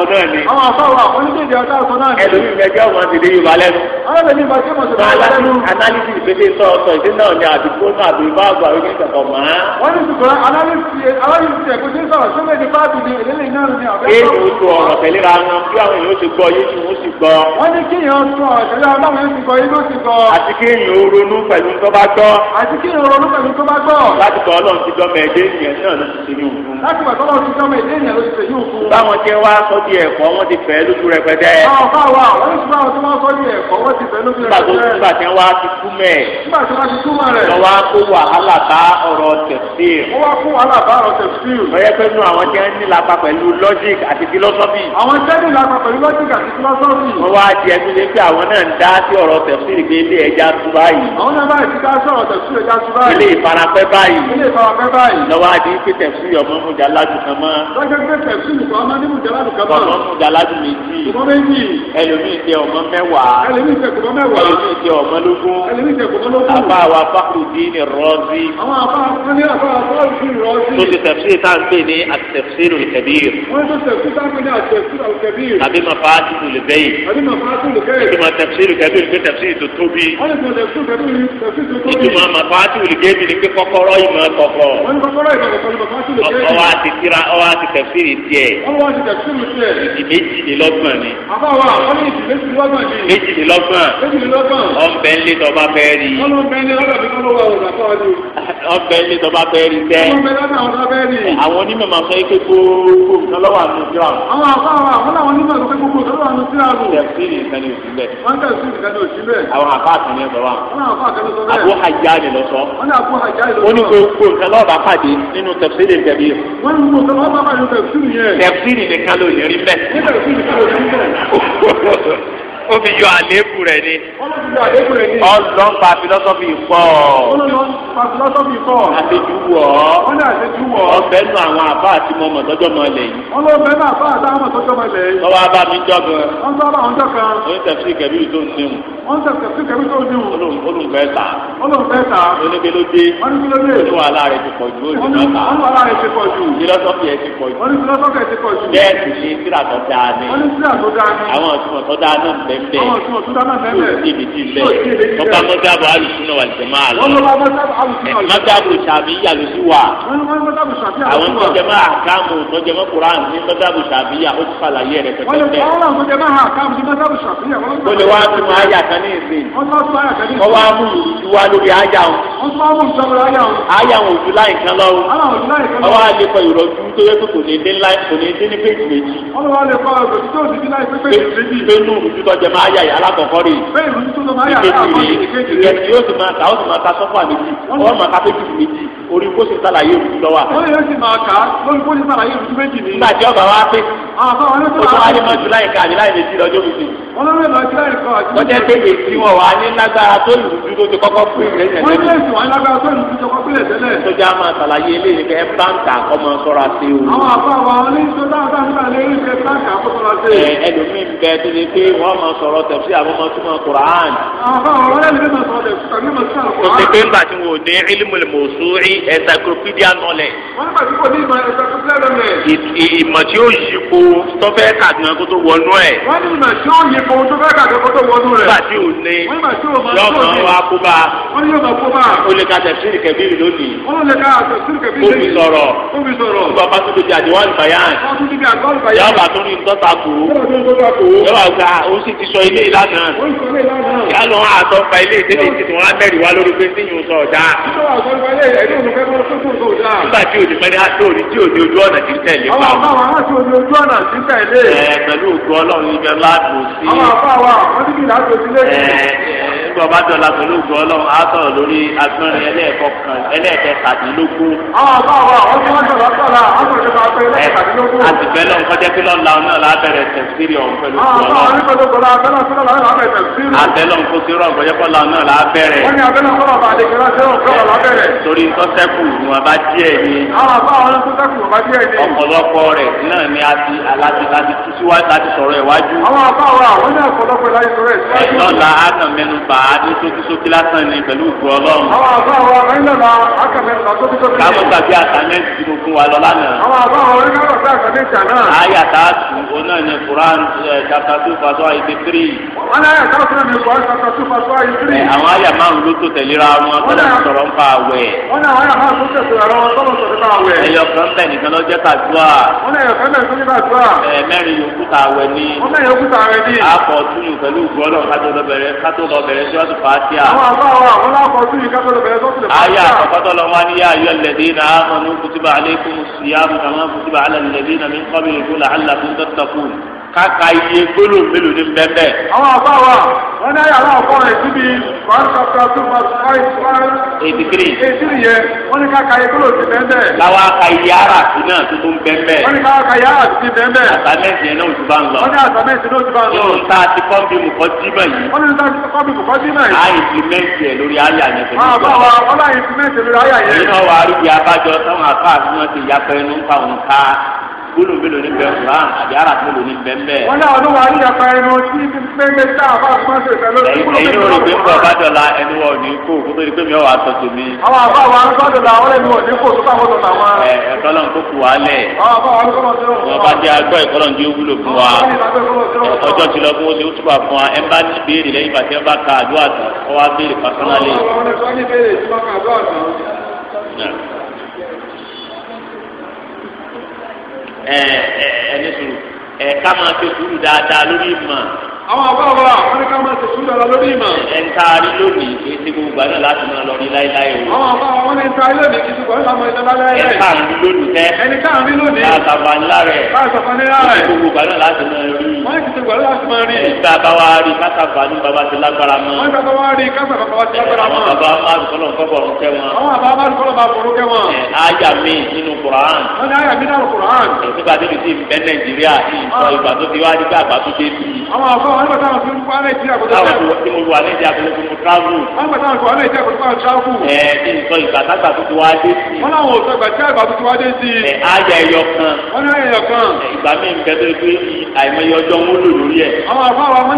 kọ́ọ̀lẹ̀ ká ọjà àti kóńtà àti báàgù àti kékeré kan mọ́. wọ́n ní ṣùgbọ́n alálùsí ẹ̀kọ́ sọ̀rọ̀ sọ́mọ́ èdè báàgù náà ni àbẹ́. kí ni o ọ̀rọ̀ tẹ̀lé ra wọn kí àwọn èèyàn ti gbọ́ yé kí sì gbọ́. wọ́n ní kí èèyàn ọ̀rọ̀ tẹ̀lé ra wọn ti gbọ́ yé ló ti gbọ́. àti kí ronú pẹ̀lú tó bá gbọ́. àti kí ronú pẹ̀lú tó bá gbọ́. láti gbọ́ ọlọ́run lọ́wọ́ kó wàhálà bá ọ̀rọ̀ tẹ̀síìr. wọ́n wá kó wàhálà bá ọ̀rọ̀ tẹ̀síìr. ọ̀yẹ́ pé nù àwọn tí wọ́n pẹ̀lú logic àti philosophy. àwọn tí wọ́n pẹ̀lú logic àti philosophy. wọ́n wá di ẹni lé pé àwọn náà ń dá sí ọ̀rọ̀ tẹ̀síìr pé ilé ẹja tú báyìí. àwọn náà báyìí ti dá sí ọ̀rọ̀ tẹ̀síìr ẹja tú báyìí. ilé ìfarapẹ́ báyìí. ilé ìfarapẹ́ báyìí. lọ́wọ́ adi pé tẹ̀síìr ọmọ mú jaládùn kan mọ́. lọ́jọ́ pé tẹ̀síìr kọ́ ọmọ ní mú jaládùn kan mọ́. ọmọ mú jaládùn méjì. ọmọ méjì. wa Fakhruddin Razi. àwọn àbá wọn ní àbá Fakhruddin Razi. tó ti tafsir tá à ń pè ní at-tafsir al-kabir. wọ́n tó tafsir tá à ń pè ní at-tafsir al-kabir. àbí mafatihul bayt. àbí mafatihul bayt. ìtumọ̀ tafsir al-kabir pé tafsir tó tóbi. wọ́n ní tafsir al-kabir tafsir tó tóbi. ìtumọ̀ mafatihul gaybi ni pé kọ́kọ́rọ́ ìmọ̀ kọ̀kọ́. wọ́n ní kọ́kọ́rọ́ ìmọ̀ kọ̀kọ́ ni mafatihul gaybi. ọwọ́ àti tira ọwọ́ àti tafsir tiẹ̀. ọwọ́ àti tafsir tiẹ̀. ìdí méjìlélọ́gbọ̀n ni. àbá wa wọ́n ní ìdí méjìlélọ́gbọ̀n ọbẹ̀ ilé tó bá fẹ́ rí tẹ́. àwọn onímọ̀ máa sọ pé gbogbo nǹkan lọ́wọ́ àánú síra. àwọn àbá wa àwọn onímọ̀ sọ pé gbogbo nǹkan lọ́wọ́ àánú síra. tẹ̀sí nìkan ni òsì bẹ́ẹ̀. wọ́n tẹ̀sí nìkan ni òsì bẹ́ẹ̀. àwọn àbá àtúnyẹ sọ wa. àbú hajjá ni lọ sọ. wọ́n ní àbú hajjá ni lọ sọ. ó ní gbogbo nǹkan lọ́wọ́ bá pàdé nínú tẹ̀sí [LAUGHS] ó fi yọ àléébù rẹ̀ ni. ọlọ́n pa philosophy pọ̀. ọlọ́n pa philosophy pọ̀. àtẹjú wọ̀ ọ́. wọ́n ní àtẹjú wọ̀ ọ́. ọbẹ̀ nù àwọn àbá àti mọ̀mọ̀ tọ́jọ́ mọ́ lẹ̀ yìí. ọlọ́bẹ̀ nù àbá àti mọ̀mọ̀ tọ́jọ́ mọ́ lẹ̀ yìí. tọ́wọ́ abá mi jọ gan. wọ́n tọ́ bá wọn jọ kan. oní tẹ̀sí kẹ̀mí tó ń sìn. wọ́n tẹ̀sí kẹ̀mí tó ń sìn. olùfẹ́ ta. olùfẹ́ ta. oníkelóde. oníkelóde. olùwàlá rẹ̀ ti pọ̀ ju olùmọ̀ta. olùwàlá rẹ̀ ti pọ̀ ju. philosophy ẹ̀ ti pọ̀ ju. oní philosophy ẹ̀ ti pọ̀ ju. bẹ́ẹ̀ sì ni síra tó dáa ni. oní síra tó dáa ni. àwọn ìtumọ̀ tó dáa náà ń bẹ́ẹ̀ bẹ́ẹ̀ kò síbi tí bẹ́ẹ̀ ọba mọ́tàbù alùsùnà wà jẹ̀mọ́ àlọ́ mọ́tàbù sàbí yàlù sí wa àwọn tọ́jẹ́mọ́ àkàmù tọ́jẹ́mọ́ kuran ní mọ́tàbù sàbí yà ó ti fàlàyé rẹ̀ pẹ́pẹ́pẹ́. o lè wá tún àyà kan ní ìsìn kọ́ wá mú ìlú wa lórí àyà wọn àyà wọn òjú láì kan lọ́wọ́ ọwọ́ àlekọ̀ ìrọ̀jú tó yẹ kó kò ní dé ní péjì méjì. ọlọ́wọ́ àlekọ̀ ìrọ̀jú tó tẹ máa yàyà alákọ̀ọ́kọ́ rí ìkejì rí ìkejì yóò sì máa ta ó sì máa ta sọ́fà méjì ó máa ta péjì méjì orí kó sì sàlàyé òtún lọ́wọ́. wọ́n yóò sì máa kà á lórí kó sì sàlàyé òtún méjì ní. nígbà tí ọba wa pé o tún wá ní mọ́ juláì ká juláì lè ti lọ́jọ́ mi sí. wọ́n jẹ́ pé èsì wọn wà ní lágbára tó ìrùjú tó ti kọ́kọ́ fún ìrẹ́ yẹn lẹ́nu. wọ́n jẹ́ èsì wọn lágbára tó ìrùjú tó kọ́kọ́ fún ìrẹ́ tẹ́lẹ̀. sójà máa sàlàyé eléyìí kẹ́ báńkà kọ́ máa sọ́ra sí o. àwọn àbá wa oníṣòwò dáadáa nígbà lè rí kẹ́ báńkà kọ́ sọ́ra sí. ẹ ẹlòmíín bẹ tó ṣe pé wọ́n máa sọ̀rọ̀ tẹ̀sí àwọn ọmọ tó máa Qur'an. o ti pé ńgbà tí wò ní ilmul mawsu'i encyclopedia knowledge. ìmọ̀ tí ó yípo tọ́fẹ́ kàgbọ́n kó tó wọnú ẹ̀. wọ́n ní ìmọ̀ tí ó yípo tọ́fẹ́ kàgbọ́n kó tó wọnú rẹ̀. nígbà tí ò ní yọ̀ọ̀kan wa kó bá. wọ́n ní yọ̀ọ̀kan kó bá. o lè ka tẹ̀sí kẹ̀bíìrì lónìí. o lè ka tẹ̀sí kẹ̀bíìrì lónìí. o fi sọ̀rọ̀. o bá tó ti di bá tó ní ìtọ́ta kù. yọ̀ọ̀ bá tó ní ìtọ́ta kù. yọ̀ọ̀ sọ ilé ìlànà ìyá àtọ pa ilé ìdílé tí wọn abẹ́rì wá lórí pé tíyùn sọ ọ̀dà. nígbà tí òní mẹ́rin àti òní tí òní ojú ọ̀nà ti tẹ̀lé. àwọn àbá wa láti òní ojú ọ̀nà ti tẹ̀lé. ẹ pẹ̀lú ògùn ọlọ́run ibẹ̀ láàbò sí. àwọn àbá wa wọ́n ti bí láàbò sílé. ẹ ẹ nígbà bá dọ̀la pẹ̀lú ògùn ọlọ́run á sọ̀rọ̀ lórí agbọ́nrin ọba abẹ́lẹ̀ sọ́lá làwọn làwọn bẹ̀rẹ̀ tẹ̀síìrì. àtẹlọ́n kò sí rọ̀ bọ́jọ́ kọ́lá náà la bẹ̀rẹ̀. wọ́n ní abẹ́lẹ̀ sọ́lá ọba àdékẹ́lá sí rọ̀ kọ́lá la bẹ̀rẹ̀. torí ń tọ́sẹ́kù wọn bá díẹ̀ ni. àwọn àbá àwọn ń tọ́sẹ́kù wọn bá díẹ̀ ni. ọ̀pọ̀lọpọ̀ rẹ̀ náà ni a ti aláti láti tú síwájú láti sọ̀rọ̀ ìwájú. àwọn àbá wa àwọn ní ọ̀pọ̀lọpọ̀ láti sọ̀rọ̀ ìwájú. lọ́la akànmẹ́nu bá a ní sókísókí lásán ni pẹ̀lú ìgbọ́ ọlọ́run. àwọn àbá wa àwọn ilẹ̀ la akànmẹ́nu bá sókísókí. káwọn tàbí àtàmẹ́ntì tí mo fún wa lọ lánàá. àwọn àbá wa oníkàwọ̀ sí àtàmẹ́ntì àná. àyàtà tù ọ náà ni Quran chapter two verse one three. wọ́n lẹ́yìn àtàwọn sọ́nà mi kọ́ ẹ́ sọ́kà tó fà sọ́ọ́ yìí three. Eh, àwọn àyà márùn ló tó tẹ̀léra wọn tọ́lọ̀ sọ̀rọ̀ ń pa àwẹ̀. wọ́n lẹ́yìn àyà márùn ló tẹ̀léra wọn tọ́lọ̀ sọ̀rọ̀ ń pa àwẹ̀. ẹyọ kan bẹ̀ nìkan ló jẹ́ kàdúrà. wọ́n lẹ́yìn kan bẹ̀ nìkan ló jẹ́ kàdúrà. ẹ eh, mẹ́rin yòókù ta àwẹ̀ ni. wọ́n mẹ́rin yòókù ta àwẹ̀ ni. a kọ̀ túyù pẹ̀lú gbọ́dọ̀ kátó lọ bẹ̀rẹ̀ kátó lọ bẹ̀rẹ̀ sọ́ọ̀tù fàtíà. àwọn àbá wa àwọn lákọ̀ túyù kátó lọ bẹ̀rẹ̀ sọ́ọ̀tù fàtíà. ayé àkọ́kọ́tọ̀ lọ wá ní yá ayọ́ lẹ́dí na amanu kutiba aleikum siyamu kama kutiba ala lẹ́dí na min kọ́bi lẹ́kọ́ làhálà tó tẹ́tàkùn kaka iye gbólóhùn mélòó ní bẹ́ẹ̀. àwọn àbá wa wọn ní àyàrá ọkọ rẹ síbi one chapter two verse five one. eighty three. eighty three yẹn wọn ní kaka iye gbólóhùn sí bẹ́ẹ̀. làwọn aka iye ara sí náà tó tó ń bẹ́ẹ̀. wọn ní kaka iye ara sí bẹ́ẹ̀. àtàmẹ́sì yẹn náà ò ti bá ń lọ. wọn ní àtàmẹ́sì náà ò ti bá ń lọ. yóò ta ti kọ́ bí mùkọ́ dímọ̀ yìí. wọn ní ta ti kọ́ bí mùkọ́ dímọ̀ yìí. a ìfimẹ́ǹtì ẹ̀ lórí ayà yẹn pẹ̀lú. àwọn àbá wa wọn gbólò mélòó ní bẹ́ẹ̀ kuran àbí ara mélòó ní bẹ́ẹ̀ bẹ́ẹ̀. wọn náà ọdún wa ní ẹ̀fọ́ ẹnu tí pépé tá a bá fún ẹsẹ̀ ìfẹ́ lórí gbólò mélòó. ẹ̀yin ò rí pé bọ́ bá dọ̀la ẹnu wọ̀ ní kó kó tó di pé mi ò wá sọ tèmi. àwọn àbá wa ń sọ́dọ̀ la wọ́n lẹ́nu wọ̀ ní kó tó bá wọ́n dọ̀la wọn. ẹ ẹ kọ́lọ́n kó kù wá lẹ̀. wọ́n bá jẹ́ agbọ́ ìkọ́lọ́n tí ó wúlò fún wa. ọjọ́ ti lọ fún oṣù túbà fún wa ẹ bá ní béèrè lẹ́yìn bàtí ẹ bá ka àdúrà tán ọ wá béèrè pàṣánálì. ẹ ẹ ẹ ní sùúrù ẹ ká máa fi sùúrù dáadáa lórí ìmọ̀ àwọn àbáwọ̀ wọn ni ká máa ṣe sùúrù ara lórí ìmọ̀. ẹ ń taari lónìí kì í ṣe gbogbo ìgbà náà láti máa lọ rí láéláé o. àwọn àbáwọ̀ wọn ni ń taari lónìí kì í ṣe gbogbo ìgbà náà láti máa lọ rí láéláé. ẹ káà ń lónìí tẹ. ẹni káà ń lónìí. káà sàfà ńlá rẹ. káà sàfà ńlá rẹ. gbogbo ìgbà náà láti máa rí. wọ́n ti ṣe gbogbo láti máa rí. ìgbà bá wa rí kásàfà ní baba ti lágbára mọ́. wọ́n ti bá wa rí kásàfà baba bàbá ti bẹ́ Nàìjíríà àwọn àfọ àwọn nígbà táwọn fi ń wá nàìjíríà kó tó tẹ̀. táwọn tí mo wà nàìjíríà kó tó tẹ̀ mo travel. wọ́n nígbà táwọn fi wà nàìjíríà kó tó tẹ̀ mo travel. ẹ kí n sọ ìgbà tágbà tó ti wá dé sí. wọ́n láwọn ò sọ ìgbà tí àgbà tó ti wá dé sí. ẹ ayẹ ẹyọ kan. wọ́n ní ẹyọ kan. ìgbà mi ń bẹ́tẹ̀ pé àìmọye ọjọ́ ń wúlò lórí ẹ̀. àwọn àfáwà mọ́ ní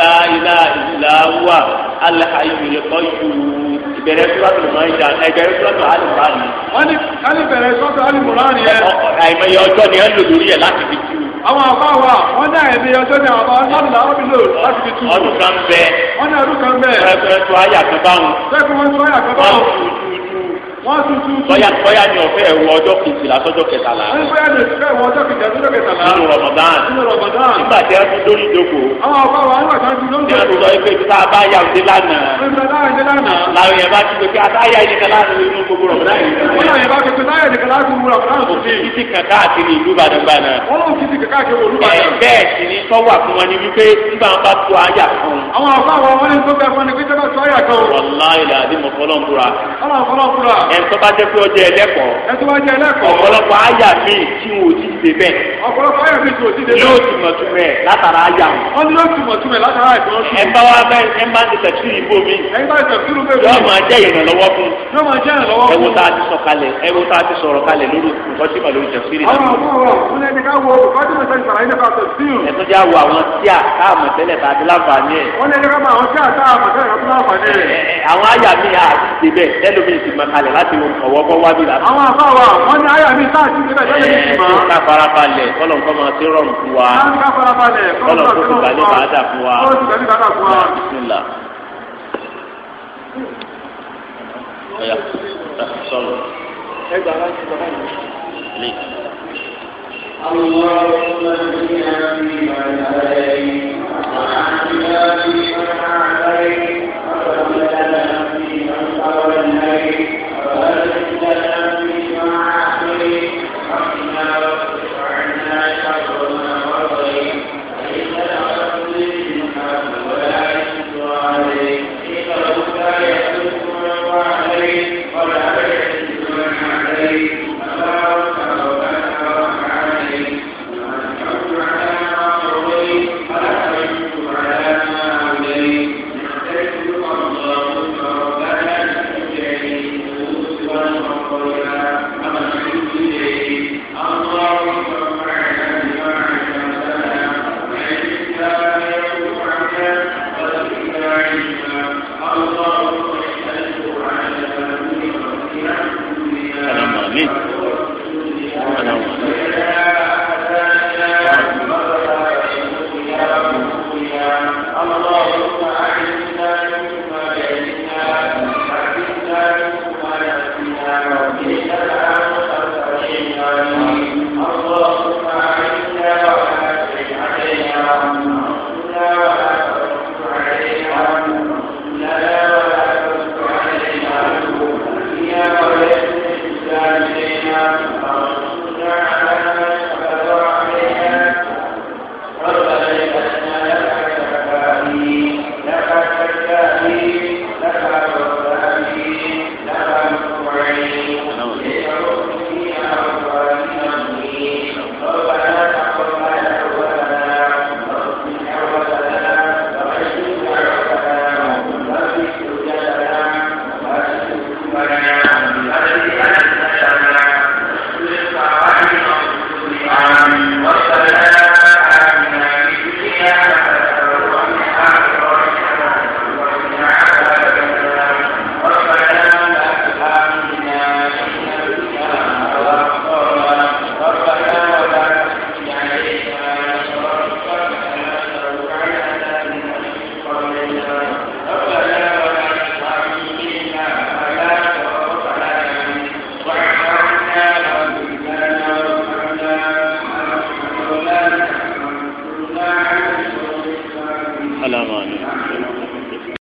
la ilaha illa huwa alhayyul qayyum ìbẹ̀rẹ̀ sọ́tò náà ìjà ìbẹ̀rẹ̀ sọ́tò alìmọ̀ránì. wọ́n ní kálí bẹ̀rẹ̀ sọ́tò alìmọ̀ránì yẹn. àìmọye ọjọ́ ni ẹ lò lórí ẹ̀ láti fi tú. àwọn àbá wa wọ́n ní àìmọye ọjọ́ ni àwọn àbá sábìlà wọ́n fi lò láti fi tú. ọdún kan bẹ́ẹ̀. wọ́n ní ọdún kan bẹ́ẹ̀. ẹ̀ẹ́dẹ̀ẹ́dẹ̀ tó ayà kan báwọn. bẹ́ẹ̀ wọ́n tún tún. bọ́yá bọ́yá ni ọ̀fẹ́ ẹ̀wọ̀ ọjọ́ kejìlá sọ́jọ́ kẹtàlá. wọ́n bọ́yá ni ọ̀fẹ́ ẹ̀wọ̀ ọjọ́ kejìlá sọ́jọ́ kẹtàlá. nínú Ramadan. nínú Ramadan. nígbà tí a ti dórí ìdókò. àwọn ọ̀pá wa nígbà tí ti dórí ìdókò. ìyá sọ a bá yà òde lánàá. láwọn yẹn bá ti pé a bá yà ìdíkan láti inú gbogbo Ramadan yìí. wọ́n ẹni tó bá jẹ́ pé ọjọ́ ẹlẹ́kọ̀ọ́ ẹni tó bá jẹ́ ẹlẹ́kọ̀ọ́ ọ̀pọ̀lọpọ̀ àyà mi tí wọn ò ti dé bẹ́ẹ̀. ọ̀pọ̀lọpọ̀ àyà mi tí wọn ò ti dé bẹ́ẹ̀. yóò ti mọ̀ túmẹ̀ látara àyà wọn. wọ́n ní yóò ti mọ̀ túmẹ̀ látara ìtọ́jú. ẹ bá wa bẹ ẹ bá ti tẹ̀sí ìbò mi. ẹ bá ti tẹ̀sí ìbò mi. yóò máa jẹ́ ìrànlọ́wọ́ fún. yóò máa jẹ́ ìrànlọ́wọ́ fún. ẹ wo tá a ti sọ kalẹ̀ ẹ wo tá a ti sọ̀rọ̀ kalẹ̀ lórí ìtọ́síbà lórí tẹ̀síìrì náà. ọ̀rọ̀ ọ̀rọ̀ fún ẹni ká wo ìtọ́síbà sẹ́yìn nípa tẹ̀síìrì. ẹ tó jẹ́ àwọ̀ àwọn tíà káàmù tẹ́lẹ̀ tá a ti láǹfààní ẹ̀. wọ́n ní ẹni ká máa àwọn tíà káàmù tẹ́lẹ̀ tá a ti láǹfààní ẹ̀. àwọn láti ọwọ́ bọ́ wá bí la. àwọn àbáwá wọn ní àyà mi sáà ti níbẹ̀ tẹ́lẹ̀ ní ìmọ̀. ká farabalẹ̀ kọ́lọ̀ nǹkan máa ti rọrùn fún wa. ká farabalẹ̀ kọ́lọ̀ nǹkan máa ti rọrùn fún wa. kọ́lọ̀ nǹkan máa ti rọrùn fún wa. bismillah. ọ̀yà sọ̀rọ̀. ẹ gbà láti lọ báyìí. اللهم صل على محمد وعلى آله